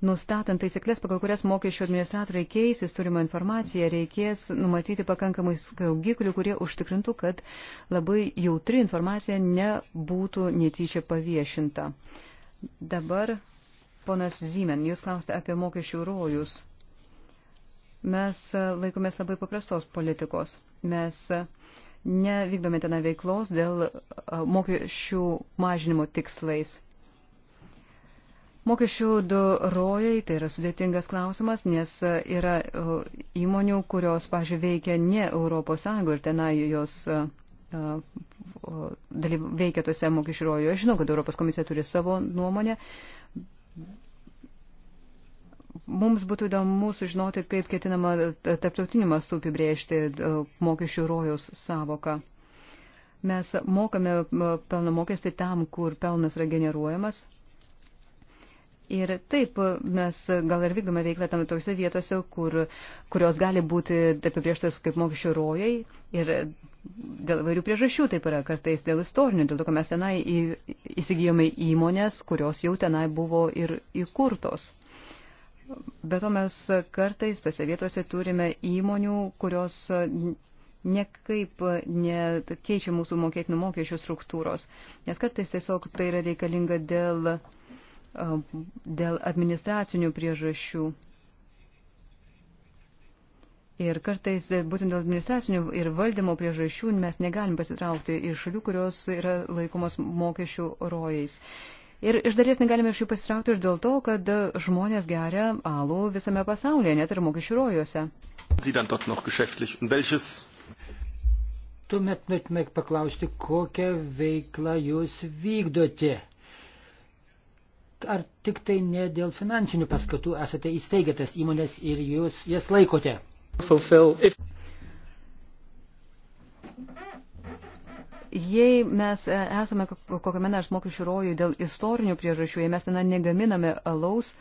S2: nustatant taisyklės, pagal kurias mokesčių administratoriai keisys turimą informaciją, reikės numatyti pakankamai skaugiklių, kurie užtikrintų, kad labai jautri informacija nebūtų netyčia paviešinta. Dabar, ponas Zymen, jūs klausite apie mokesčių rojus. Mes laikomės labai paprastos politikos. Mes nevykdome tenai veiklos dėl mokesčių mažinimo tikslais. Mokesčių du rojai, tai yra sudėtingas klausimas, nes yra įmonių, kurios, pažiūrėjau, veikia ne Europos Sąjungoje ir tenai jos veikia tose mokesčių rojų. Aš žinau, kad Europos komisija turi savo nuomonę, Mums būtų įdomu sužinoti, kaip ketinama tarptautiniu mastu apibrėžti e, mokesčių rojus savoką. Mes mokame pelno mokestį tam, kur pelnas yra generuojamas, Ir taip mes gal ir vykdome veiklą tam tose vietose, kur, kurios gali būti apibrieštos kaip mokesčių rojai. Ir dėl vairių priežasčių taip yra, kartais dėl istorinių, dėl to, kad mes tenai į, įsigijome įmonės, kurios jau tenai buvo ir įkurtos. Bet to mes kartais tose vietose turime įmonių, kurios nekaip nekeičia mūsų mokėtinų mokesčių struktūros, nes kartais tiesiog tai yra reikalinga dėl, dėl administracinių priežasčių. Ir kartais e, būtent dėl administracinių ir valdymo priežasčių mes negalim pasitraukti iš šalių, kurios yra laikomos mokesčių rojais. Ir iš dalies negalime iš jų pasitraukti ir dėl to, kad žmonės geria alų visame pasaulyje, net ir mokesčių rojuose.
S3: Tuomet norėtume paklausti, kokią veiklą jūs vykdote. Ar tik tai ne dėl finansinių paskatų esate įsteigę tas įmonės ir jūs jas laikote? Fulfill.
S2: jei mes e, esame kokiame nors mokesčių rojų dėl istorinių priežasčių, jei mes ten negaminame alaus,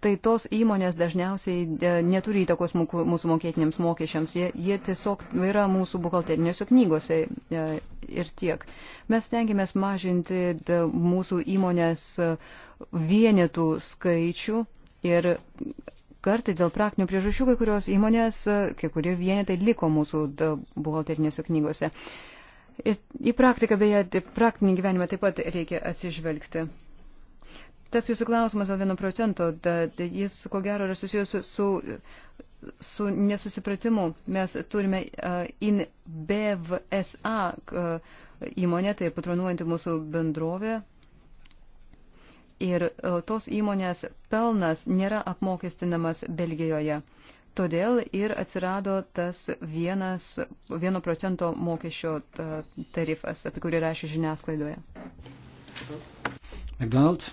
S2: tai tos įmonės dažniausiai e, neturi įtakos mūsų mokėtiniams mokesčiams. Jie, jie tiesiog yra mūsų buhalterinėse knygose e, ir tiek. Mes tengiamės mažinti mūsų įmonės vienetų skaičių ir Kartais dėl praktinių priežasčių kai kurios įmonės, e, kai kurie vienetai liko mūsų buhalterinėse knygose. Ir į praktiką, beje, praktinį gyvenimą taip pat reikia atsižvelgti. Tas jūsų klausimas dėl vieno procento, jis ko gero yra susijęs su, su nesusipratimu. Mes turime uh, InBevSA uh, įmonę, tai patronuojanti mūsų bendrovė, ir e, tos įmonės pelnas nėra apmokestinamas Belgijoje. Todėl ir atsirado tas vienas, vieno procento mokesčio tarifas, apie kurį rašė žiniasklaidoje.
S3: McDonald,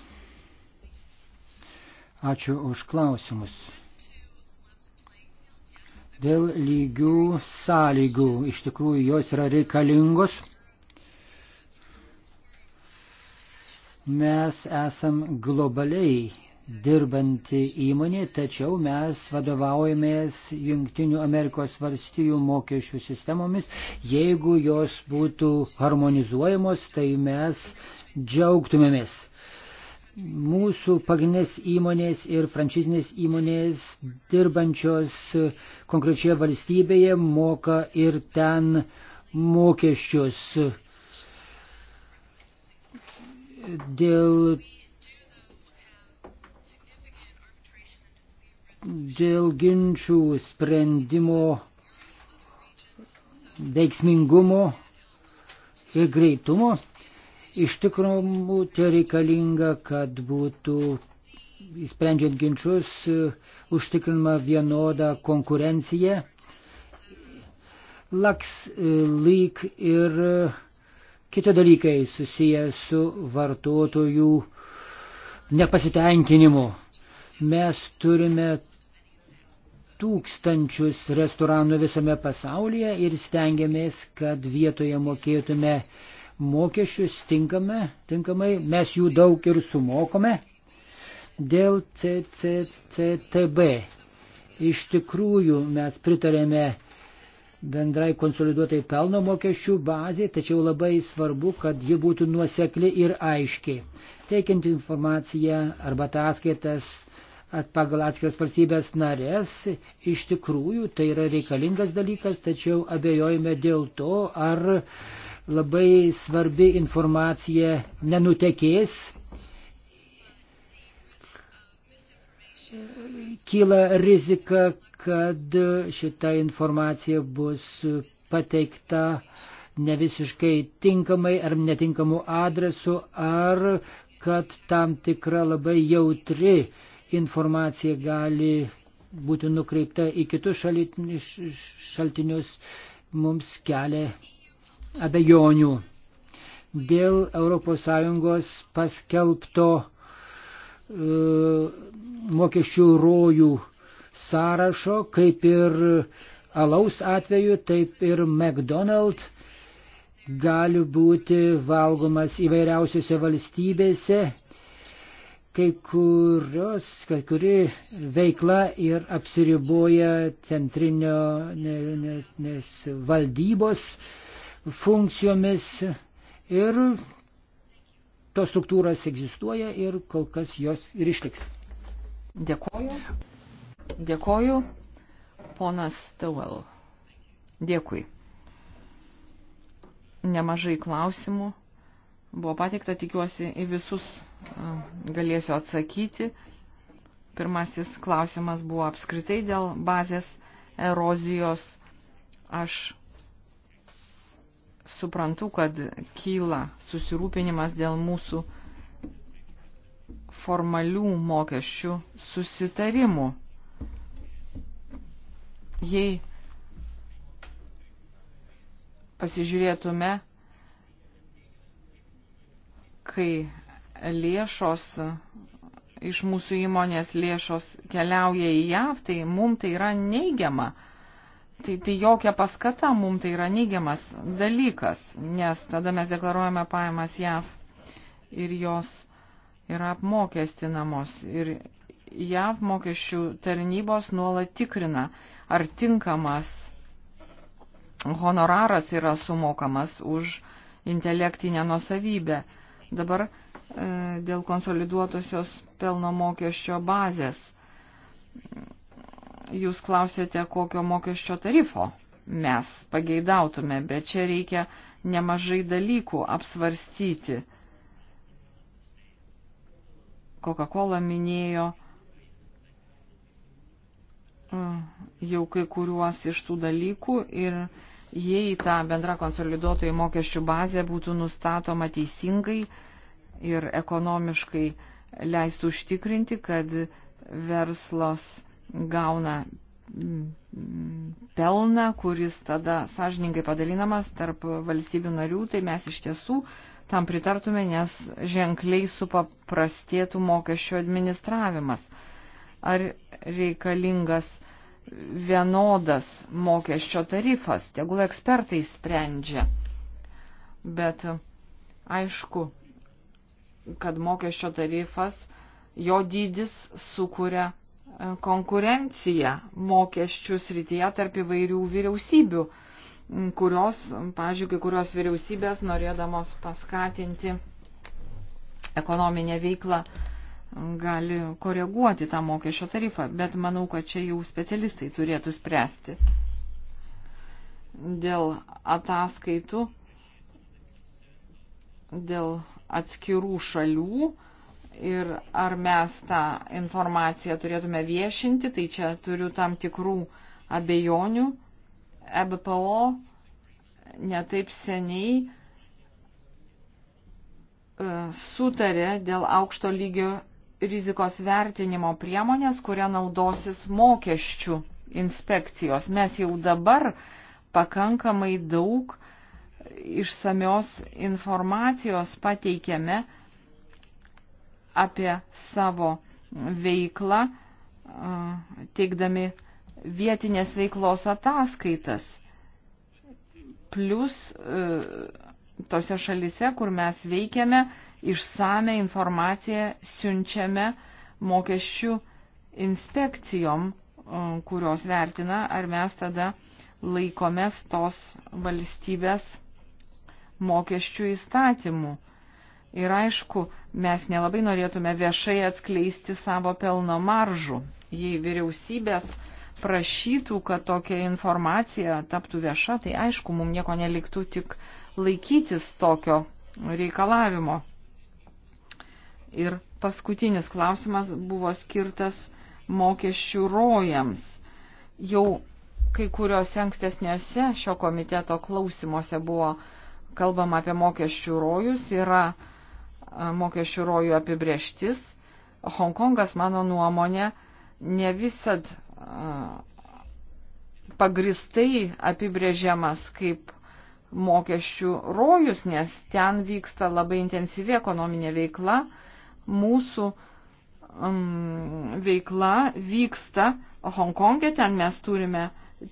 S3: ačiū už klausimus. Dėl lygių sąlygų iš tikrųjų jos yra reikalingos Mes esam globaliai dirbanti įmonė, tačiau mes vadovaujamės Junktinių Amerikos valstijų mokesčių sistemomis. Jeigu jos būtų harmonizuojamos, tai mes džiaugtumėmės. Mūsų pagrindinės įmonės ir franšizinės įmonės dirbančios konkrečioje valstybėje moka ir ten mokesčius dėl, dėl ginčių sprendimo veiksmingumo ir greitumo. Iš tikrųjų, tai reikalinga, kad būtų, sprendžiant ginčius, užtikrinama vienoda konkurencija. Laks, eh, lyg ir uh, Kiti dalykai susiję su vartotojų nepasitenkinimu. Mes turime tūkstančius restoranų visame pasaulyje ir stengiamės, kad vietoje mokėtume mokesčius tinkame, tinkamai, mes jų daug ir sumokome. Dėl CCCTB iš tikrųjų mes pritarėme bendrai konsoliduotai pelno mokesčių bazė, tačiau labai svarbu, kad ji būtų nuosekli ir aiškiai. Teikiant informaciją arba ataskaitas at pagal atskiras valstybės narės, iš tikrųjų tai yra reikalingas dalykas, tačiau abejojame dėl to, ar labai svarbi informacija nenutekės kyla rizika, kad šita informacija bus pateikta ne visiškai tinkamai ar netinkamu adresu, ar kad tam tikra labai jautri informacija gali būti nukreipta į kitus šaltinius, mums kelia abejonių. Dėl ES paskelbto E, mokesčių rojų sąrašo, kaip ir alaus atveju, taip ir McDonald's gali būti valgomas įvairiausiose valstybėse, kai, kurios, kai kuri veikla ir apsiriboja centrinio nes, nes valdybos funkcijomis ir tos struktūros egzistuoja ir kol kas jos ir išliks. Dėkoju.
S1: Dėkoju. Ponas Tauel. Dėkui. Nemažai klausimų buvo patikta, tikiuosi, į visus e, galėsiu atsakyti. Pirmasis klausimas buvo apskritai dėl bazės erozijos. Aš suprantu, kad kyla susirūpinimas dėl mūsų formalių mokesčių susitarimų. Jei pasižiūrėtume, kai lėšos iš mūsų įmonės lėšos keliauja į JAV, tai mums tai yra neigiama. Uh, Tai, tai jokia paskata mums tai yra neigiamas dalykas, nes tada mes deklaruojame pajamas JAV ir jos yra apmokestinamos. Ir JAV mokesčių tarnybos nuolat tikrina, ar tinkamas honoraras yra sumokamas už intelektinę nusavybę. Dabar e, dėl konsoliduotosios pelno mokesčio bazės jūs klausėte, kokio mokesčio tarifo mes pageidautume, bet čia reikia nemažai dalykų apsvarstyti. Coca-Cola minėjo e, jau kai kuriuos iš tų dalykų ir jei ta bendra konsoliduotojų mokesčių bazė būtų nustatoma teisingai ir ekonomiškai leistų užtikrinti, kad verslas gauna mm, mm, pelną, kuris tada sąžininkai padalinamas tarp valstybių narių, tai mes iš tiesų tam pritartume, nes ženkliai supaprastėtų mokesčio administravimas. Ar reikalingas vienodas mokesčio tarifas, tegul ekspertai sprendžia. Bet aišku, kad mokesčio tarifas, jo dydis sukuria konkurencija mokesčių srityje tarp įvairių vyriausybių, kurios, pažiūrėjau, kai kurios vyriausybės norėdamos paskatinti ekonominę veiklą gali koreguoti tą mokesčio tarifą, bet manau, kad čia jau specialistai turėtų spręsti. Dėl ataskaitų, dėl atskirų šalių, ir ar mes tą informaciją turėtume viešinti, tai čia turiu tam tikrų abejonių. EBPO netaip seniai e, sutarė dėl aukšto lygio rizikos vertinimo priemonės, kurią naudosis mokesčių inspekcijos. Mes jau dabar pakankamai daug išsamios informacijos pateikėme, apie savo veiklą, teikdami vietinės veiklos ataskaitas. Plus e, tose šalise, kur mes veikiame, išsame informaciją siunčiame mokesčių inspekcijom, e, kurios vertina, ar mes tada laikomės tos valstybės mokesčių įstatymų. Ir aišku, mes nelabai norėtume viešai atskleisti savo pelno maržų. Jei vyriausybės prašytų, kad tokia informacija taptų vieša, tai aišku, mums nieko neliktų tik laikytis tokio reikalavimo. Ir paskutinis klausimas buvo skirtas mokesčių rojams. Jau kai kuriuose ankstesniuose šio komiteto klausimuose buvo kalbama apie mokesčių rojus. Yra uh, mokesčių rojų apibrieštis. Hongkongas, mano nuomonė, ne visad pagristai apibrėžiamas kaip mokesčių rojus, nes ten vyksta labai intensyvi ekonominė veikla. Mūsų um, veikla vyksta Hongkongė, e, ten mes turime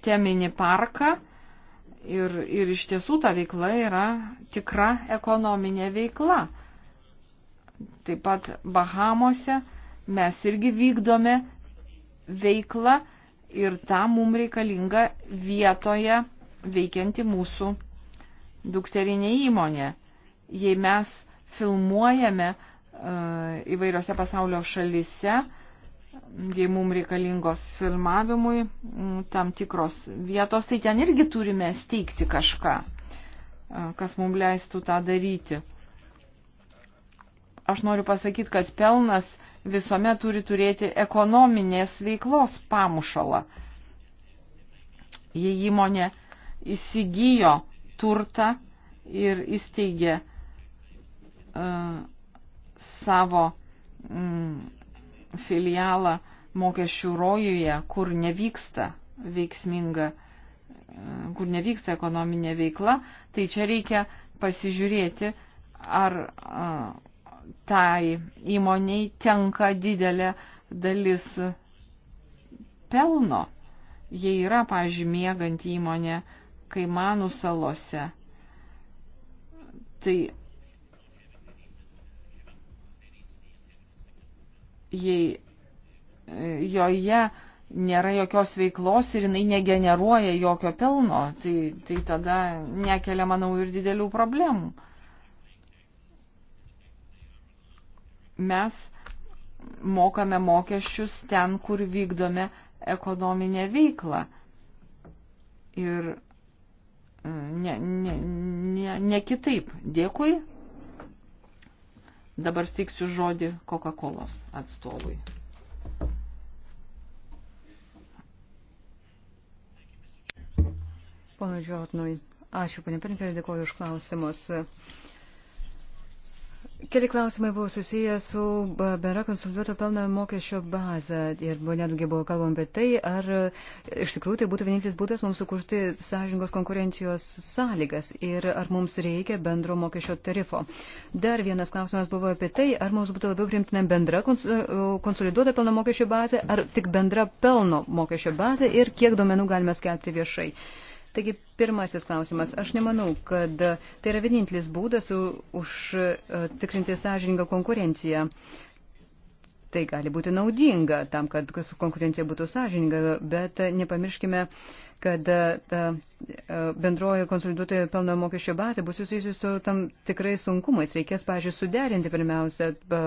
S1: teminį parką ir, ir iš tiesų ta veikla yra tikra ekonominė veikla. Uh, taip pat Bahamose mes irgi vykdome veiklą ir tam mums reikalinga vietoje veikianti mūsų dukterinė įmonė. Jei mes filmuojame e, įvairiose pasaulio šalise, jei mums reikalingos filmavimui tam tikros vietos, tai ten irgi turime steigti kažką, e, kas mums leistų tą daryti aš noriu pasakyti, kad pelnas visuomet turi turėti ekonominės veiklos pamušalą. Jei įmonė įsigijo turtą ir įsteigė uh, savo mm, filialą mokesčių rojuje, kur nevyksta veiksminga, uh, kur nevyksta ekonominė veikla, tai čia reikia pasižiūrėti, ar uh, tai įmoniai tenka didelė dalis pelno. Jie yra, pažymėgant įmonė Kaimanų salose. Tai jei e, joje nėra jokios veiklos ir jinai negeneruoja jokio pelno, tai, tai tada nekelia, manau, ir didelių problemų. mes mokame mokesčius ten, kur vykdome ekonominę veiklą. Ir e, ne, ne, ne, ne kitaip. Dėkui. Dabar steiksiu žodį Coca-Cola atstovui. Pana Džiotnui,
S2: ačiū, panė Pirinkė, dėkoju už klausimus. Keli klausimai buvo susiję su bendra konsoliduoto pelno mokesčio bazą ir netgi buvo kalbama apie tai, ar iš tikrųjų tai būtų vienintelis būdas mums sukurti sąžingos konkurencijos sąlygas ir ar mums reikia bendro mokesčio tarifo. Dar vienas klausimas buvo apie tai, ar mums būtų labiau primtina bendra e, konsoliduoto pelno mokesčio bazė ar tik bendra pelno mokesčio bazė ir kiek duomenų galime skelbti viešai. Taigi, pirmasis klausimas. Aš nemanau, kad tai yra vienintelis būdas užtikrinti e, sąžiningą konkurenciją. Tai gali būti naudinga tam, kad konkurencija būtų sąžininga, bet nepamirškime uh, kad e, e, bendroji konsoliduotojo pelno mokesčio bazė bus susijusi su tam tikrais sunkumais. Reikės, pažiūrėjau, suderinti pirmiausia e,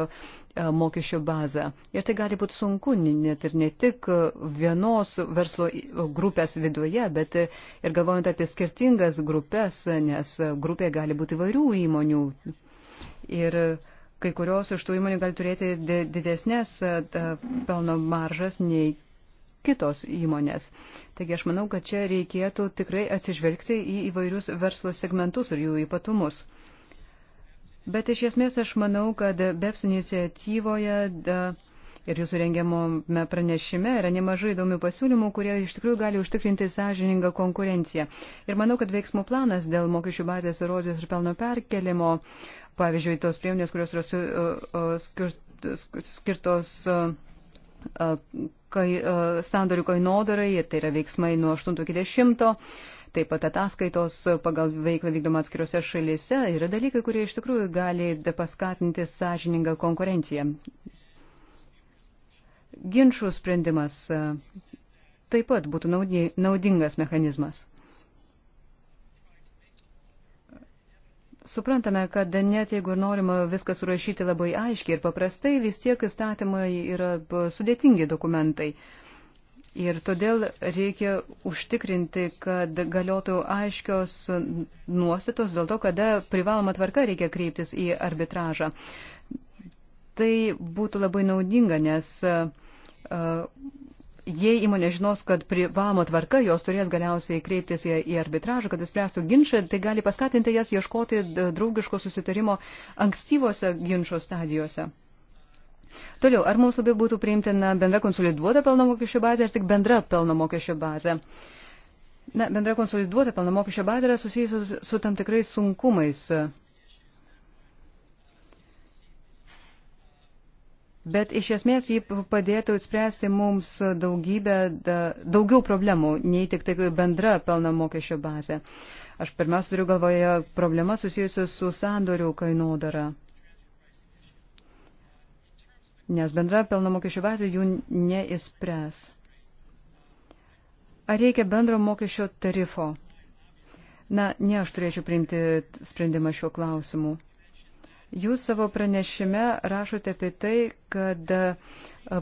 S2: mokesčio bazą. Ir tai gali būti sunku net ir ne tik vienos verslo grupės viduje, bet ir galvojant apie skirtingas grupės, nes grupė gali būti įvairių įmonių. Ir kai kurios iš tų įmonių gali turėti didesnės pelno maržas nei kitos įmonės. Taigi aš manau, kad čia reikėtų tikrai atsižvelgti į įvairius verslo segmentus ir jų ypatumus. Bet iš esmės aš manau, kad BEPS iniciatyvoje da, ir jūsų rengiamome pranešime yra nemažai įdomių pasiūlymų, kurie iš tikrųjų gali užtikrinti sąžiningą konkurenciją. Ir manau, kad veiksmų planas dėl mokesčių bazės erozijos ir pelno perkelimo, pavyzdžiui, tos priemonės, kurios yra su, uh, uh, skirt, skirtos. Uh, kai, sandorių kainodarai, tai yra veiksmai nuo 8 iki 10, taip pat ataskaitos pagal veiklą vykdomą atskiriuose šalyse, yra dalykai, kurie iš tikrųjų gali paskatinti sąžiningą konkurenciją. Ginčių sprendimas taip pat būtų naudingas mechanizmas. suprantame, kad net jeigu ir norima viską surašyti labai aiškiai ir paprastai, vis tiek įstatymai yra sudėtingi dokumentai. Ir todėl reikia užtikrinti, kad galiotų aiškios nuostatos dėl to, kada privaloma tvarka reikia kreiptis į arbitražą. Tai būtų labai naudinga, nes jei įmonė žinos, kad privamo tvarka jos turės galiausiai kreiptis į arbitražą, kad spręstų ginčą, tai gali paskatinti jas ieškoti draugiško susitarimo ankstyvose ginčio stadijose. Toliau, ar mums labiau būtų priimtina bendra konsoliduota pelno mokesčio bazė ar tik bendra pelno mokesčio bazė? Na, bendra konsoliduota pelno mokesčio bazė yra susijusi su, su tam tikrais sunkumais. Uh, Bet iš esmės jį padėtų spręsti mums daugybę, da, daugiau problemų, nei tik tai bendra pelno mokesčio bazė. Aš pirmiausia turiu galvoje problemą susijusiu su sandorių kainodara. Nes bendra pelno mokesčio bazė jų neįspręs. Ar reikia bendro mokesčio tarifo? Na, ne aš turėčiau priimti sprendimą šiuo klausimu. Jūs savo pranešime rašote apie tai, kad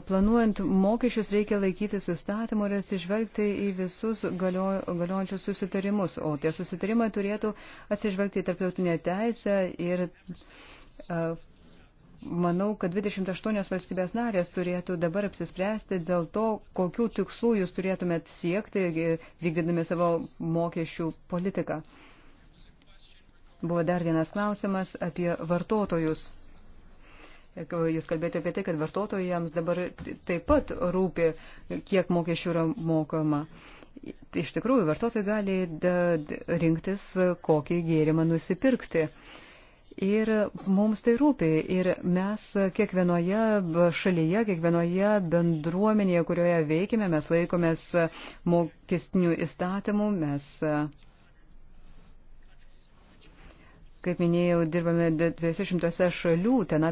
S2: planuojant mokesčius reikia laikytis įstatymų ir atsižvelgti į visus galio, galiojančius susitarimus, o tie susitarimai turėtų atsižvelgti į tarptautinę teisę ir manau, kad 28 valstybės narės turėtų dabar apsispręsti dėl to, kokių tikslų jūs turėtumėt siekti e, vykdydami savo mokesčių politiką. Buvo dar vienas klausimas apie vartotojus. Jūs kalbėjote apie tai, kad vartotojams dabar taip pat rūpi, kiek mokesčių yra mokama. Iš tikrųjų, vartotojai gali rinktis, kokį gėrimą nusipirkti. Ir mums tai rūpi. Ir mes kiekvienoje šalyje, kiekvienoje bendruomenėje, kurioje veikime, mes laikomės mokestinių įstatymų, mes kaip minėjau, dirbame 200 šalių, tenai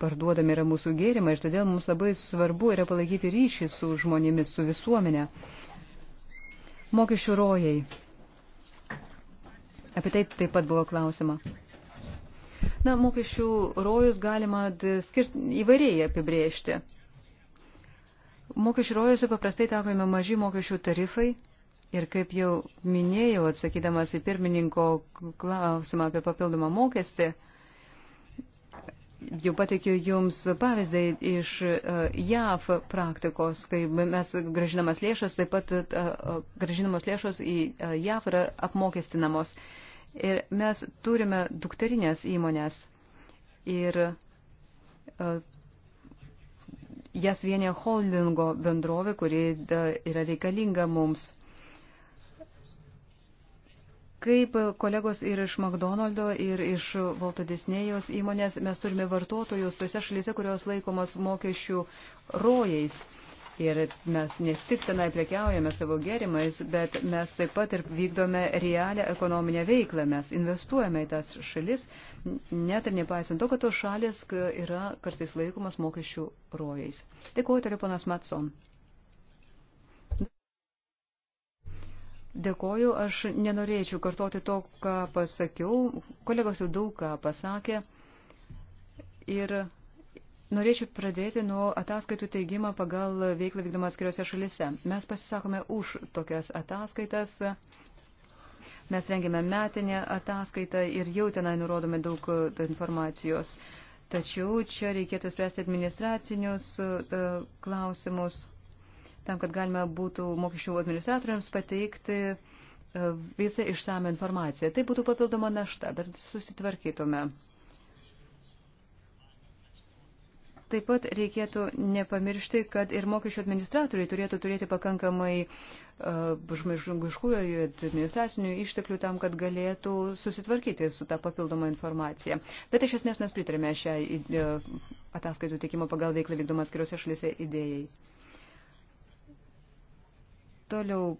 S2: parduodami yra mūsų gėrimai ir todėl mums labai svarbu yra palaikyti ryšį su žmonėmis, su visuomenė. Mokesčių rojai. Apie tai taip pat buvo klausima. Na, mokesčių rojus galima skirti įvairiai apibrėžti. Mokesčių rojose paprastai takomi maži mokesčių tarifai Ir kaip jau minėjau, atsakydamas į pirmininko klausimą apie papildomą mokestį, jau pateikiu Jums pavyzdį iš e, JAV praktikos, kai mes gražinamas lėšas, taip pat e, e, gražinamos lėšos į JAV yra apmokestinamos. Ir mes turime dukterinės įmonės ir jas vienė holdingo bendrovė, kuri yra reikalinga mums. Kaip kolegos ir iš McDonaldo, ir iš Volto Disnėjos įmonės, mes turime vartotojus tose šalyse, kurios laikomos mokesčių rojais. Ir mes ne tik tenai prekiaujame savo gerimais, bet mes taip pat ir vykdome realią ekonominę veiklą. Mes investuojame į tas šalis, net ir nepaisant to, kad tos šalis yra kartais laikomas mokesčių rojais. Dėkuoju, telefonas Matson. Dėkoju, aš nenorėčiau kartoti to, ką pasakiau. Kolegos jau daug ką pasakė. Ir norėčiau pradėti nuo ataskaitų teigimą pagal veiklą vykdomą atskiriuose šalise. Mes pasisakome už tokias ataskaitas. Mes rengiame metinę ataskaitą ir jau tenai nurodome daug e, informacijos. Tačiau čia reikėtų spręsti administracinius e, klausimus tam, kad galima būtų mokesčių administratoriams pateikti e, visą išsame informaciją. Tai būtų papildoma našta, bet susitvarkytume. Taip pat reikėtų nepamiršti, kad ir mokesčių administratoriai turėtų turėti pakankamai e, žmogiškųjų uh, administracinių išteklių tam, kad galėtų susitvarkyti su tą papildomą informaciją. Bet iš esmės mes pritarėme šią uh, e, ataskaitų teikimo pagal veiklą vykdomas skiriuose šalyse idėjai. Toliau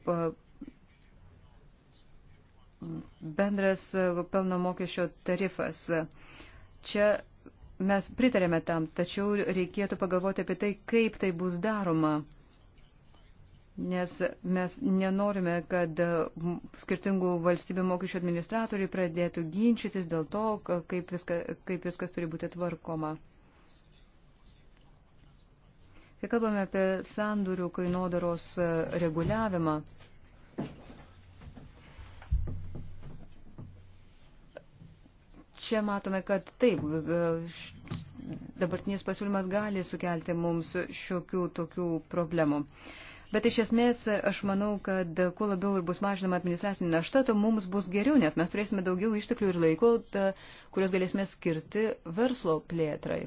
S2: bendras e, pelno mokesčio tarifas. Čia mes pritarėme tam, tačiau reikėtų pagalvoti apie tai, kaip tai bus daroma. Nes mes nenorime, kad skirtingų valstybių mokesčių administratoriai pradėtų ginčytis dėl to, kaip, viską, kaip viskas turi būti tvarkoma. Kai kalbame apie sandurių kainodaros e, reguliavimą, čia matome, kad taip, e, dabartinis pasiūlymas gali sukelti mums šiokių tokių problemų. Bet iš esmės aš manau, kad kuo labiau ir bus mažinama administracinė našta, to mums bus geriau, nes mes turėsime daugiau išteklių ir laiko, kuriuos galėsime skirti verslo plėtrai.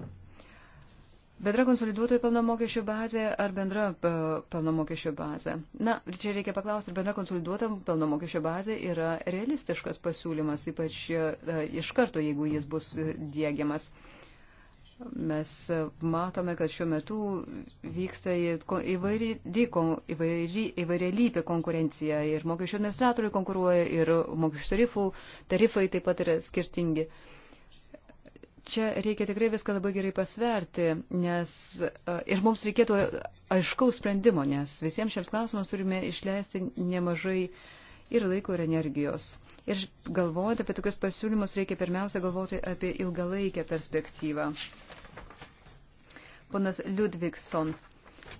S2: Bendra konsoliduotojų pelno mokesčio bazė ar bendra e, pelno mokesčio bazė? Na, čia reikia paklausti, ar bendra konsoliduota pelno mokesčio bazė yra realistiškas pasiūlymas, ypač e, e, iš karto, jeigu jis bus dėgiamas. Mes matome, kad šiuo metu vyksta įvairialypė konkurencija ir mokesčių administratoriai konkuruoja ir mokesčių tarifų, tarifai taip pat yra skirtingi. Uh, čia reikia tikrai viską labai gerai pasverti, nes e, ir mums reikėtų aiškaus sprendimo, nes visiems šiems klausimams turime išleisti nemažai ir laiko, ir energijos. Ir galvojant apie tokius pasiūlymus, reikia pirmiausia galvoti apie ilgalaikę perspektyvą. Ponas Ludvikson,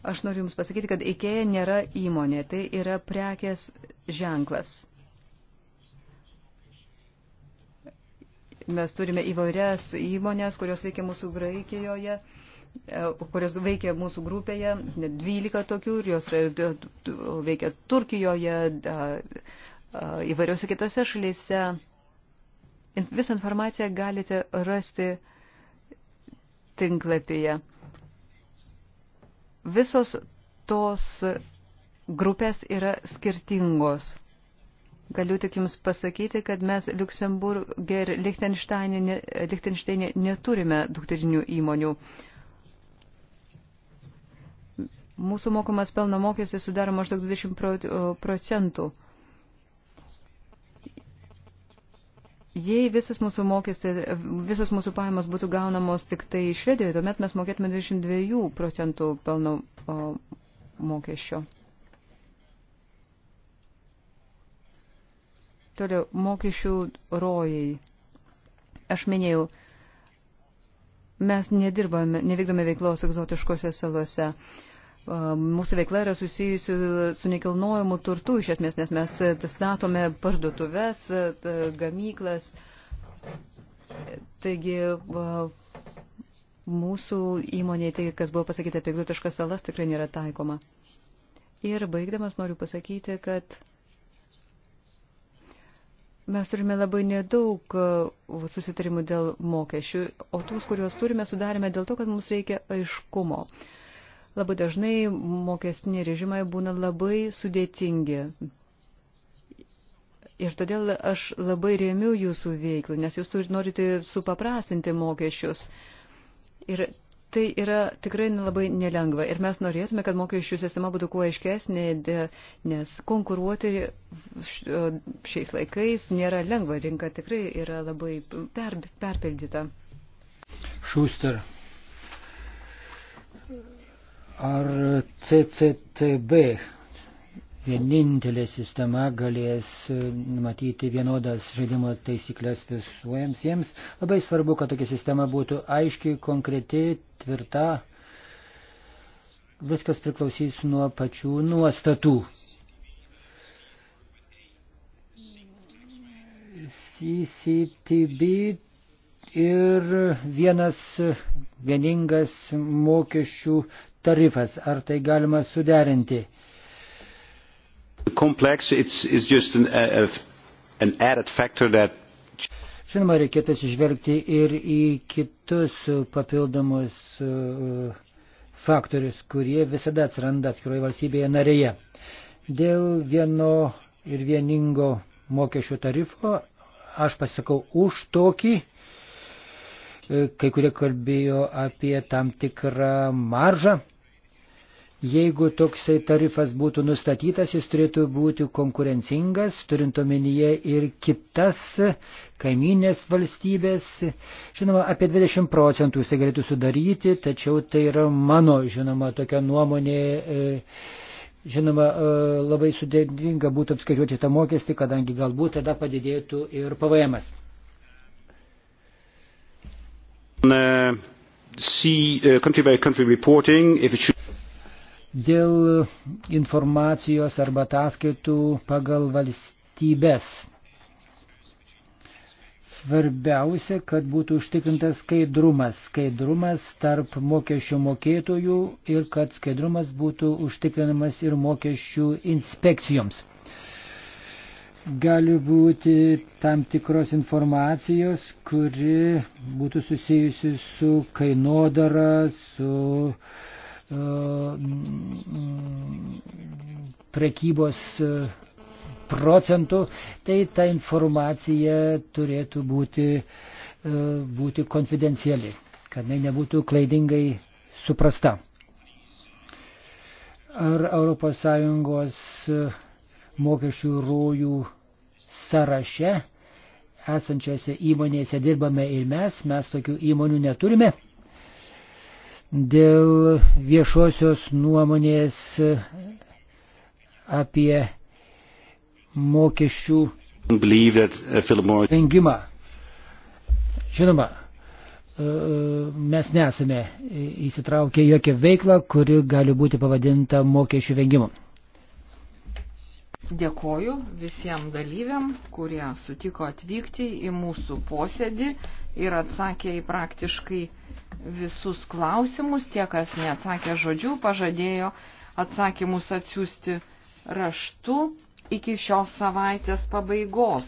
S2: aš noriu Jums pasakyti, kad IKEA nėra įmonė, tai yra prekės ženklas. Mes turime įvairias įmonės, kurios veikia mūsų Graikijoje e, kurios veikia mūsų grupėje, net 12 tokių, ir jos e, veikia Turkijoje, e, įvairiose kitose šalyse. Visą informaciją galite rasti tinklapyje. Visos tos grupės yra skirtingos. Galiu tik Jums pasakyti, kad mes Luksemburgė ir Lichtensteinė neturime dukterinių įmonių. Mūsų mokamas pelno mokestis sudaro maždaug 20 procentų. Jei visas mūsų mokestė, visas mūsų pajamos būtų gaunamos tik tai Švedijoje, tuomet mes mokėtume 22 procentų pelno mokesčio. Toliau, mokesčių rojai. Aš minėjau, mes nedirbame, nevykdome veiklos egzotiškose salose. Mūsų veikla yra susijusi su nekilnojimu turtu, iš esmės, nes mes statome parduotuves, gamyklas. Taigi mūsų įmonėje tai, kas buvo pasakyta apie grūtiškas salas, tikrai nėra taikoma. Ir baigdamas noriu pasakyti, kad Mes turime labai nedaug e, susitarimų dėl mokesčių, o tūs, kuriuos turime, sudarėme dėl to, kad mums reikia aiškumo. Labai dažnai mokestiniai režimai būna labai sudėtingi. Ir todėl aš labai rėmiu jūsų veiklą, nes jūs norite supaprastinti mokesčius. Ir Tai yra tikrai labai nelengva ir mes norėtume, kad mokesčių sistema būtų kuo aiškesnė, nes konkuruoti šiais laikais nėra lengva, rinka tikrai yra labai per, perpildyta.
S3: Šūster. Ar CCTB vienintelė sistema galės numatyti e, vienodas žaidimo taisyklės visuojams jiems. Labai svarbu, kad tokia sistema būtų aiški, konkreti, tvirta. Viskas priklausys nuo pačių nuostatų. CCTB ir vienas vieningas mokesčių tarifas. Ar tai galima suderinti?
S2: Complex, it's, it's just an, a, an added factor that
S3: Žinoma, reikėtų atsižvelgti ir į kitus papildomus e, faktorius, kurie visada atsiranda atskiroje valstybėje narėje. Dėl vieno ir vieningo mokesčių tarifo aš pasakau už tokį, e, kai kurie kalbėjo apie tam tikrą maržą. Jeigu toksai tarifas būtų nustatytas, jis turėtų būti konkurencingas, turint omenyje ir kitas kaiminės valstybės. Žinoma, apie 20 procentų jis galėtų sudaryti, tačiau tai yra mano, žinoma, tokia nuomonė. E, žinoma, e, labai sudėtinga būtų apskaičiuoti tą mokestį, kadangi galbūt tada padidėtų ir PVMas.
S2: Uh, see, uh, country by country reporting, if it should
S3: dėl informacijos arba ataskaitų pagal valstybės. Svarbiausia, kad būtų užtikrintas skaidrumas, skaidrumas tarp mokesčių mokėtojų ir kad skaidrumas būtų užtikrinamas ir mokesčių inspekcijoms. Gali būti tam tikros informacijos, kuri būtų susijusi su kainodara, su uh, prekybos e, procentų, tai ta informacija turėtų būti, e, būti konfidenciali, kad jinai nebūtų klaidingai suprasta. Ar ES mokesčių rojų sąraše esančiose įmonėse dirbame ir mes, mes tokių įmonių neturime dėl viešosios nuomonės apie mokesčių uh, vengimą. Žinoma, e, mes nesame įsitraukę jokią veiklą, kuri gali būti pavadinta mokesčių vengimu.
S1: Dėkoju visiems dalyviam, kurie sutiko atvykti į mūsų posėdį ir atsakė į praktiškai visus klausimus. Tie, kas neatsakė žodžių, pažadėjo atsakymus atsiųsti raštu iki šios savaitės pabaigos.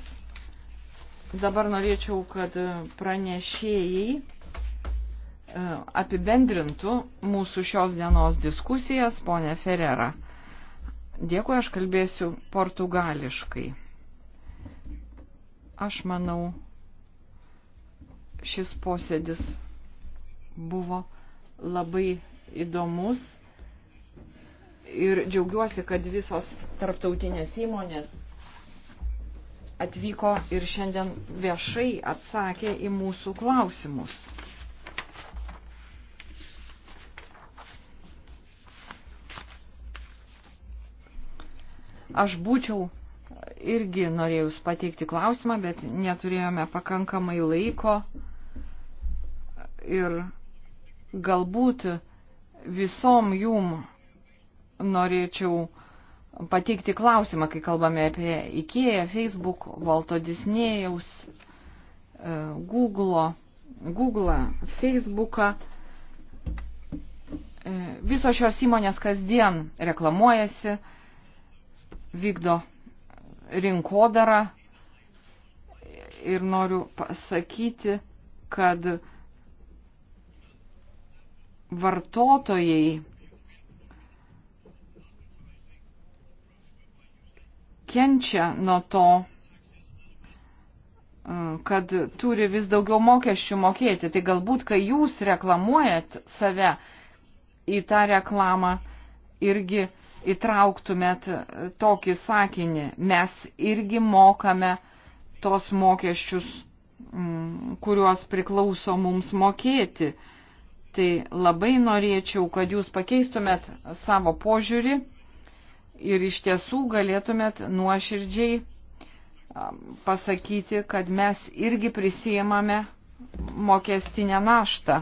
S1: Dabar norėčiau, kad pranešėjai e, apibendrintų mūsų šios dienos diskusijas, ponė Ferrera. Dėkui, aš kalbėsiu portugališkai. Aš manau, šis posėdis buvo labai įdomus ir džiaugiuosi, kad visos tarptautinės įmonės atvyko ir šiandien viešai atsakė į mūsų klausimus. Aš būčiau irgi norėjus pateikti klausimą, bet neturėjome pakankamai laiko ir Galbūt visom jum norėčiau pateikti klausimą, kai kalbame apie IKEA, Facebook, Valto Disnėjaus, e, Google, Google, Facebooką. E, visos šios įmonės kasdien reklamuojasi, vykdo rinkodarą ir noriu pasakyti, kad vartotojai kenčia nuo to, e, kad turi vis daugiau mokesčių mokėti. Tai galbūt, kai jūs reklamuojat save į tą reklamą, irgi įtrauktumėt tokį sakinį. Mes irgi mokame tos mokesčius, kuriuos priklauso mums mokėti. Uh, Tai labai norėčiau, kad jūs pakeistumėt savo požiūrį ir iš tiesų galėtumėt nuoširdžiai pasakyti, kad mes irgi prisijimame mokestinę naštą.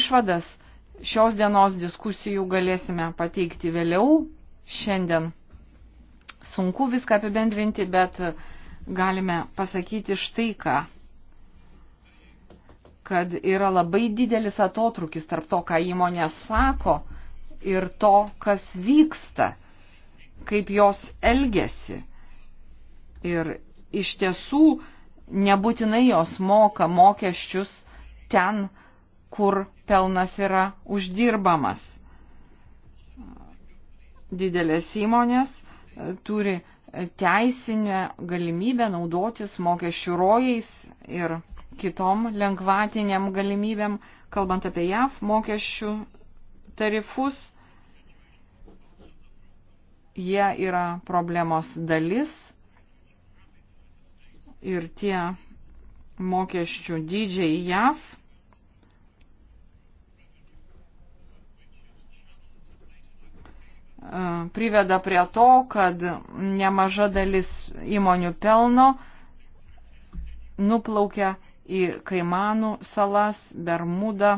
S1: Išvadas šios dienos diskusijų galėsime pateikti vėliau. Šiandien sunku viską apibendrinti, bet galime pasakyti štai ką kad yra labai didelis atotrukis tarp to, ką įmonė sako ir to, kas vyksta, kaip jos elgesi. Ir iš tiesų nebūtinai jos moka mokesčius ten, kur pelnas yra uždirbamas. Didelės įmonės e, turi teisinę galimybę naudotis mokesčių rojais ir kitom lengvatiniam galimybėm, kalbant apie JAV mokesčių tarifus. Jie yra problemos dalis ir tie mokesčių dydžiai JAV e, priveda prie to, kad nemaža dalis įmonių pelno nuplaukia į Kaimanų salas, Bermudą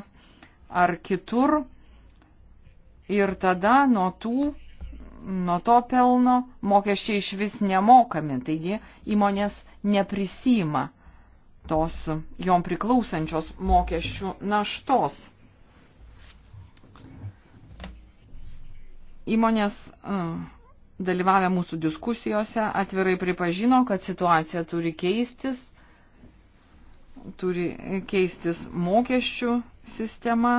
S1: ar kitur. Ir tada nuo, tų, nuo to pelno mokesčiai iš vis nemokami, taigi įmonės neprisima tos jom priklausančios mokesčių naštos. Įmonės dalyvavę mūsų diskusijose atvirai pripažino, kad situacija turi keistis turi keistis mokesčių sistema.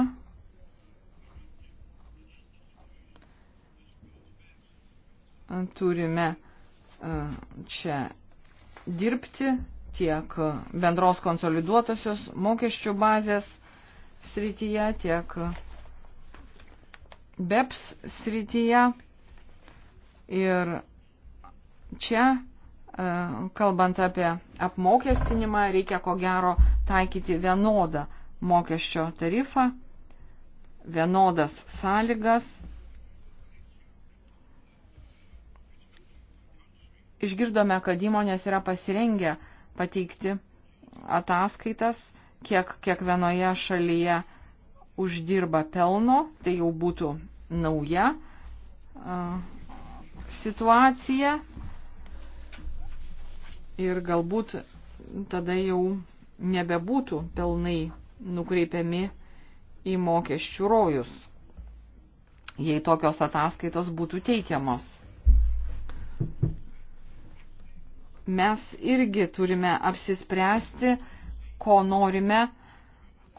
S1: Turime e, čia dirbti tiek bendros konsoliduotosios mokesčių bazės srityje, tiek BEPS srityje. Ir čia E, kalbant apie apmokestinimą, reikia ko gero taikyti vienodą mokesčio tarifą, vienodas sąlygas. Išgirdome, kad įmonės yra pasirengę pateikti ataskaitas, kiek kiekvienoje šalyje uždirba pelno, tai jau būtų nauja e, situacija ir galbūt tada jau nebebūtų pelnai nukreipiami į mokesčių rojus, jei tokios ataskaitos būtų teikiamos. Mes irgi turime apsispręsti, ko norime,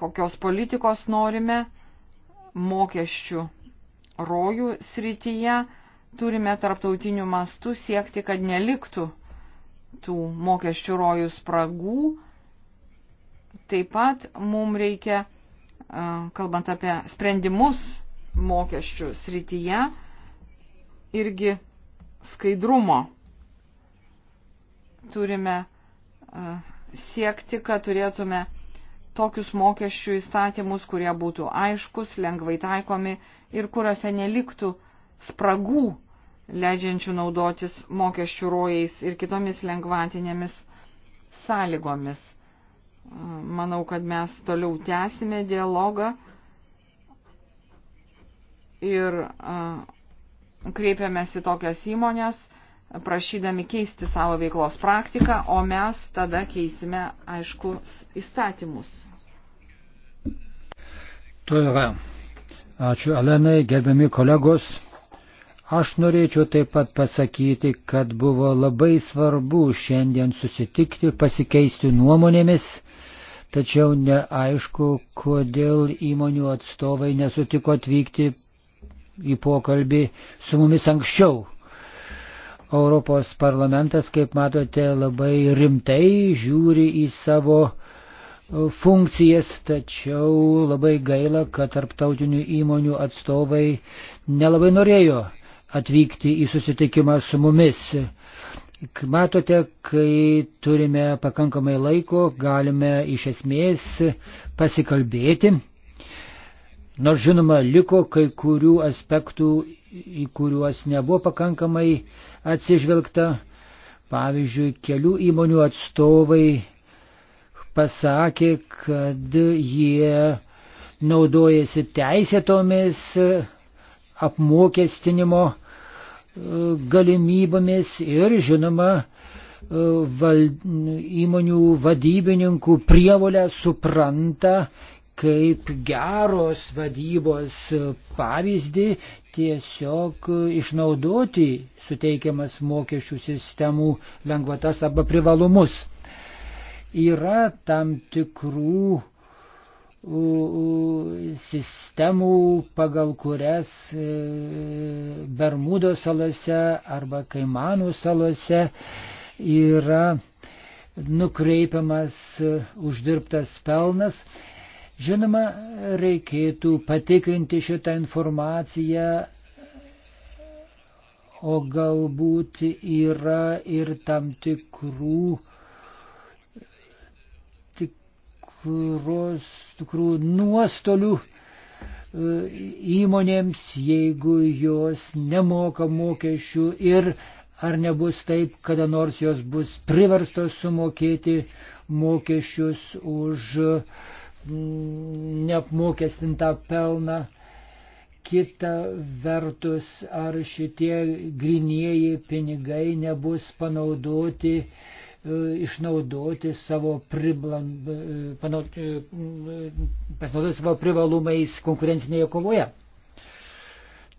S1: kokios politikos norime mokesčių rojų srityje turime tarptautiniu mastu siekti, kad neliktų tų mokesčių rojų spragų. Taip pat mums reikia, kalbant apie sprendimus mokesčių srityje, irgi skaidrumo. Turime siekti, kad turėtume tokius mokesčių įstatymus, kurie būtų aiškus, lengvai taikomi ir kuriuose neliktų spragų leidžiančių naudotis mokesčių rojais ir kitomis lengvatinėmis sąlygomis. Manau, kad mes toliau tęsime dialogą ir kreipiamės į tokias įmonės, prašydami keisti savo veiklos praktiką, o mes tada keisime, aišku, įstatymus.
S3: Tuo yra. Ačiū Elenai, gerbiami kolegos. Aš norėčiau taip pat pasakyti, kad buvo labai svarbu šiandien susitikti, pasikeisti nuomonėmis, tačiau neaišku, kodėl įmonių atstovai nesutiko atvykti į pokalbį su mumis anksčiau. Europos parlamentas, kaip matote, labai rimtai žiūri į savo e, funkcijas, tačiau labai gaila, kad tarptautinių įmonių atstovai nelabai norėjo atvykti į susitikimą su mumis. Matote, kai turime pakankamai laiko, galime iš esmės pasikalbėti. Nors žinoma, liko kai kurių aspektų, į kuriuos nebuvo pakankamai atsižvelgta. Pavyzdžiui, kelių įmonių atstovai pasakė, kad jie naudojasi teisėtomis apmokestinimo galimybėmis ir, žinoma, e, val, įmonių vadybininkų prievolę supranta kaip geros vadybos pavyzdį tiesiog išnaudoti suteikiamas mokesčių sistemų lengvatas arba privalumus. Yra tam tikrų uh, sistemų, pagal kurias e, Bermudo salose arba Kaimanų salose yra nukreipiamas e, uždirbtas pelnas. Žinoma, reikėtų patikrinti šitą informaciją, o galbūt yra ir tam tikrų uh, tikros, tikrų nuostolių e, įmonėms, jeigu jos nemoka mokesčių ir ar nebus taip, kada nors jos bus priverstos sumokėti mokesčius už mm, neapmokestintą pelną. Kita vertus, ar šitie grinieji pinigai nebus panaudoti uh, E, išnaudoti savo, priblan, e, panaut, e, pasinaudoti savo privalumais konkurencinėje kovoje.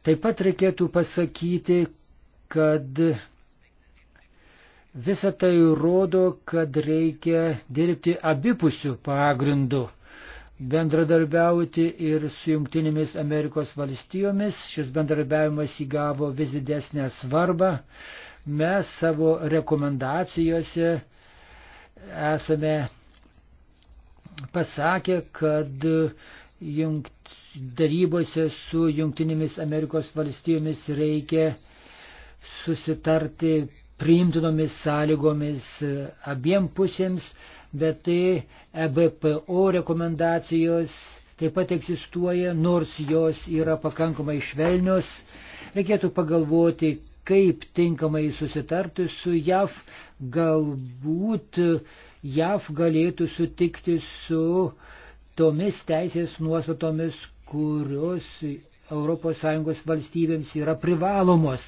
S3: Taip pat reikėtų pasakyti, kad visa tai rodo, kad reikia dirbti abipusių pagrindų bendradarbiauti ir su Junktinėmis Amerikos valstijomis. Šis bendradarbiavimas įgavo vis didesnę svarbą. Mes savo rekomendacijose esame pasakę, kad jungt, darybose su Junktinėmis Amerikos valstijomis reikia susitarti priimtinomis sąlygomis abiem pusėms, bet tai EBPO rekomendacijos taip pat egzistuoja, nors jos yra pakankamai švelnios, Reikėtų pagalvoti, kaip tinkamai susitarti su JAV. Galbūt JAV galėtų sutikti su tomis teisės nuostatomis, kurios ES valstybėms yra privalomos.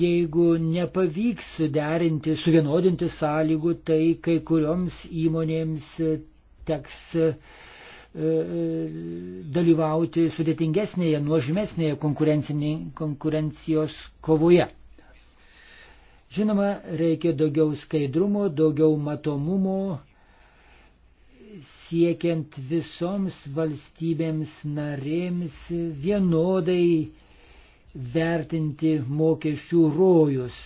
S3: Jeigu nepavyks suderinti, suvienodinti sąlygų, tai kai kurioms įmonėms teks uh, E, e, dalyvauti sudėtingesnėje, nuožmesnėje konkurencijos kovoje. Žinoma, reikia daugiau skaidrumo, daugiau matomumo, siekiant visoms valstybėms narėms vienodai vertinti mokesčių rojus.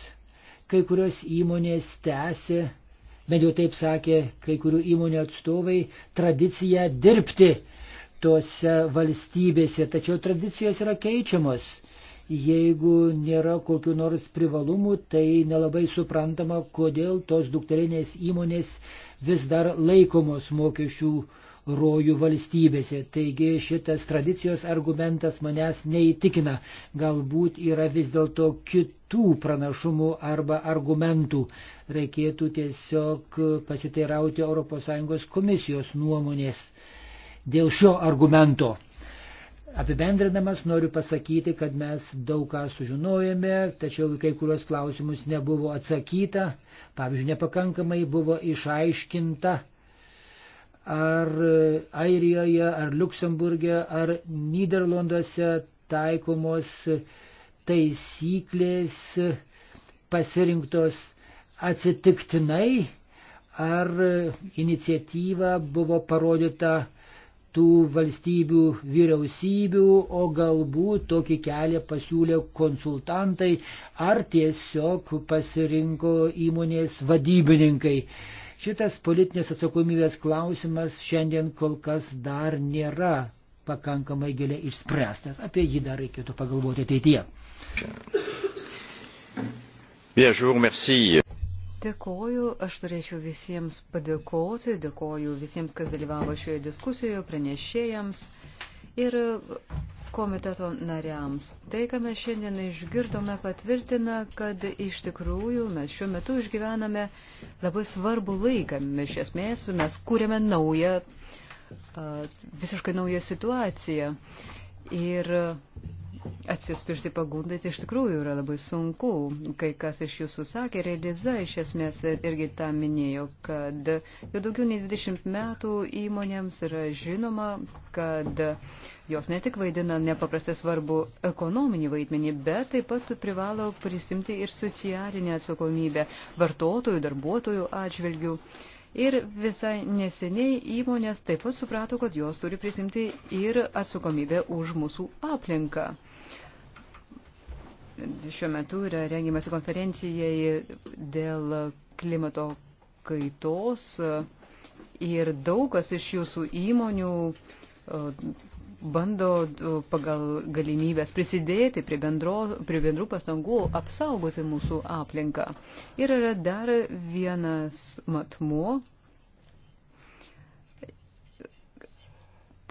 S3: Kai kurios įmonės tęsia bent jau taip sakė kai kurių įmonių atstovai, tradicija dirbti tose valstybėse, tačiau tradicijos yra keičiamos. Jeigu nėra kokiu nors privalumų, tai nelabai suprantama, kodėl tos dukterinės įmonės vis dar laikomos mokesčių uh, rojų valstybėse. Taigi šitas tradicijos argumentas manęs neįtikina. Galbūt yra vis dėlto kitų pranašumų arba argumentų. Reikėtų tiesiog pasiteirauti ES komisijos nuomonės dėl šio argumento. Apibendrinamas noriu pasakyti, kad mes daug ką sužinojame, tačiau kai kurios klausimus nebuvo atsakyta, pavyzdžiui, nepakankamai buvo išaiškinta ar e, Airijoje, ar Luksemburgė, ar Niderlanduose taikomos taisyklės pasirinktos atsitiktinai, ar iniciatyva buvo parodyta tų valstybių vyriausybių, o galbūt tokį kelią pasiūlė konsultantai, ar tiesiog pasirinko įmonės vadybininkai. Šitas politinės atsakomybės klausimas šiandien kol kas dar nėra pakankamai giliai išspręstas. Apie jį dar reikėtų pagalvoti ateityje.
S1: Bien, je vous remercie.
S2: Dėkoju, aš turėčiau visiems padėkoti, dėkoju visiems, kas dalyvavo šioje diskusijoje, pranešėjams ir komiteto nariams. Tai, ką mes šiandien išgirdome, patvirtina, kad iš tikrųjų mes šiuo metu išgyvename labai svarbų laiką. Iš esmės mes kūrėme naują, visiškai naują situaciją. Ir atsispirti pagundai, tai iš tikrųjų yra labai sunku. Kai kas iš jūsų sakė, Realiza iš esmės irgi tą minėjo, kad jau daugiau nei 20 metų įmonėms yra žinoma, kad jos ne tik vaidina nepaprastai svarbu ekonominį vaidmenį, bet taip pat privalo prisimti ir socialinę atsakomybę vartotojų, darbuotojų atžvilgių. Ir visai neseniai įmonės taip pat suprato, kad jos turi prisimti ir atsakomybę už mūsų aplinką. Šiuo metu yra rengiamasi konferencijai dėl klimato kaitos ir daugas iš jūsų įmonių bando pagal galimybės prisidėti prie, bendro, prie bendrų pastangų apsaugoti mūsų aplinką. Ir yra dar vienas matmuo.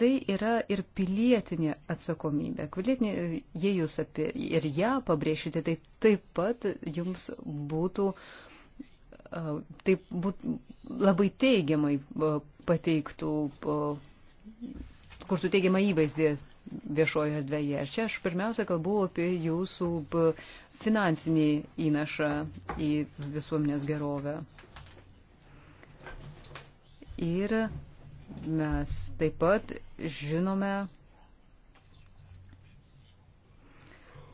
S2: Tai yra ir pilietinė atsakomybė. Pilietinė, jei jūs apie ir ją pabrėšite, tai taip pat jums būtų taip būt, labai teigiamai pateiktų kurtų teigiamą įvaizdį viešojo erdvėje. Ir čia aš pirmiausia kalbu apie jūsų finansinį įnašą į visuomenės gerovę. Ir mes taip pat žinome,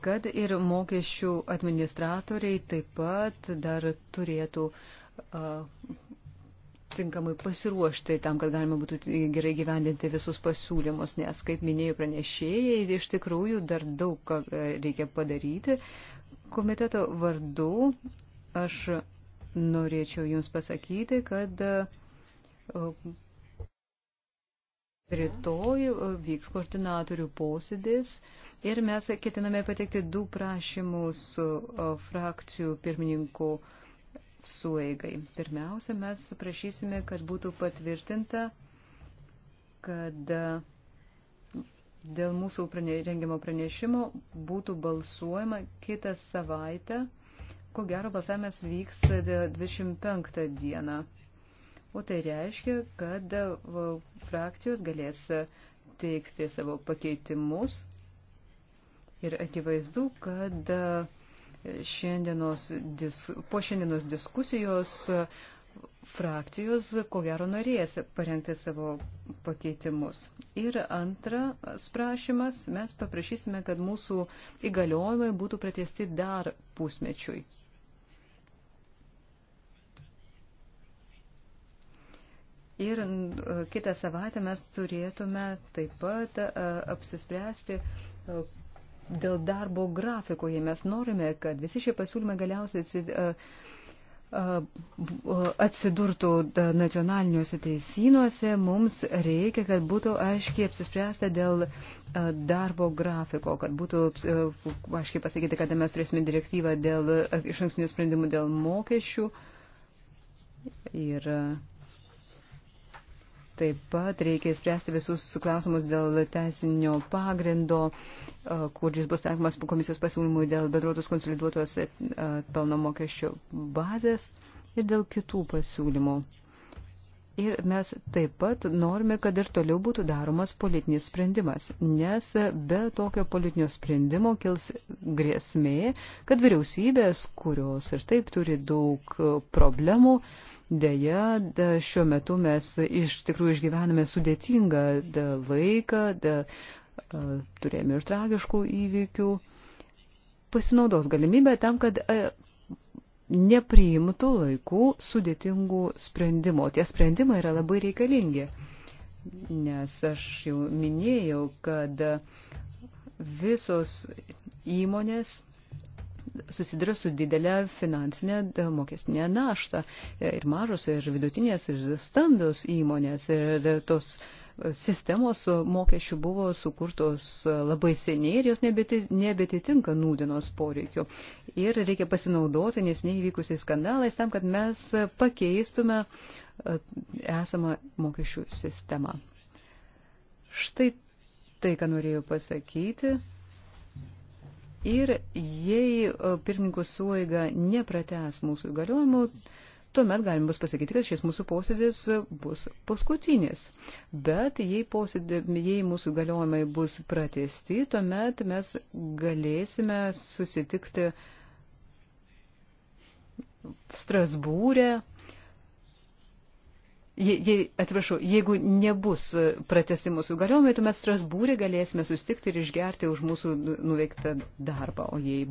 S2: kad ir mokesčių administratoriai taip pat dar turėtų uh, tinkamai pasiruošti tam, kad galima būtų gerai gyvendinti visus pasiūlymus, nes, kaip minėjau pranešėjai, iš tikrųjų dar daug ką e, reikia padaryti. Komiteto vardu aš norėčiau Jums pasakyti, kad e, rytoj e, vyks koordinatorių posėdis ir mes ketiname pateikti du prašymus frakcijų pirmininkų sueigai. Pirmiausia, mes prašysime, kad būtų patvirtinta, kad e, dėl mūsų prane, rengimo pranešimo būtų balsuojama kitą savaitę. Ko gero, balsavimas vyks 25 e, dieną. O tai reiškia, kad e, frakcijos galės teikti savo pakeitimus. Ir akivaizdu, kad šiandienos, po šiandienos diskusijos frakcijos, ko gero, norės parengti savo pakeitimus. Ir antras prašymas, mes paprašysime, kad mūsų įgaliojimai būtų pratesti dar pusmečiui. Ir e, kitą savaitę mes turėtume taip pat e, apsispręsti, e, dėl darbo grafiko, jei mes norime, kad visi šie pasiūlymai galiausiai atsidurtų nacionaliniuose teisynuose, mums reikia, kad būtų aiškiai apsispręsta dėl darbo grafiko, kad būtų aiškiai pasakyti, kada mes turėsime direktyvą dėl iš ankstinių sprendimų dėl mokesčių. Ir uh, Taip pat reikia spręsti visus klausimus dėl teisinio pagrindo, kuris bus taikomas komisijos pasiūlymui dėl bedrotus konsoliduotos pelno mokesčio bazės ir dėl kitų pasiūlymų. Ir mes taip pat norime, kad ir toliau būtų daromas politinis sprendimas, nes be tokio politinio sprendimo kils grėsmė, kad vyriausybės, kurios ir taip turi daug problemų, uh, Deja, da, šiuo metu mes iš tikrųjų išgyvename sudėtingą da, laiką, da, a, turėjome ir tragiškų įvykių. Pasinaudos galimybę tam, kad a, nepriimtų laikų sudėtingų sprendimų. Tie sprendimai yra labai reikalingi, nes aš jau minėjau, kad visos įmonės susiduria su didelė finansinė mokestinė našta. E, ir mažos, ir vidutinės, ir stambios įmonės. Ir tos sistemos mokesčių buvo sukurtos labai seniai ir jos nebetitinka nūdienos poreikių. Ir reikia pasinaudoti nesiniai vykusiais skandalais tam, kad mes pakeistume e, esamą mokesčių sistemą. Štai tai, ką norėjau pasakyti. Ir jei e, pirmininkų suoiga neprates mūsų įgaliojimų, tuomet galim bus pasakyti, kad šis mūsų posėdis bus paskutinis. Bet jei, posėdė, jei mūsų galiojimai bus pratesti, tuomet mes galėsime susitikti Strasbūrė Je, je, atsiprašau, jeigu nebus e, pratesti mūsų galiojimai, tuomet Strasbūrė galėsime sustikti ir išgerti už mūsų nu, nuveiktą darbą. O jei